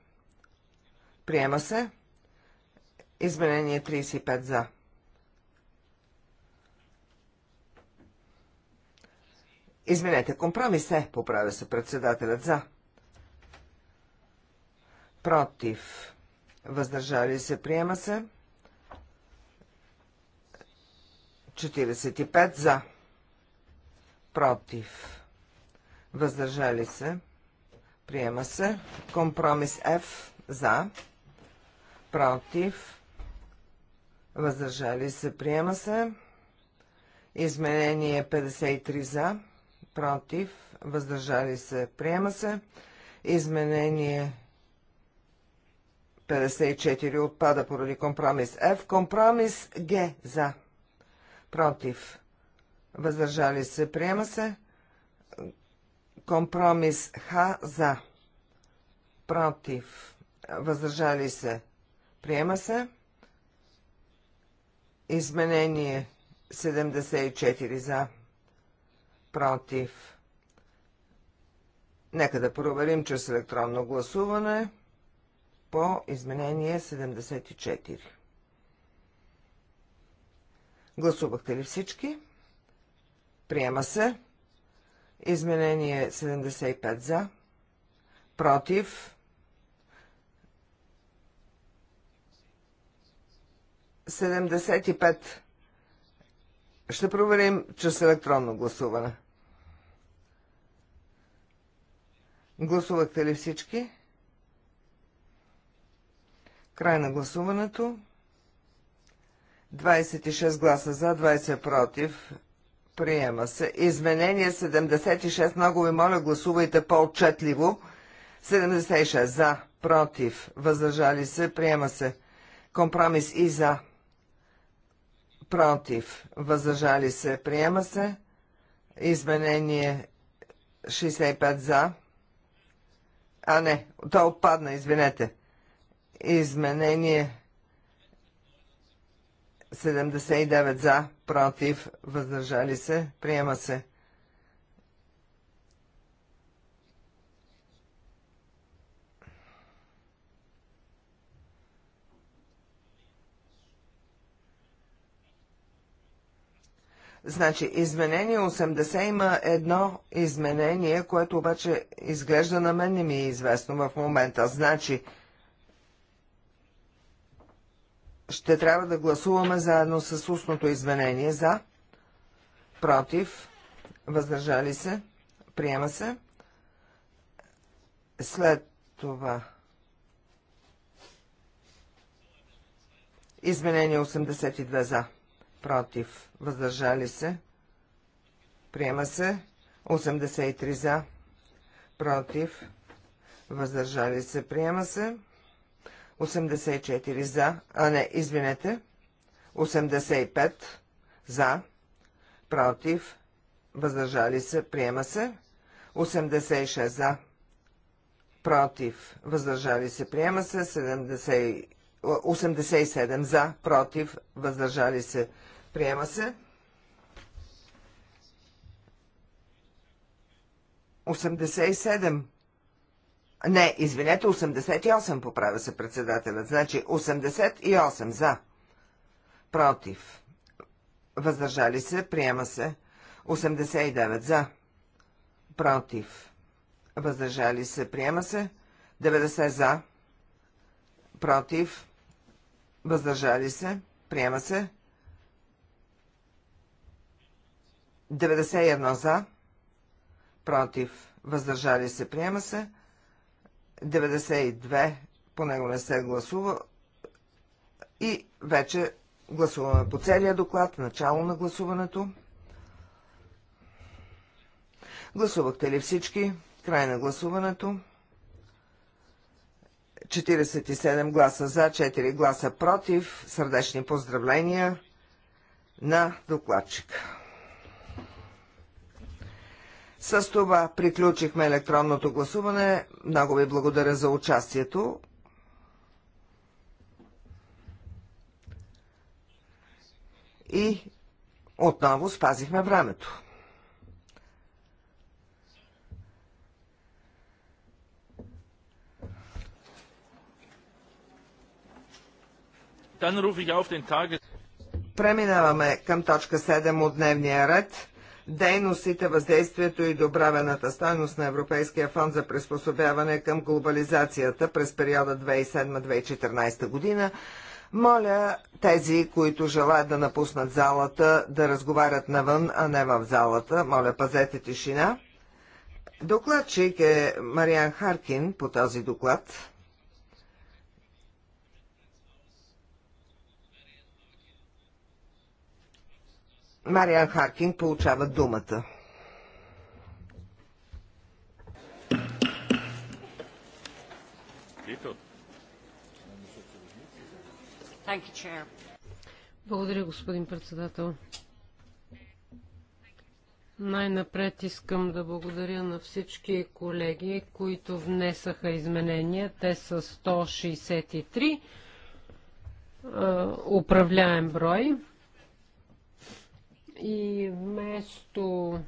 Приема се. Изменение 35 за. Изменете, компромис е, поправя се председателят за. Против. Въздържали се, приема се. 45 за. Против. Въздържали се. Приема се. Компромис F за. Против. Въздържали се. Приема се. Изменение 53 за. Против. Въздържали се. Приема се. Изменение 54 отпада поради компромис F. Компромис Г за против, въздържали се, приема се. Компромис Х за, против, въздържали се, приема се. Изменение 74 за, против. Нека да проверим чрез електронно гласуване по изменение 74. Гласувахте ли всички? Приема се. Изменение 75 за. Против. 75. Ще проверим чрез електронно гласуване. Гласувахте ли всички? Край на гласуването. 26 гласа за, 20 против. Приема се. Изменение 76. Много ви моля, гласувайте по-отчетливо. 76 за, против, въздържали се, приема се. Компромис и за, против, въздържали се, приема се. Изменение 65 за. А не, то отпадна, извинете. Изменение 79 за, против, въздържали се, приема се. Значи, изменение 80 има едно изменение, което обаче изглежда на мен не ми е известно в момента. Значи, ще трябва да гласуваме заедно с устното изменение за, против, въздържали се, приема се. След това изменение 82 за, против, въздържали се, приема се. 83 за, против, въздържали се, приема се. 84 за, а не, извинете, 85 за, против, въздържали се, приема се, 86 за, против, въздържали се, приема се, 70, 87 за, против, въздържали се, приема се. 87 не, извинете, 88 поправя се председателят. Значи 88 за. Против. Въздържали се, приема се. 89 за. Против. Въздържали се, приема се. 90 за. Против. Въздържали се, приема се. 91 за. Против. Въздържали се, приема се. 92, по него не се гласува. И вече гласуваме по целия доклад, начало на гласуването. Гласувахте ли всички? Край на гласуването. 47 гласа за, 4 гласа против. Сърдечни поздравления на докладчика. С това приключихме електронното гласуване. Много ви благодаря за участието. И отново спазихме времето. Преминаваме към точка 7 от дневния ред дейностите, въздействието и добравената стойност на Европейския фонд за приспособяване към глобализацията през периода 2007-2014 година. Моля тези, които желаят да напуснат залата, да разговарят навън, а не в залата. Моля, пазете тишина. Докладчик е Мариан Харкин по този доклад. Мариан Харкин получава думата.
Благодаря, господин председател. Най-напред искам да благодаря на всички колеги, които внесаха изменения. Те са 163, управляем брой. И вместо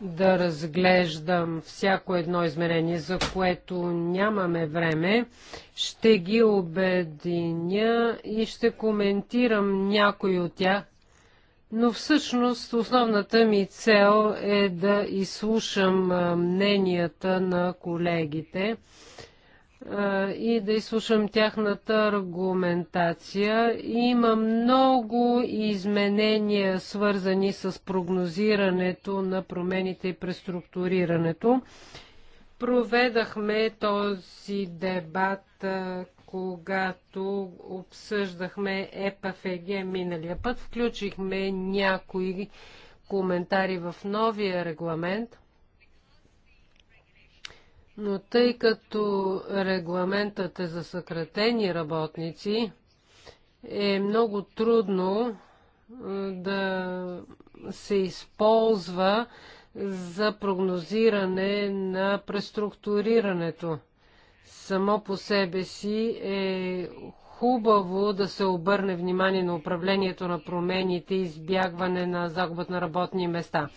да разглеждам всяко едно измерение, за което нямаме време, ще ги обединя и ще коментирам някои от тях. Но всъщност основната ми цел е да изслушам мненията на колегите и да изслушам тяхната аргументация. Има много изменения, свързани с прогнозирането на промените и преструктурирането. Проведахме този дебат, когато обсъждахме ЕПФГ миналия път. Включихме някои коментари в новия регламент – но тъй като регламентът е за съкратени работници, е много трудно да се използва за прогнозиране на преструктурирането. Само по себе си е хубаво да се обърне внимание на управлението на промените и избягване на загубът на работни места.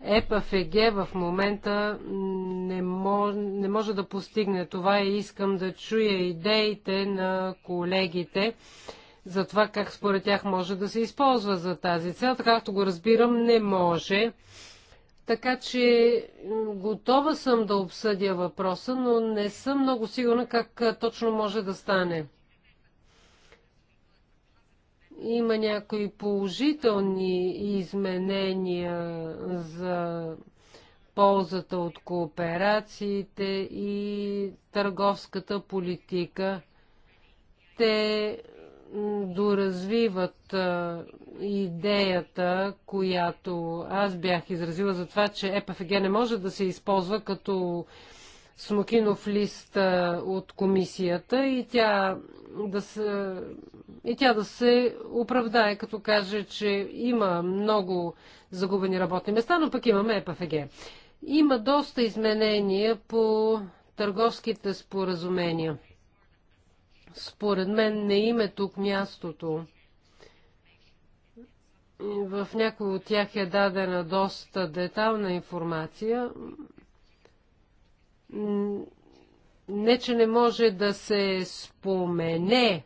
ЕПФГ в момента не може, не може да постигне това и искам да чуя идеите на колегите за това как според тях може да се използва за тази цел. Така както го разбирам, не може. Така че готова съм да обсъдя въпроса, но не съм много сигурна как точно може да стане. Има някои положителни изменения за ползата от кооперациите и търговската политика. Те доразвиват идеята, която аз бях изразила за това, че ЕПФГ не може да се използва като смокинов лист от комисията и тя да се, и тя да се оправдае, като каже, че има много загубени работни места, но пък имаме ЕПФГ. Има доста изменения по търговските споразумения. Според мен не име тук мястото. В някои от тях е дадена доста детална информация не че не може да се спомене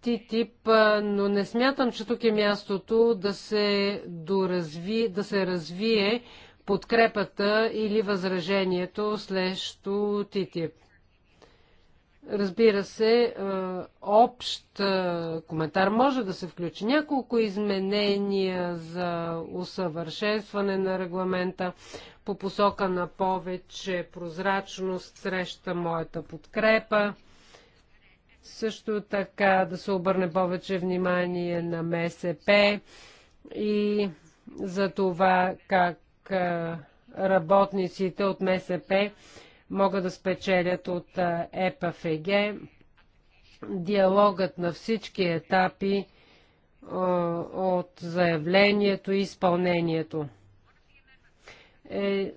ТИТИП, но не смятам, че тук е мястото да се, доразви, да се развие подкрепата или възражението срещу ТИТИП. Разбира се, е, общ е, коментар може да се включи няколко изменения за усъвършенстване на регламента по посока на повече прозрачност, среща моята подкрепа. Също така да се обърне повече внимание на МСП и за това как е, работниците от МСП могат да спечелят от ЕПФГ. Диалогът на всички етапи от заявлението и изпълнението. Е,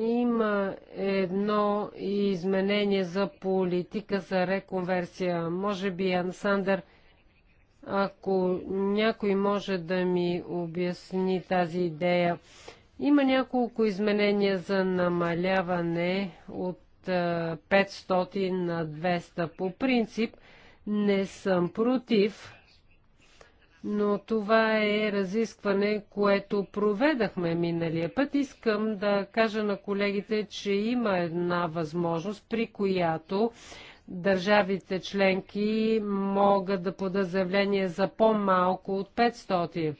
има едно изменение за политика за реконверсия. Може би, Ансандър, ако някой може да ми обясни тази идея има няколко изменения за намаляване от 500 на 200. По принцип не съм против, но това е разискване, което проведахме миналия път. Искам да кажа на колегите, че има една възможност, при която държавите членки могат да подадат заявление за по-малко от 500.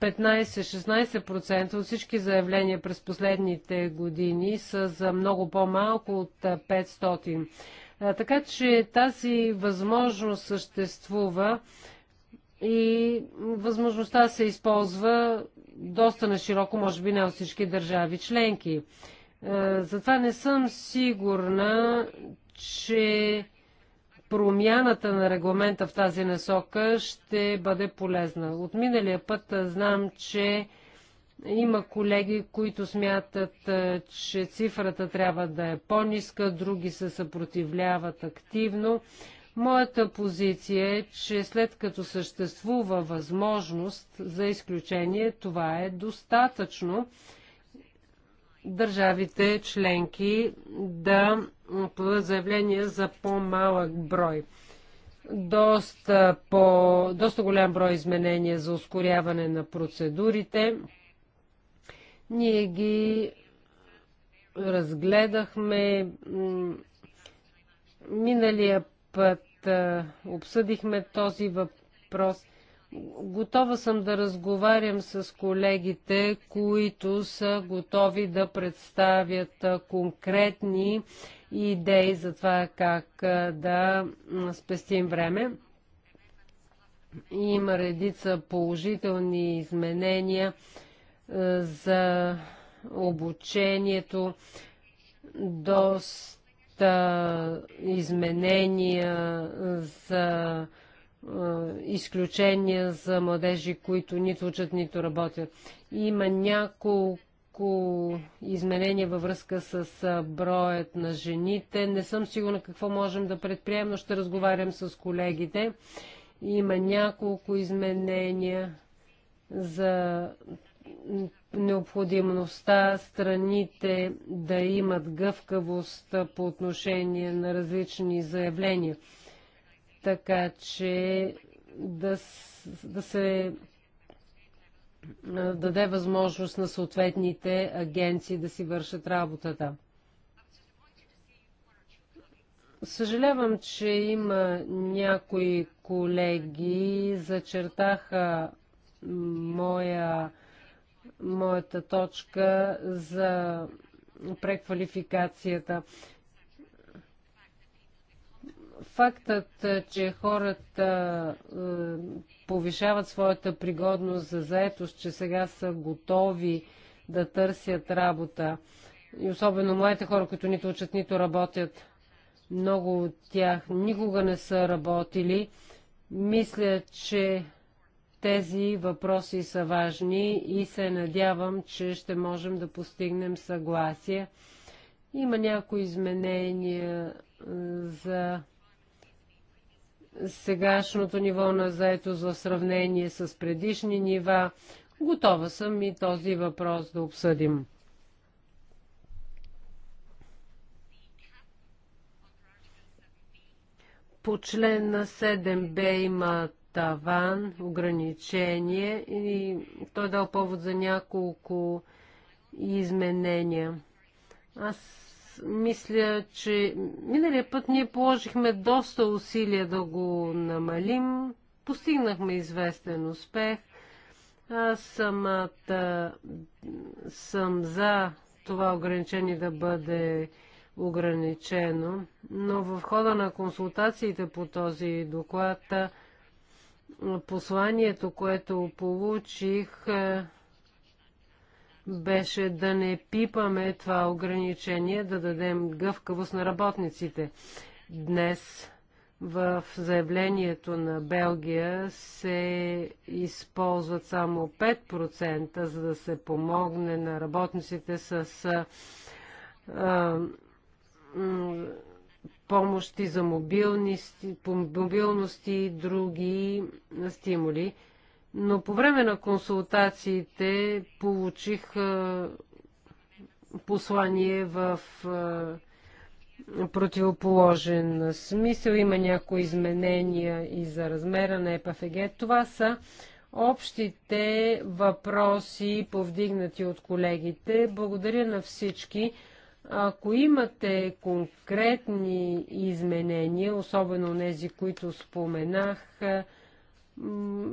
15-16% от всички заявления през последните години са за много по-малко от 500. Така че тази възможност съществува и възможността се използва доста на широко, може би не от всички държави членки. Затова не съм сигурна, че промяната на регламента в тази насока ще бъде полезна. От миналия път знам, че има колеги, които смятат, че цифрата трябва да е по-ниска, други се съпротивляват активно. Моята позиция е, че след като съществува възможност за изключение, това е достатъчно държавите членки да подадат заявления за по-малък брой. Доста, по, доста голям брой изменения за ускоряване на процедурите. Ние ги разгледахме. Миналия път обсъдихме този въпрос – Готова съм да разговарям с колегите, които са готови да представят конкретни идеи за това как да спестим време. Има редица положителни изменения за обучението, доста изменения за е, изключения за младежи, които нито учат, нито работят. Има няколко изменения във връзка с е, броят на жените. Не съм сигурна какво можем да предприемем, но ще разговарям с колегите. Има няколко изменения за необходимостта страните да имат гъвкавост по отношение на различни заявления така че да, да се даде възможност на съответните агенции да си вършат работата. Съжалявам, че има някои колеги зачертаха моя, моята точка за преквалификацията. Фактът, е, че хората е, повишават своята пригодност за заетост, че сега са готови да търсят работа, и особено младите хора, които нито учат, нито работят, много от тях никога не са работили, мисля, че тези въпроси са важни и се надявам, че ще можем да постигнем съгласие. Има някои изменения е, за сегашното ниво на заетост в сравнение с предишни нива. Готова съм и този въпрос да обсъдим. По член на 7б има таван, ограничение и той дал повод за няколко изменения. Аз мисля, че миналия път ние положихме доста усилия да го намалим. Постигнахме известен успех. Аз самата съм за това ограничение да бъде ограничено, но в хода на консултациите по този доклад посланието, което получих, беше да не пипаме това ограничение, да дадем гъвкавост на работниците. Днес в заявлението на Белгия се използват само 5%, за да се помогне на работниците с а, помощи за мобилности, мобилности и други стимули. Но по време на консултациите получих послание в противоположен смисъл. Има някои изменения и за размера на ЕПФГ. Това са общите въпроси, повдигнати от колегите. Благодаря на всички. Ако имате конкретни изменения, особено тези, които споменах,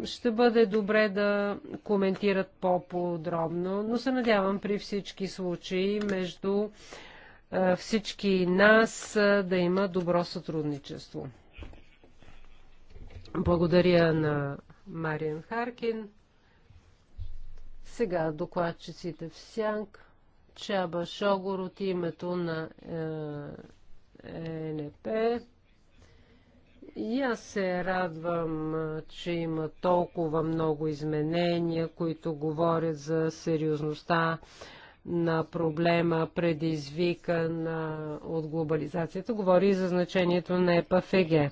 ще бъде добре да коментират по-подробно, но се надявам при всички случаи между е, всички нас е, да има добро сътрудничество. Благодаря на Мариан Харкин. Сега докладчиците в Сянк. Чаба Шогор от името на е, ЕНП. И аз се радвам, че има толкова много изменения, които говорят за сериозността на проблема, предизвикан от глобализацията. Говори и за значението на ЕПАФЕГ.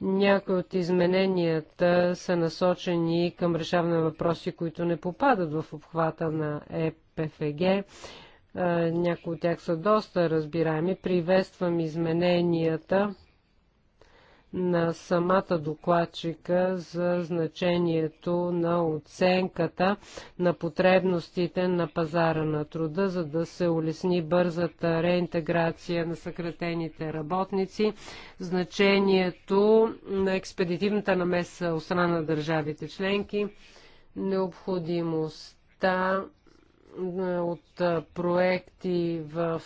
Някои от измененията са насочени към решаване на въпроси, които не попадат в обхвата на ЕПФГ. Някои от тях са доста разбираеми. Приветствам измененията на самата докладчика за значението на оценката на потребностите на пазара на труда, за да се улесни бързата реинтеграция на съкратените работници, значението на експедитивната намеса от страна на държавите членки, необходимостта от проекти в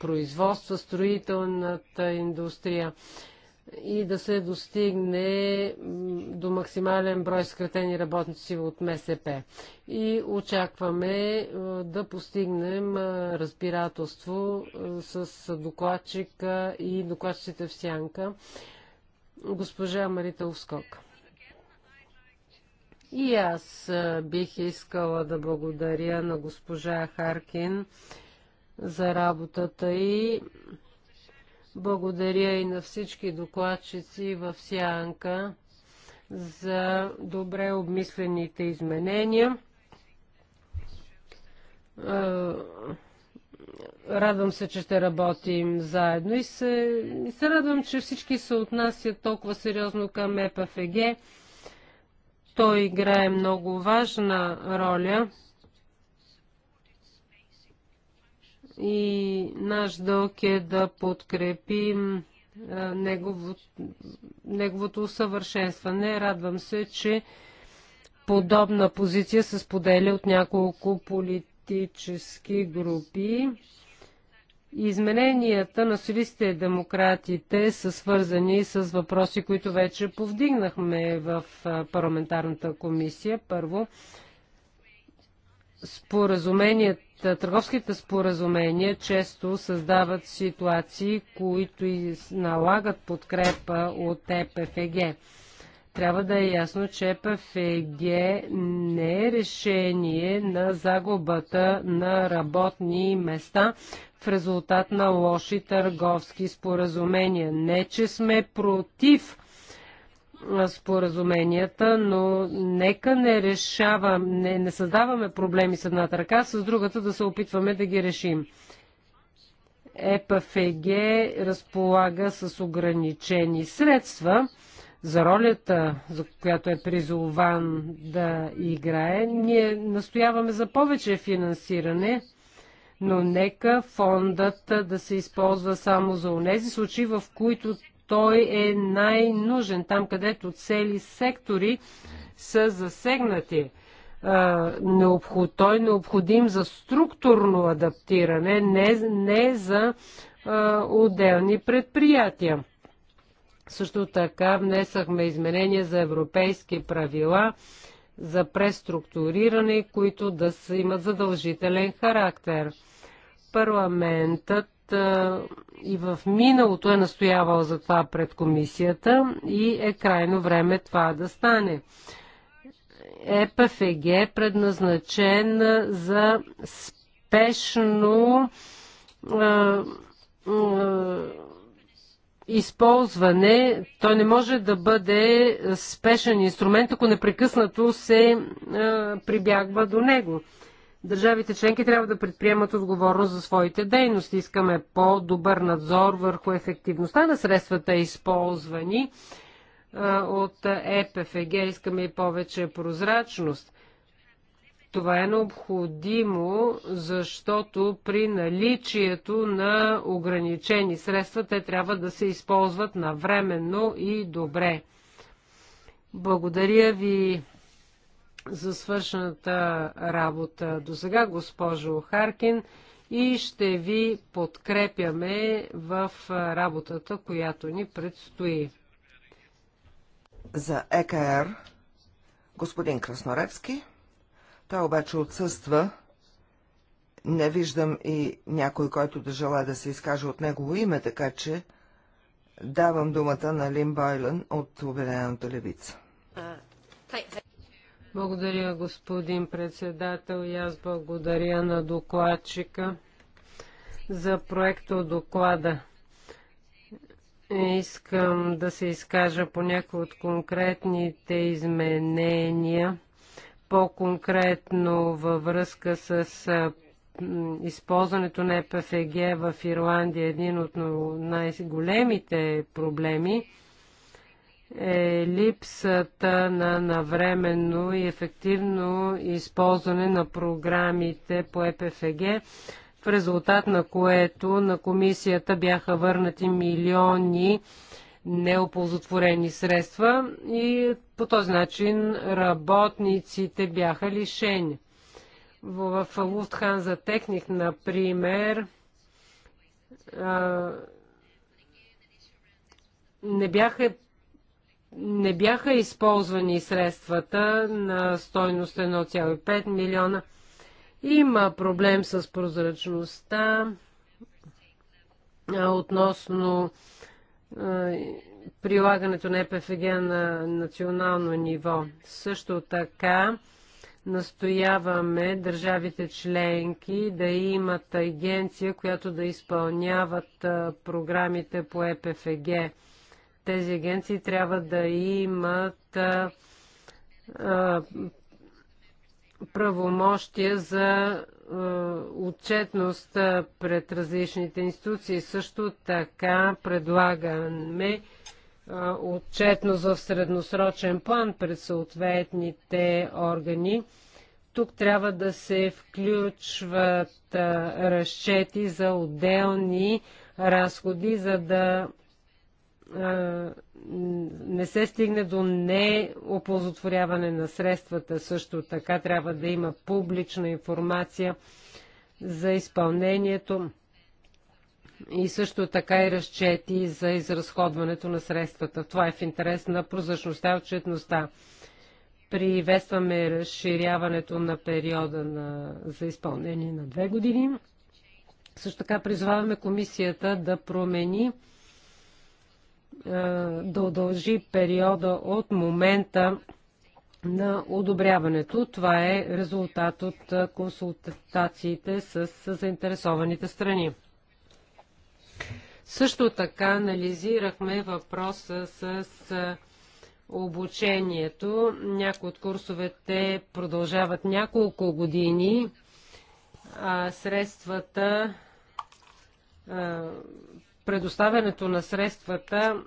производство, строителната индустрия, и да се достигне до максимален брой скратени работници от МСП. И очакваме е, да постигнем е, разбирателство е, с докладчика и докладчиците в сянка, госпожа Марита Овскок. И аз бих искала да благодаря на госпожа Харкин за работата и благодаря и на всички докладчици в Сянка за добре обмислените изменения. Радвам се, че ще работим заедно и се, и се радвам, че всички се отнасят толкова сериозно към ЕПФГ. Той играе много важна роля и наш дълг е да подкрепим негово, неговото усъвършенстване. Радвам се, че подобна позиция се споделя от няколко политически групи. Измененията на социалистите и демократите са свързани с въпроси, които вече повдигнахме в парламентарната комисия. Първо, споразумението е, търговските споразумения често създават ситуации, които и налагат подкрепа от ЕПФГ. Трябва да е ясно, че ЕПФГ не е решение на загубата на работни места в резултат на лоши търговски споразумения. Не, че сме против споразуменията, но нека не решаваме, не, не създаваме проблеми с едната ръка, с другата да се опитваме да ги решим. ЕПФГ разполага с ограничени средства за ролята, за която е призован да играе. Ние настояваме за повече финансиране, но нека фондът да се използва само за онези случаи, в които той е най-нужен там, където цели сектори са засегнати. Той е необходим за структурно адаптиране, не, не за отделни предприятия. Също така внесахме изменения за европейски правила за преструктуриране, които да са, имат задължителен характер. Парламентът и в миналото е настоявал за това пред комисията и е крайно време това да стане. ЕПФГ е предназначен за спешно е, е, използване. Той не може да бъде спешен инструмент, ако непрекъснато се е, прибягва до него. Държавите членки трябва да предприемат отговорност за своите дейности. Искаме по-добър надзор върху ефективността на средствата, използвани от ЕПФГ. Искаме и повече прозрачност. Това е необходимо, защото при наличието на ограничени средства те трябва да се използват навременно и добре. Благодаря ви за свършената работа до сега, госпожо Харкин, и ще ви подкрепяме в работата, която ни предстои.
За ЕКР господин Красноревски. Той обаче отсъства. Не виждам и някой, който да желая да се изкаже от негово име, така че давам думата на Лин Байлен от Обединената левица.
Благодаря, господин председател, и аз благодаря на докладчика за проекта доклада. Искам да се изкажа по някои от конкретните изменения, по-конкретно във връзка с използването на ЕПФГ в Ирландия един от най-големите проблеми е липсата на навременно и ефективно използване на програмите по ЕПФГ, в резултат на което на комисията бяха върнати милиони неоползотворени средства и по този начин работниците бяха лишени. В Луфтханза Техник, например, не бяха не бяха използвани средствата на стойност 1,5 милиона. Има проблем с прозрачността относно прилагането на ЕПФГ на национално ниво. Също така настояваме държавите членки да имат агенция, която да изпълняват програмите по ЕПФГ тези агенции трябва да имат а, а, правомощия за а, отчетност пред различните институции. Също така предлагаме отчетност в средносрочен план пред съответните органи. Тук трябва да се включват а, разчети за отделни разходи, за да не се стигне до неоползотворяване на средствата. Също така трябва да има публична информация за изпълнението и също така и разчети за изразходването на средствата. Това е в интерес на прозрачността и отчетността. Приветстваме разширяването на периода на, за изпълнение на две години. Също така призоваваме комисията да промени е, да удължи периода от момента на одобряването. Това е резултат от е, консултациите с заинтересованите страни. Също така анализирахме въпроса с обучението. Някои от курсовете продължават няколко години, а средствата предоставянето на средствата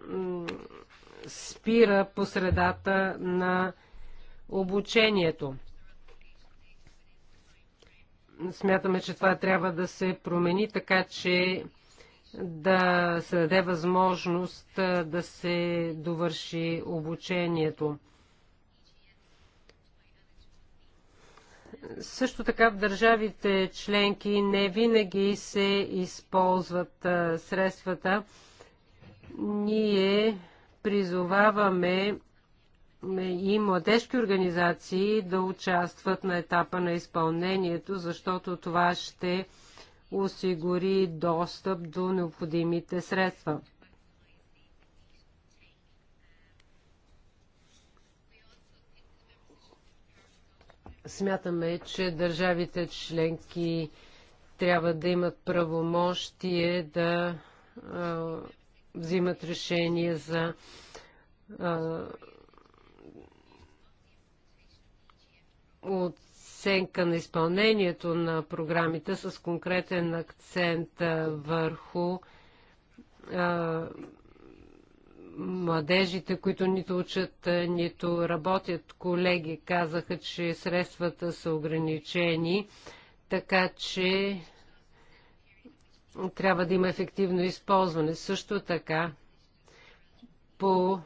спира по средата на обучението. Смятаме, че това трябва да се промени, така че да се даде възможност да се довърши обучението. Също така в държавите членки не винаги се използват средствата. Ние призоваваме и младежки организации да участват на етапа на изпълнението, защото това ще осигури достъп до необходимите средства. Смятаме, че държавите членки трябва да имат правомощие да а, взимат решение за а, оценка на изпълнението на програмите с конкретен акцент върху а, младежите, които нито учат, нито работят. Колеги казаха, че средствата са ограничени, така че трябва да има ефективно използване. Също така, по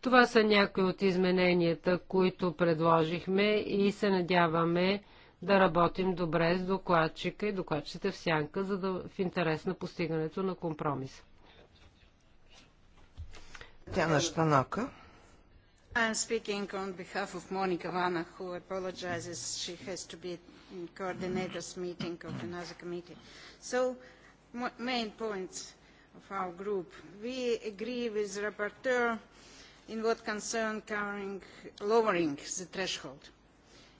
Това са някои от измененията, които предложихме и се надяваме да работим добре с докладчика и докладчите в сянка, за да в интерес на постигането на
компромис. Тяна Штанока.
I'm speaking on behalf of Monica Vana, who apologizes. She has to be in coordinators meeting of another committee. So, main points of our group. We agree with the rapporteur in what concern covering lowering the threshold.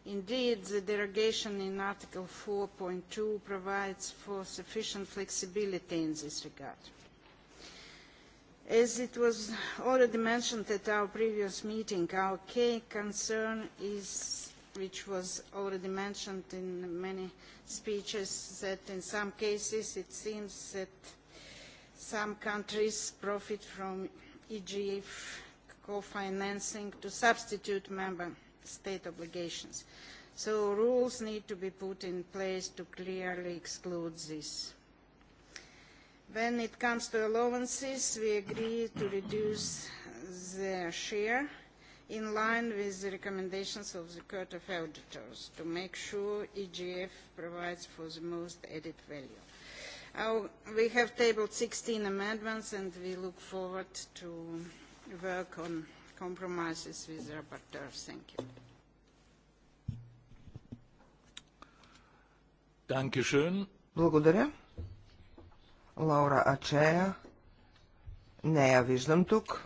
Indeed, the derogation in Article 4.2 provides for sufficient flexibility in this regard. As it was already mentioned at our previous meeting, our key concern is, which was already mentioned in many speeches, that in some cases it seems that some countries profit from EGF co-financing to substitute member state obligations. So rules need to be put in place to clearly exclude this. When it comes to allowances, we agree to reduce their share in line with the recommendations of the Court of Auditors to make sure EGF provides for the most added value. Our, we have tabled 16 amendments and we look forward to work on compromises with the rapporteur. Thank you.
Dankeschön. Благодаря. Лаура Ачея. Не я виждам тук.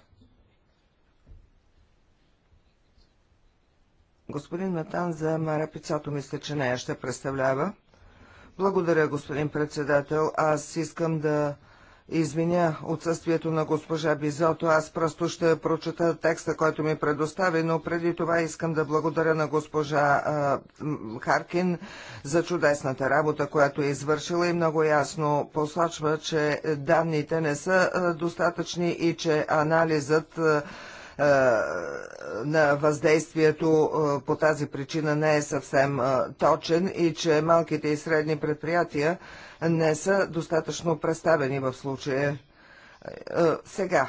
Господин Матан за Мара Пицато мисля, че нея ще представлява. Благодаря, господин председател. Аз искам да извиня отсъствието на госпожа Бизото. Аз просто ще прочета текста, който ми предостави, но преди това искам да благодаря на госпожа а, Харкин за чудесната работа, която е извършила и много ясно посочва, че данните не са достатъчни и че анализът а, е, на въздействието е, по тази причина не е съвсем е, точен и че малките и средни предприятия не са достатъчно представени в случая. Сега,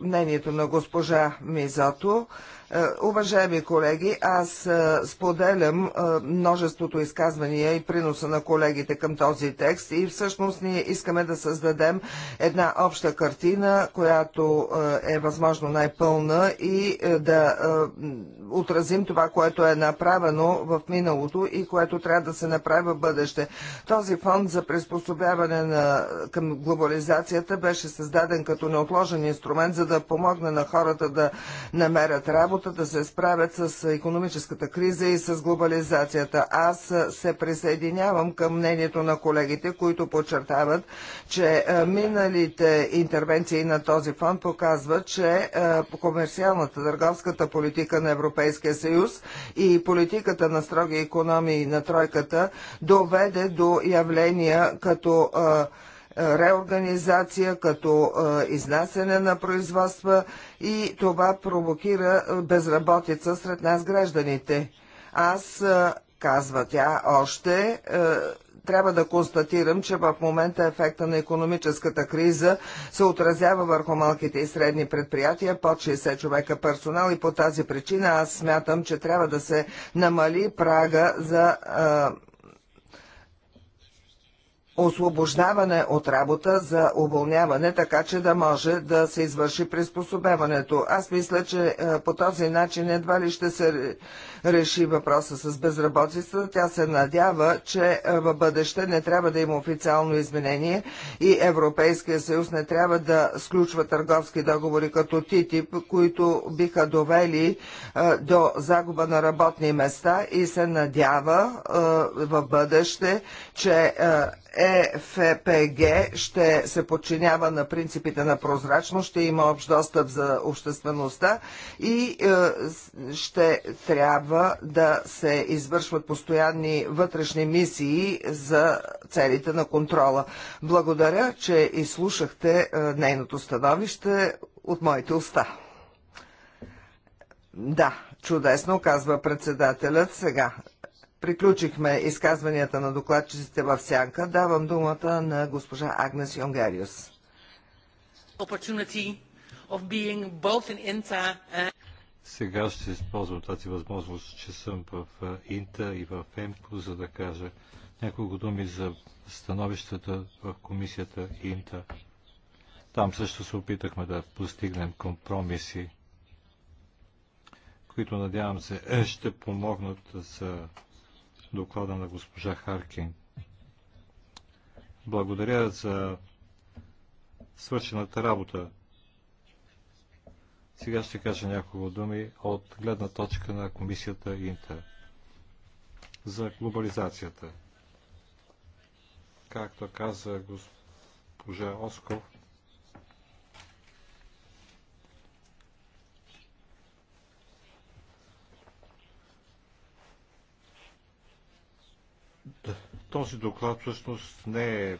мнението на госпожа Мизото е, уважаеми колеги, аз е, споделям е, множеството изказвания и приноса на колегите към този текст и всъщност ние искаме да създадем една обща картина, която е възможно най-пълна и да отразим това, което е направено в миналото и което трябва да се направи в бъдеще. Този фонд за приспособяване на, към глобализацията беше създаден като неотложен инструмент, за да помогне на хората да намерят работа работа да се справят с економическата криза и с глобализацията. Аз се присъединявам към мнението на колегите, които подчертават, че е, миналите интервенции на този фонд показват, че е, комерциалната търговската политика на Европейския съюз и политиката на строги економии на тройката доведе до явления като е, реорганизация, като изнасяне на производства и това провокира безработица сред нас гражданите. Аз, казва тя още, трябва да констатирам, че в момента ефекта на економическата криза се отразява върху малките и средни предприятия, под 60 човека персонал и по тази причина аз смятам, че трябва да се намали прага за а, освобождаване от работа за уволняване, така че да може да се извърши приспособяването. Аз мисля, че е, по този начин едва ли ще се реши въпроса с безработицата. Тя се надява, че е, в бъдеще не трябва да има официално изменение и Европейския съюз не трябва да сключва търговски договори като ТИТИП, които биха довели е, до загуба на работни места и се надява в бъдеще, че ЕФПГ ще се подчинява на принципите на прозрачност, ще има общ достъп за обществеността и е, ще трябва да се извършват постоянни вътрешни мисии за целите на контрола. Благодаря, че изслушахте е, нейното становище от моите уста. Да, чудесно, казва председателят. Сега Приключихме изказванията на докладчиците в сянка. Давам думата на госпожа Агнес Йонгариус.
Сега ще използвам тази възможност, че съм в Инта и в ЕМПО, за да кажа няколко думи за становищата в комисията Инта. Там също се опитахме да постигнем компромиси, които надявам се ще помогнат за доклада на госпожа Харкин. Благодаря за свършената работа. Сега ще кажа няколко думи от гледна точка на комисията Интер за глобализацията. Както каза госпожа Осков, Този доклад всъщност не е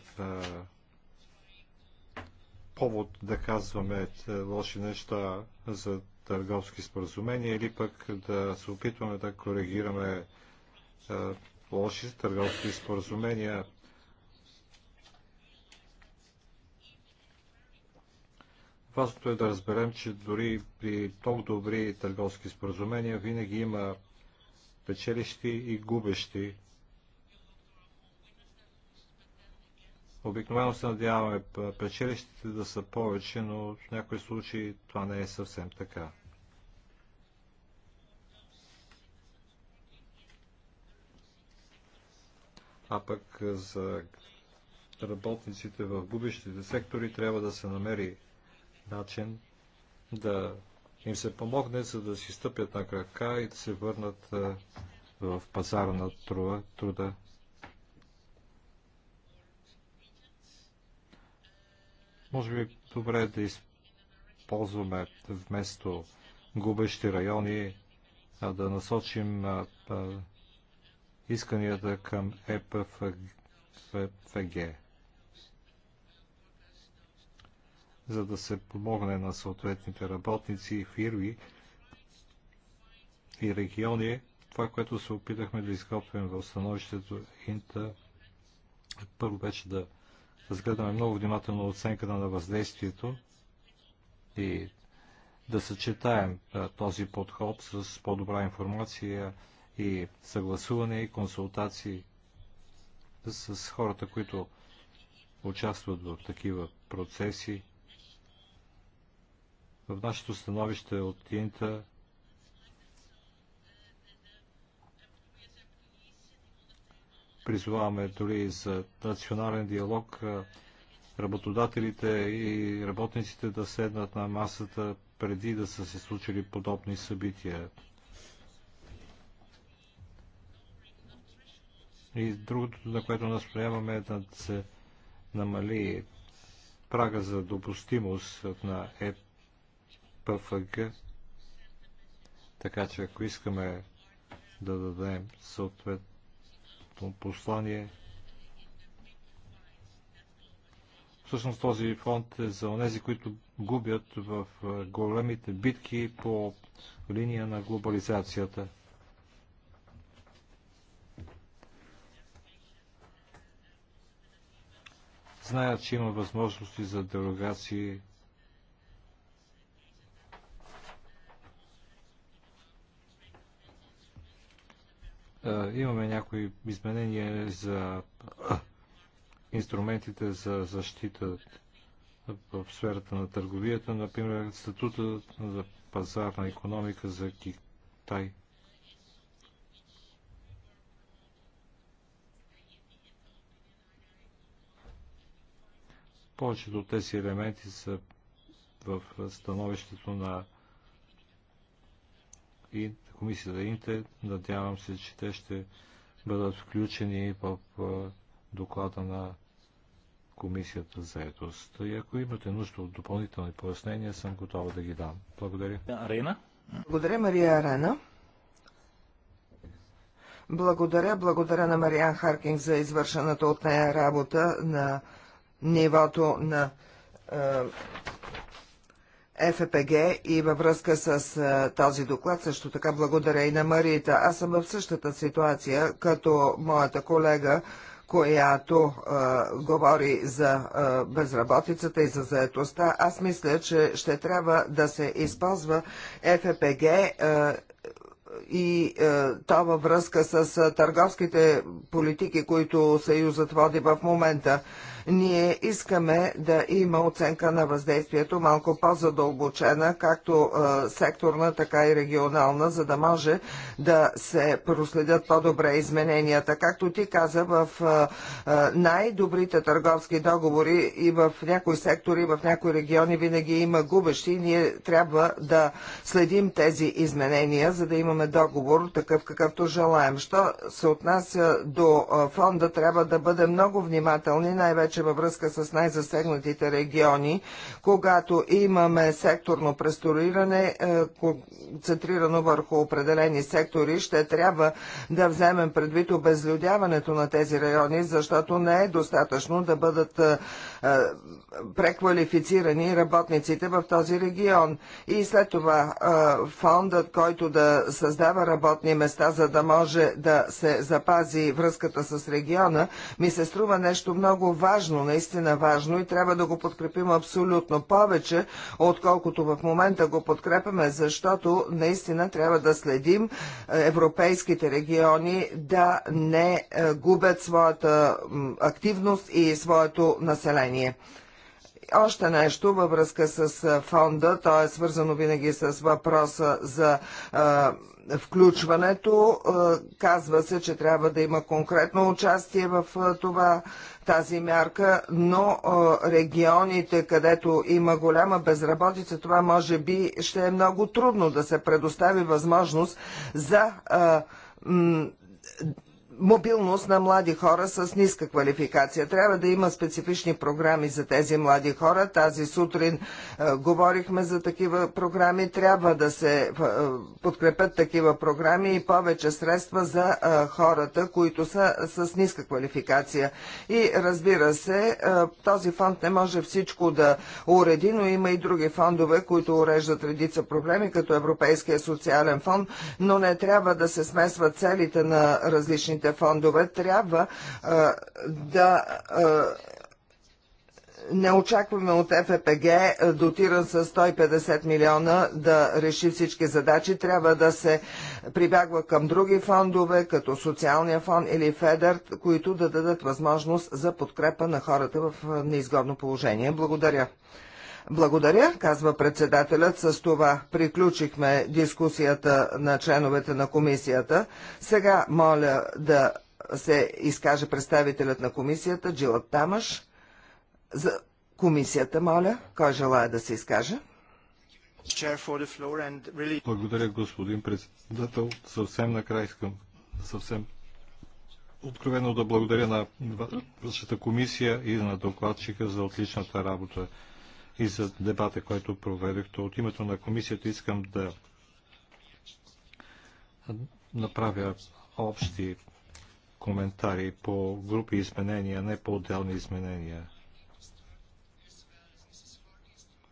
повод да казваме е, лоши неща за търговски споразумения или пък да се опитваме да коригираме е, лоши търговски споразумения. Важното е да разберем, че дори при толкова добри търговски споразумения винаги има печелищи и губещи Обикновено се надяваме печелищите да са повече, но в някои случаи това не е съвсем така. А пък за работниците в губещите сектори трябва да се намери начин да им се помогне, за да си стъпят на крака и да се върнат в пазара на труда. Може би е добре да използваме вместо губещи райони, а да насочим а, а, исканията към ЕПФГ, за да се помогне на съответните работници и фирми и региони. Това, което се опитахме да изготвим в становището Инта, първо беше да разгледаме много внимателно оценката на въздействието и да съчетаем този подход с по-добра информация и съгласуване и консултации с хората, които участват в такива процеси. В нашето становище от Инта призоваваме дори за национален диалог, работодателите и работниците да седнат на масата преди да са се случили подобни събития. И другото, на което настояваме е да се намали прага за допустимост на ЕПФГ, така че ако искаме да дадем съответ послание. Всъщност този фонд е за онези, които губят в големите битки по линия на глобализацията. Знаят, че има възможности за дерогации Е, имаме някои изменения за инструментите за защита в сферата на търговията, например статута за пазарна економика за Китай. Повечето от тези елементи са в становището на Инт комисията Инте. Надявам се, че те ще бъдат включени в доклада на комисията за етост. И ако имате нужда от допълнителни пояснения, съм готова да ги дам. Благодаря. Арена? Благодаря,
Мария Арена. Благодаря, благодаря на Мариан Харкинг за извършената от нея работа на нивото на е, ФПГ е и във връзка с а, този доклад. Също така благодаря и на Марита. Аз съм в същата ситуация, като моята колега, която а, говори за а, безработицата и за заетостта. Аз мисля, че ще трябва да се използва ФПГ е а, и е, във връзка с е, търговските политики, които Съюзът води в момента. Ние искаме да има оценка на въздействието малко по-задълбочена, както е, секторна, така и регионална, за да може да се проследят по-добре измененията. Както ти каза, в е, е най-добрите търговски договори и в някои сектори, в някои региони винаги има губещи. Ние трябва да следим тези изменения, за да имаме имаме договор, такъв какъвто желаем. Що се отнася до фонда, трябва да бъдем много внимателни, най-вече във връзка с най-засегнатите региони, когато имаме секторно преструиране, е, концентрирано върху определени сектори, ще трябва да вземем предвид обезлюдяването на тези райони, защото не е достатъчно да бъдат е, е, преквалифицирани работниците в този регион. И след това фондът, който да се създава работни места, за да може да се запази връзката с региона, ми се струва нещо много важно, наистина важно и трябва да го подкрепим абсолютно повече, отколкото в момента го подкрепяме, защото наистина трябва да следим е, европейските региони да не е, губят своята активност и своето население още нещо във връзка с е, фонда. То е свързано винаги с въпроса за а, включването. Е, казва се, че трябва да има конкретно участие в е, това, тази мярка, но е, регионите, където има голяма безработица, това може би ще е много трудно да се предостави възможност за мобилност на млади хора с ниска квалификация. Трябва да има специфични програми за тези млади хора. Тази сутрин а, е, говорихме за такива програми. Трябва да се а, е, подкрепят такива програми и повече средства за а, е, хората, които са с ниска квалификация. И разбира се, този фонд не може всичко да уреди, но има и други фондове, които уреждат редица проблеми, като Европейския социален фонд, но не трябва да се смесват целите на различните структурните фондове трябва да не очакваме от ФПГ, дотиран с 150 милиона, да реши всички задачи. Трябва да се прибягва към други фондове, като социалния фонд или ФЕДЕР, които да дадат възможност за подкрепа на хората в неизгодно положение. Благодаря. Благодаря, казва председателят. С това приключихме дискусията на членовете на комисията. Сега моля да се изкаже представителят на комисията, Джилът Тамаш. За комисията, моля, кой желая да се изкаже?
Благодаря, господин председател. Съвсем накрая искам съвсем откровено да благодаря на вашата комисия и на докладчика за отличната работа и за дебата, който проведохте. От името на комисията искам да направя общи коментари по групи изменения, не по отделни изменения.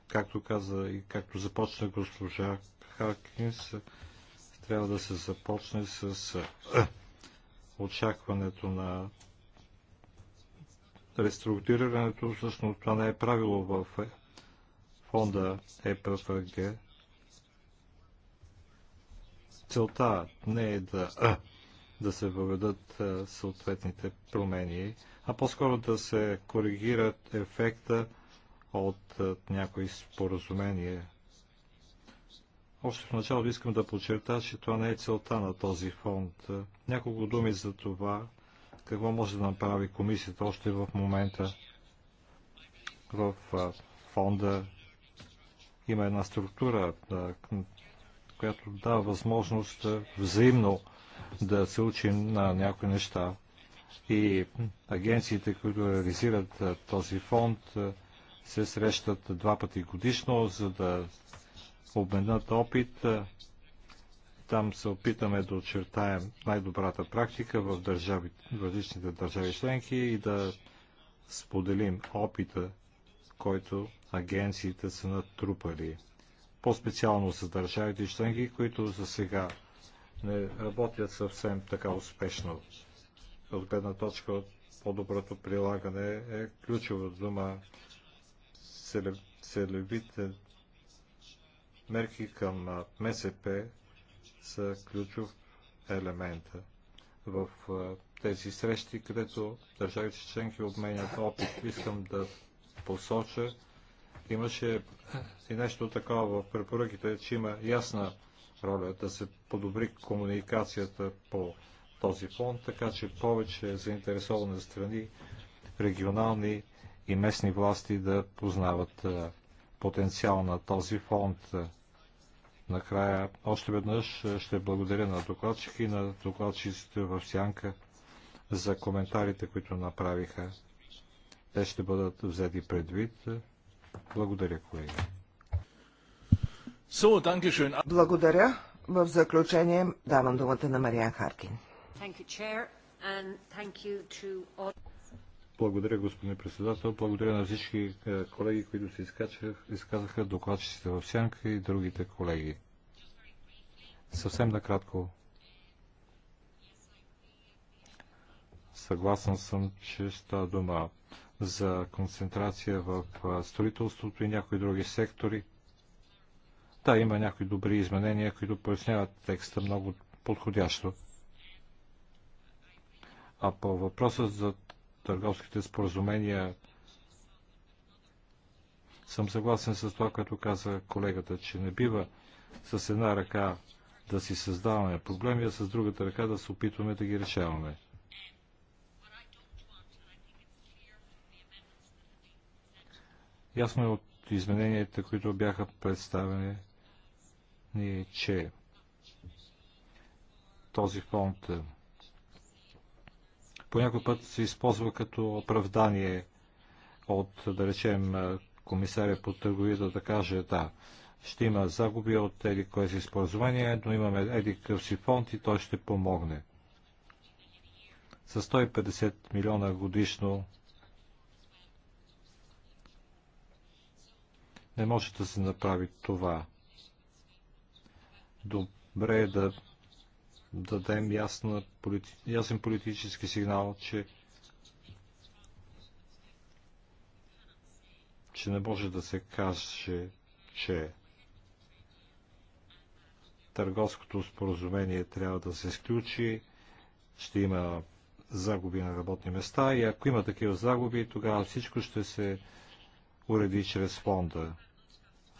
Както каза и както започна госпожа Харкинс, трябва да се започне с очакването на реструктурирането. Всъщност това не е правило в фонда ЕПФГ. Целта не е да, а, да се въведат съответните промени, а по-скоро да се коригират ефекта от някои споразумения. Още в началото искам да подчерта, че това не е целта на този фонд. Няколко думи за това, какво може да направи комисията още в момента в фонда има една структура, която дава възможност взаимно да се учим на някои неща. И агенциите, които реализират този фонд, се срещат два пъти годишно, за да обменят опит. Там се опитаме да очертаем най-добрата практика в, държави, в различните държави членки и да споделим опита, който агенциите са натрупали. По-специално с държавите членки, които за сега не работят съвсем така успешно. От гледна точка от по-доброто прилагане е ключова дума целевите мерки към МСП са ключов елемент в тези срещи, където държавите членки обменят опит. Искам да посоча, Имаше и нещо такова в препоръките, че има ясна роля да се подобри комуникацията по този фонд, така че повече заинтересовани страни, регионални и местни власти да познават потенциал на този фонд. Накрая още веднъж ще благодаря на докладчик и на докладчиците в Сянка за коментарите, които направиха. Те ще бъдат взети предвид благодаря, колеги.
Благодаря. В
заключение давам думата на Мариан Харкин. Благодаря, господин председател. Благодаря на всички е, колеги, които се изказаха, докладчиците в сянка и другите колеги. Съвсем накратко. Съгласен съм, че става дума за концентрация в строителството и някои други сектори. Да, има някои добри изменения, които поясняват текста много подходящо. А по въпроса за търговските споразумения съм съгласен с това, което каза колегата, че не бива с една ръка да си създаваме проблеми, а с другата ръка да се опитваме да ги решаваме. Ясно е от измененията, които бяха представени, че този фонд е, по някой път се използва като оправдание от, да речем, е, комисаря по търговията да каже, да, ще има загуби от еди кое си споразумение, но имаме еди къв си фонд и той ще помогне. С 150 милиона годишно не може да се направи това. Добре е да дадем ясна, полити, ясен политически сигнал, че, че не може да се каже, че търговското споразумение трябва да се изключи, ще има загуби на работни места и ако има такива загуби, тогава всичко ще се уреди чрез фонда.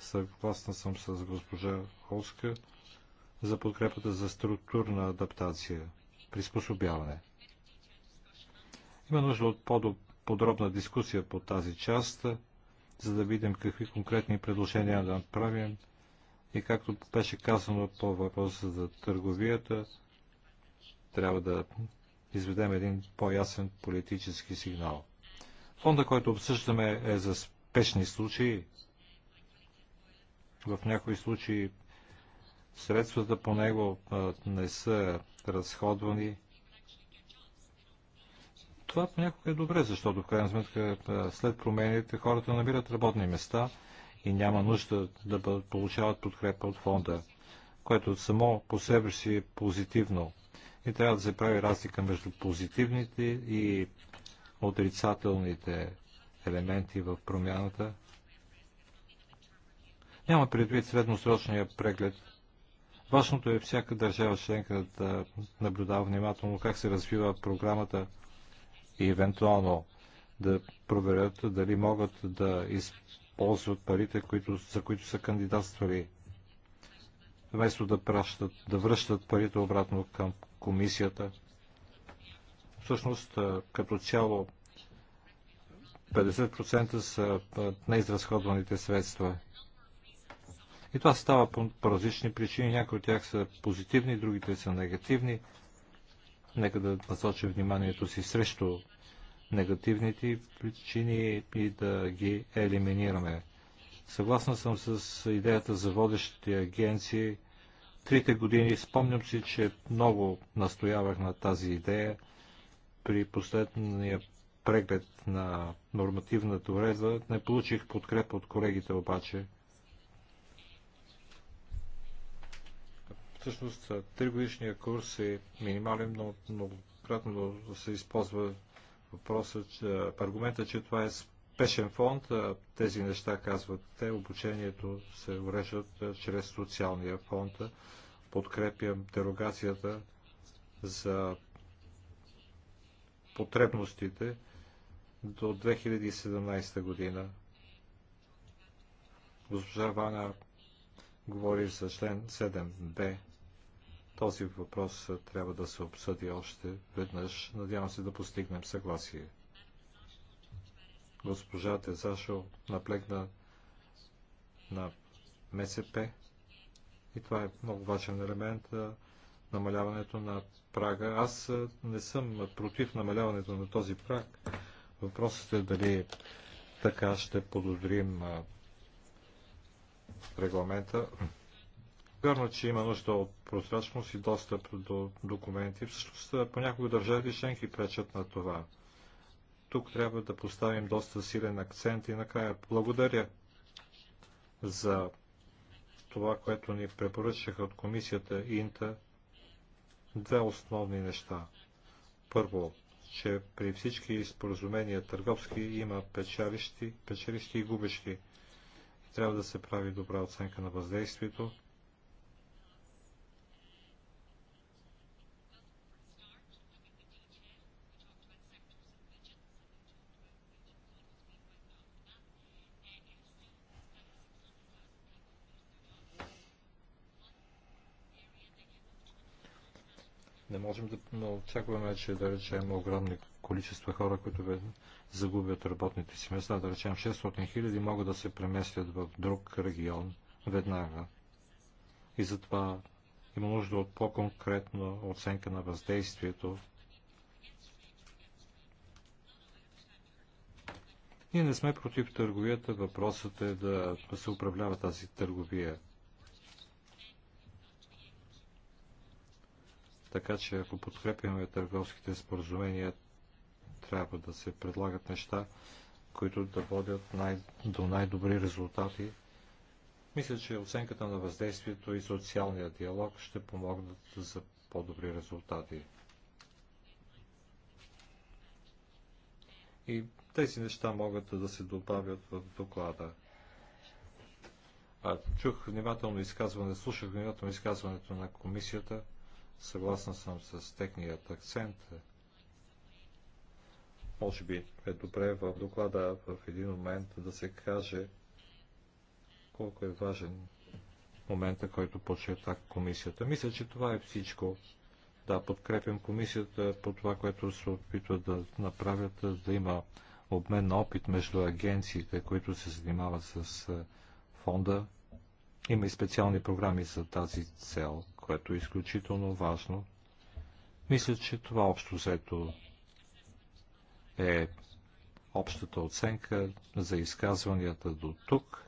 Съгласна съм с госпожа Холска за подкрепата за структурна адаптация, приспособяване. Има нужда от по-подробна дискусия по тази част, за да видим какви конкретни предложения да направим. И както беше казано по въпроса за търговията, трябва да изведем един по-ясен политически сигнал. Фонда, който обсъждаме е за спешни случаи, в някои случаи средствата по него не са разходвани. Това понякога е добре, защото в крайна сметка след промените хората намират работни места и няма нужда да получават подкрепа от фонда, което само по себе си е позитивно. И трябва да се прави разлика между позитивните и отрицателните елементи в промяната. Няма предвид средносрочния преглед. Важното е всяка държава членка да наблюдава внимателно как се развива програмата и евентуално да проверят дали могат да използват парите, които, за които са кандидатствали, вместо да, пращат, да връщат парите обратно към комисията. Всъщност, като цяло, 50% са неизразходваните средства и това става по, по различни причини. Някои от тях са позитивни, другите са негативни. Нека да насоча вниманието си срещу негативните причини и да ги елиминираме. Съгласна съм с идеята за водещите агенции. Трите години спомням си, че много настоявах на тази идея при последния преглед на нормативната уредба. Не получих подкрепа от колегите обаче – всъщност тригодишния курс е минимален, но многократно се използва въпросът, че, аргумента, че това е спешен фонд. Тези неща, казват те, обучението се урежат чрез социалния фонд. Подкрепям дерогацията за потребностите до 2017 година. Госпожа Вана говори за член 7 б този въпрос е, трябва да се обсъди още веднъж. Надявам се да постигнем съгласие. Госпожа Тезашо наплегна на МСП и това е много важен елемент е, намаляването на прага. Аз е, не съм против намаляването на този праг. Въпросът е дали така ще подобрим регламента. Вярно, че има нужда от прозрачност и достъп до документи. Всъщност, понякога държави членки пречат на това. Тук трябва да поставим доста силен акцент и накрая благодаря за това, което ни препоръчаха от комисията Инта. Две основни неща. Първо, че при всички споразумения търговски има печалищи, печалищи и губещи. Трябва да се прави добра оценка на въздействието можем да очакваме, че да речем огромни количества хора, които загубят работните си места, да речем 600 хиляди, могат да се преместят в друг регион веднага. И затова има нужда от по-конкретна оценка на въздействието. Ние не сме против търговията, въпросът е да се управлява тази търговия Така че ако подкрепяме търговските споразумения, трябва да се предлагат неща, които да водят най- до най-добри резултати. Мисля, че оценката на въздействието и социалния диалог ще помогнат за по-добри резултати. И тези неща могат да се добавят в доклада. А, чух внимателно изказване, слушах внимателно изказването на комисията. Съгласна съм с техният акцент. Може би е добре в доклада в един момент да се каже колко е важен момента, който почета комисията. Мисля, че това е всичко. Да, подкрепям комисията по това, което се опитва да направят, да има обмен на опит между агенциите, които се занимават с фонда. Има и специални програми за тази цел което е изключително важно. Мисля, че това общо взето е общата оценка за изказванията до тук.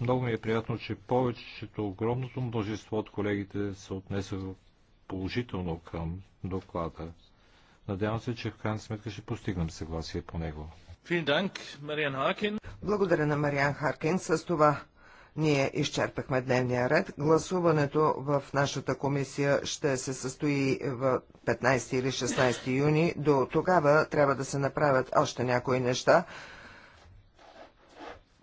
Много ми е приятно, че повечето, огромното множество от колегите се отнесе положително към доклада. Надявам се, че в крайна сметка ще постигнем съгласие по него.
Благодаря на Мариан Харкин. С това ние изчерпахме дневния ред. Гласуването в нашата комисия ще се състои в 15 или 16 юни. До тогава трябва да се направят още някои неща.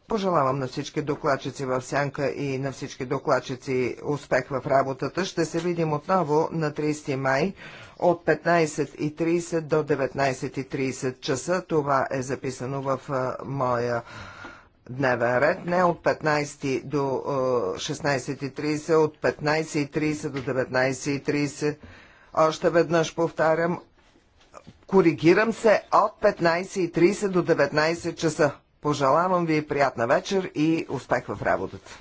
Пожелавам на всички докладчици в Сянка и на всички докладчици успех в работата. Ще се видим отново на 30 май от 15.30 до 19.30 часа. Това е записано в моя дневен ред, не от 15 до 16.30, е, от 15.30 до 19.30. Още веднъж повтарям, коригирам се от 15.30 до 19 часа. Пожелавам ви приятна вечер и успех в работата.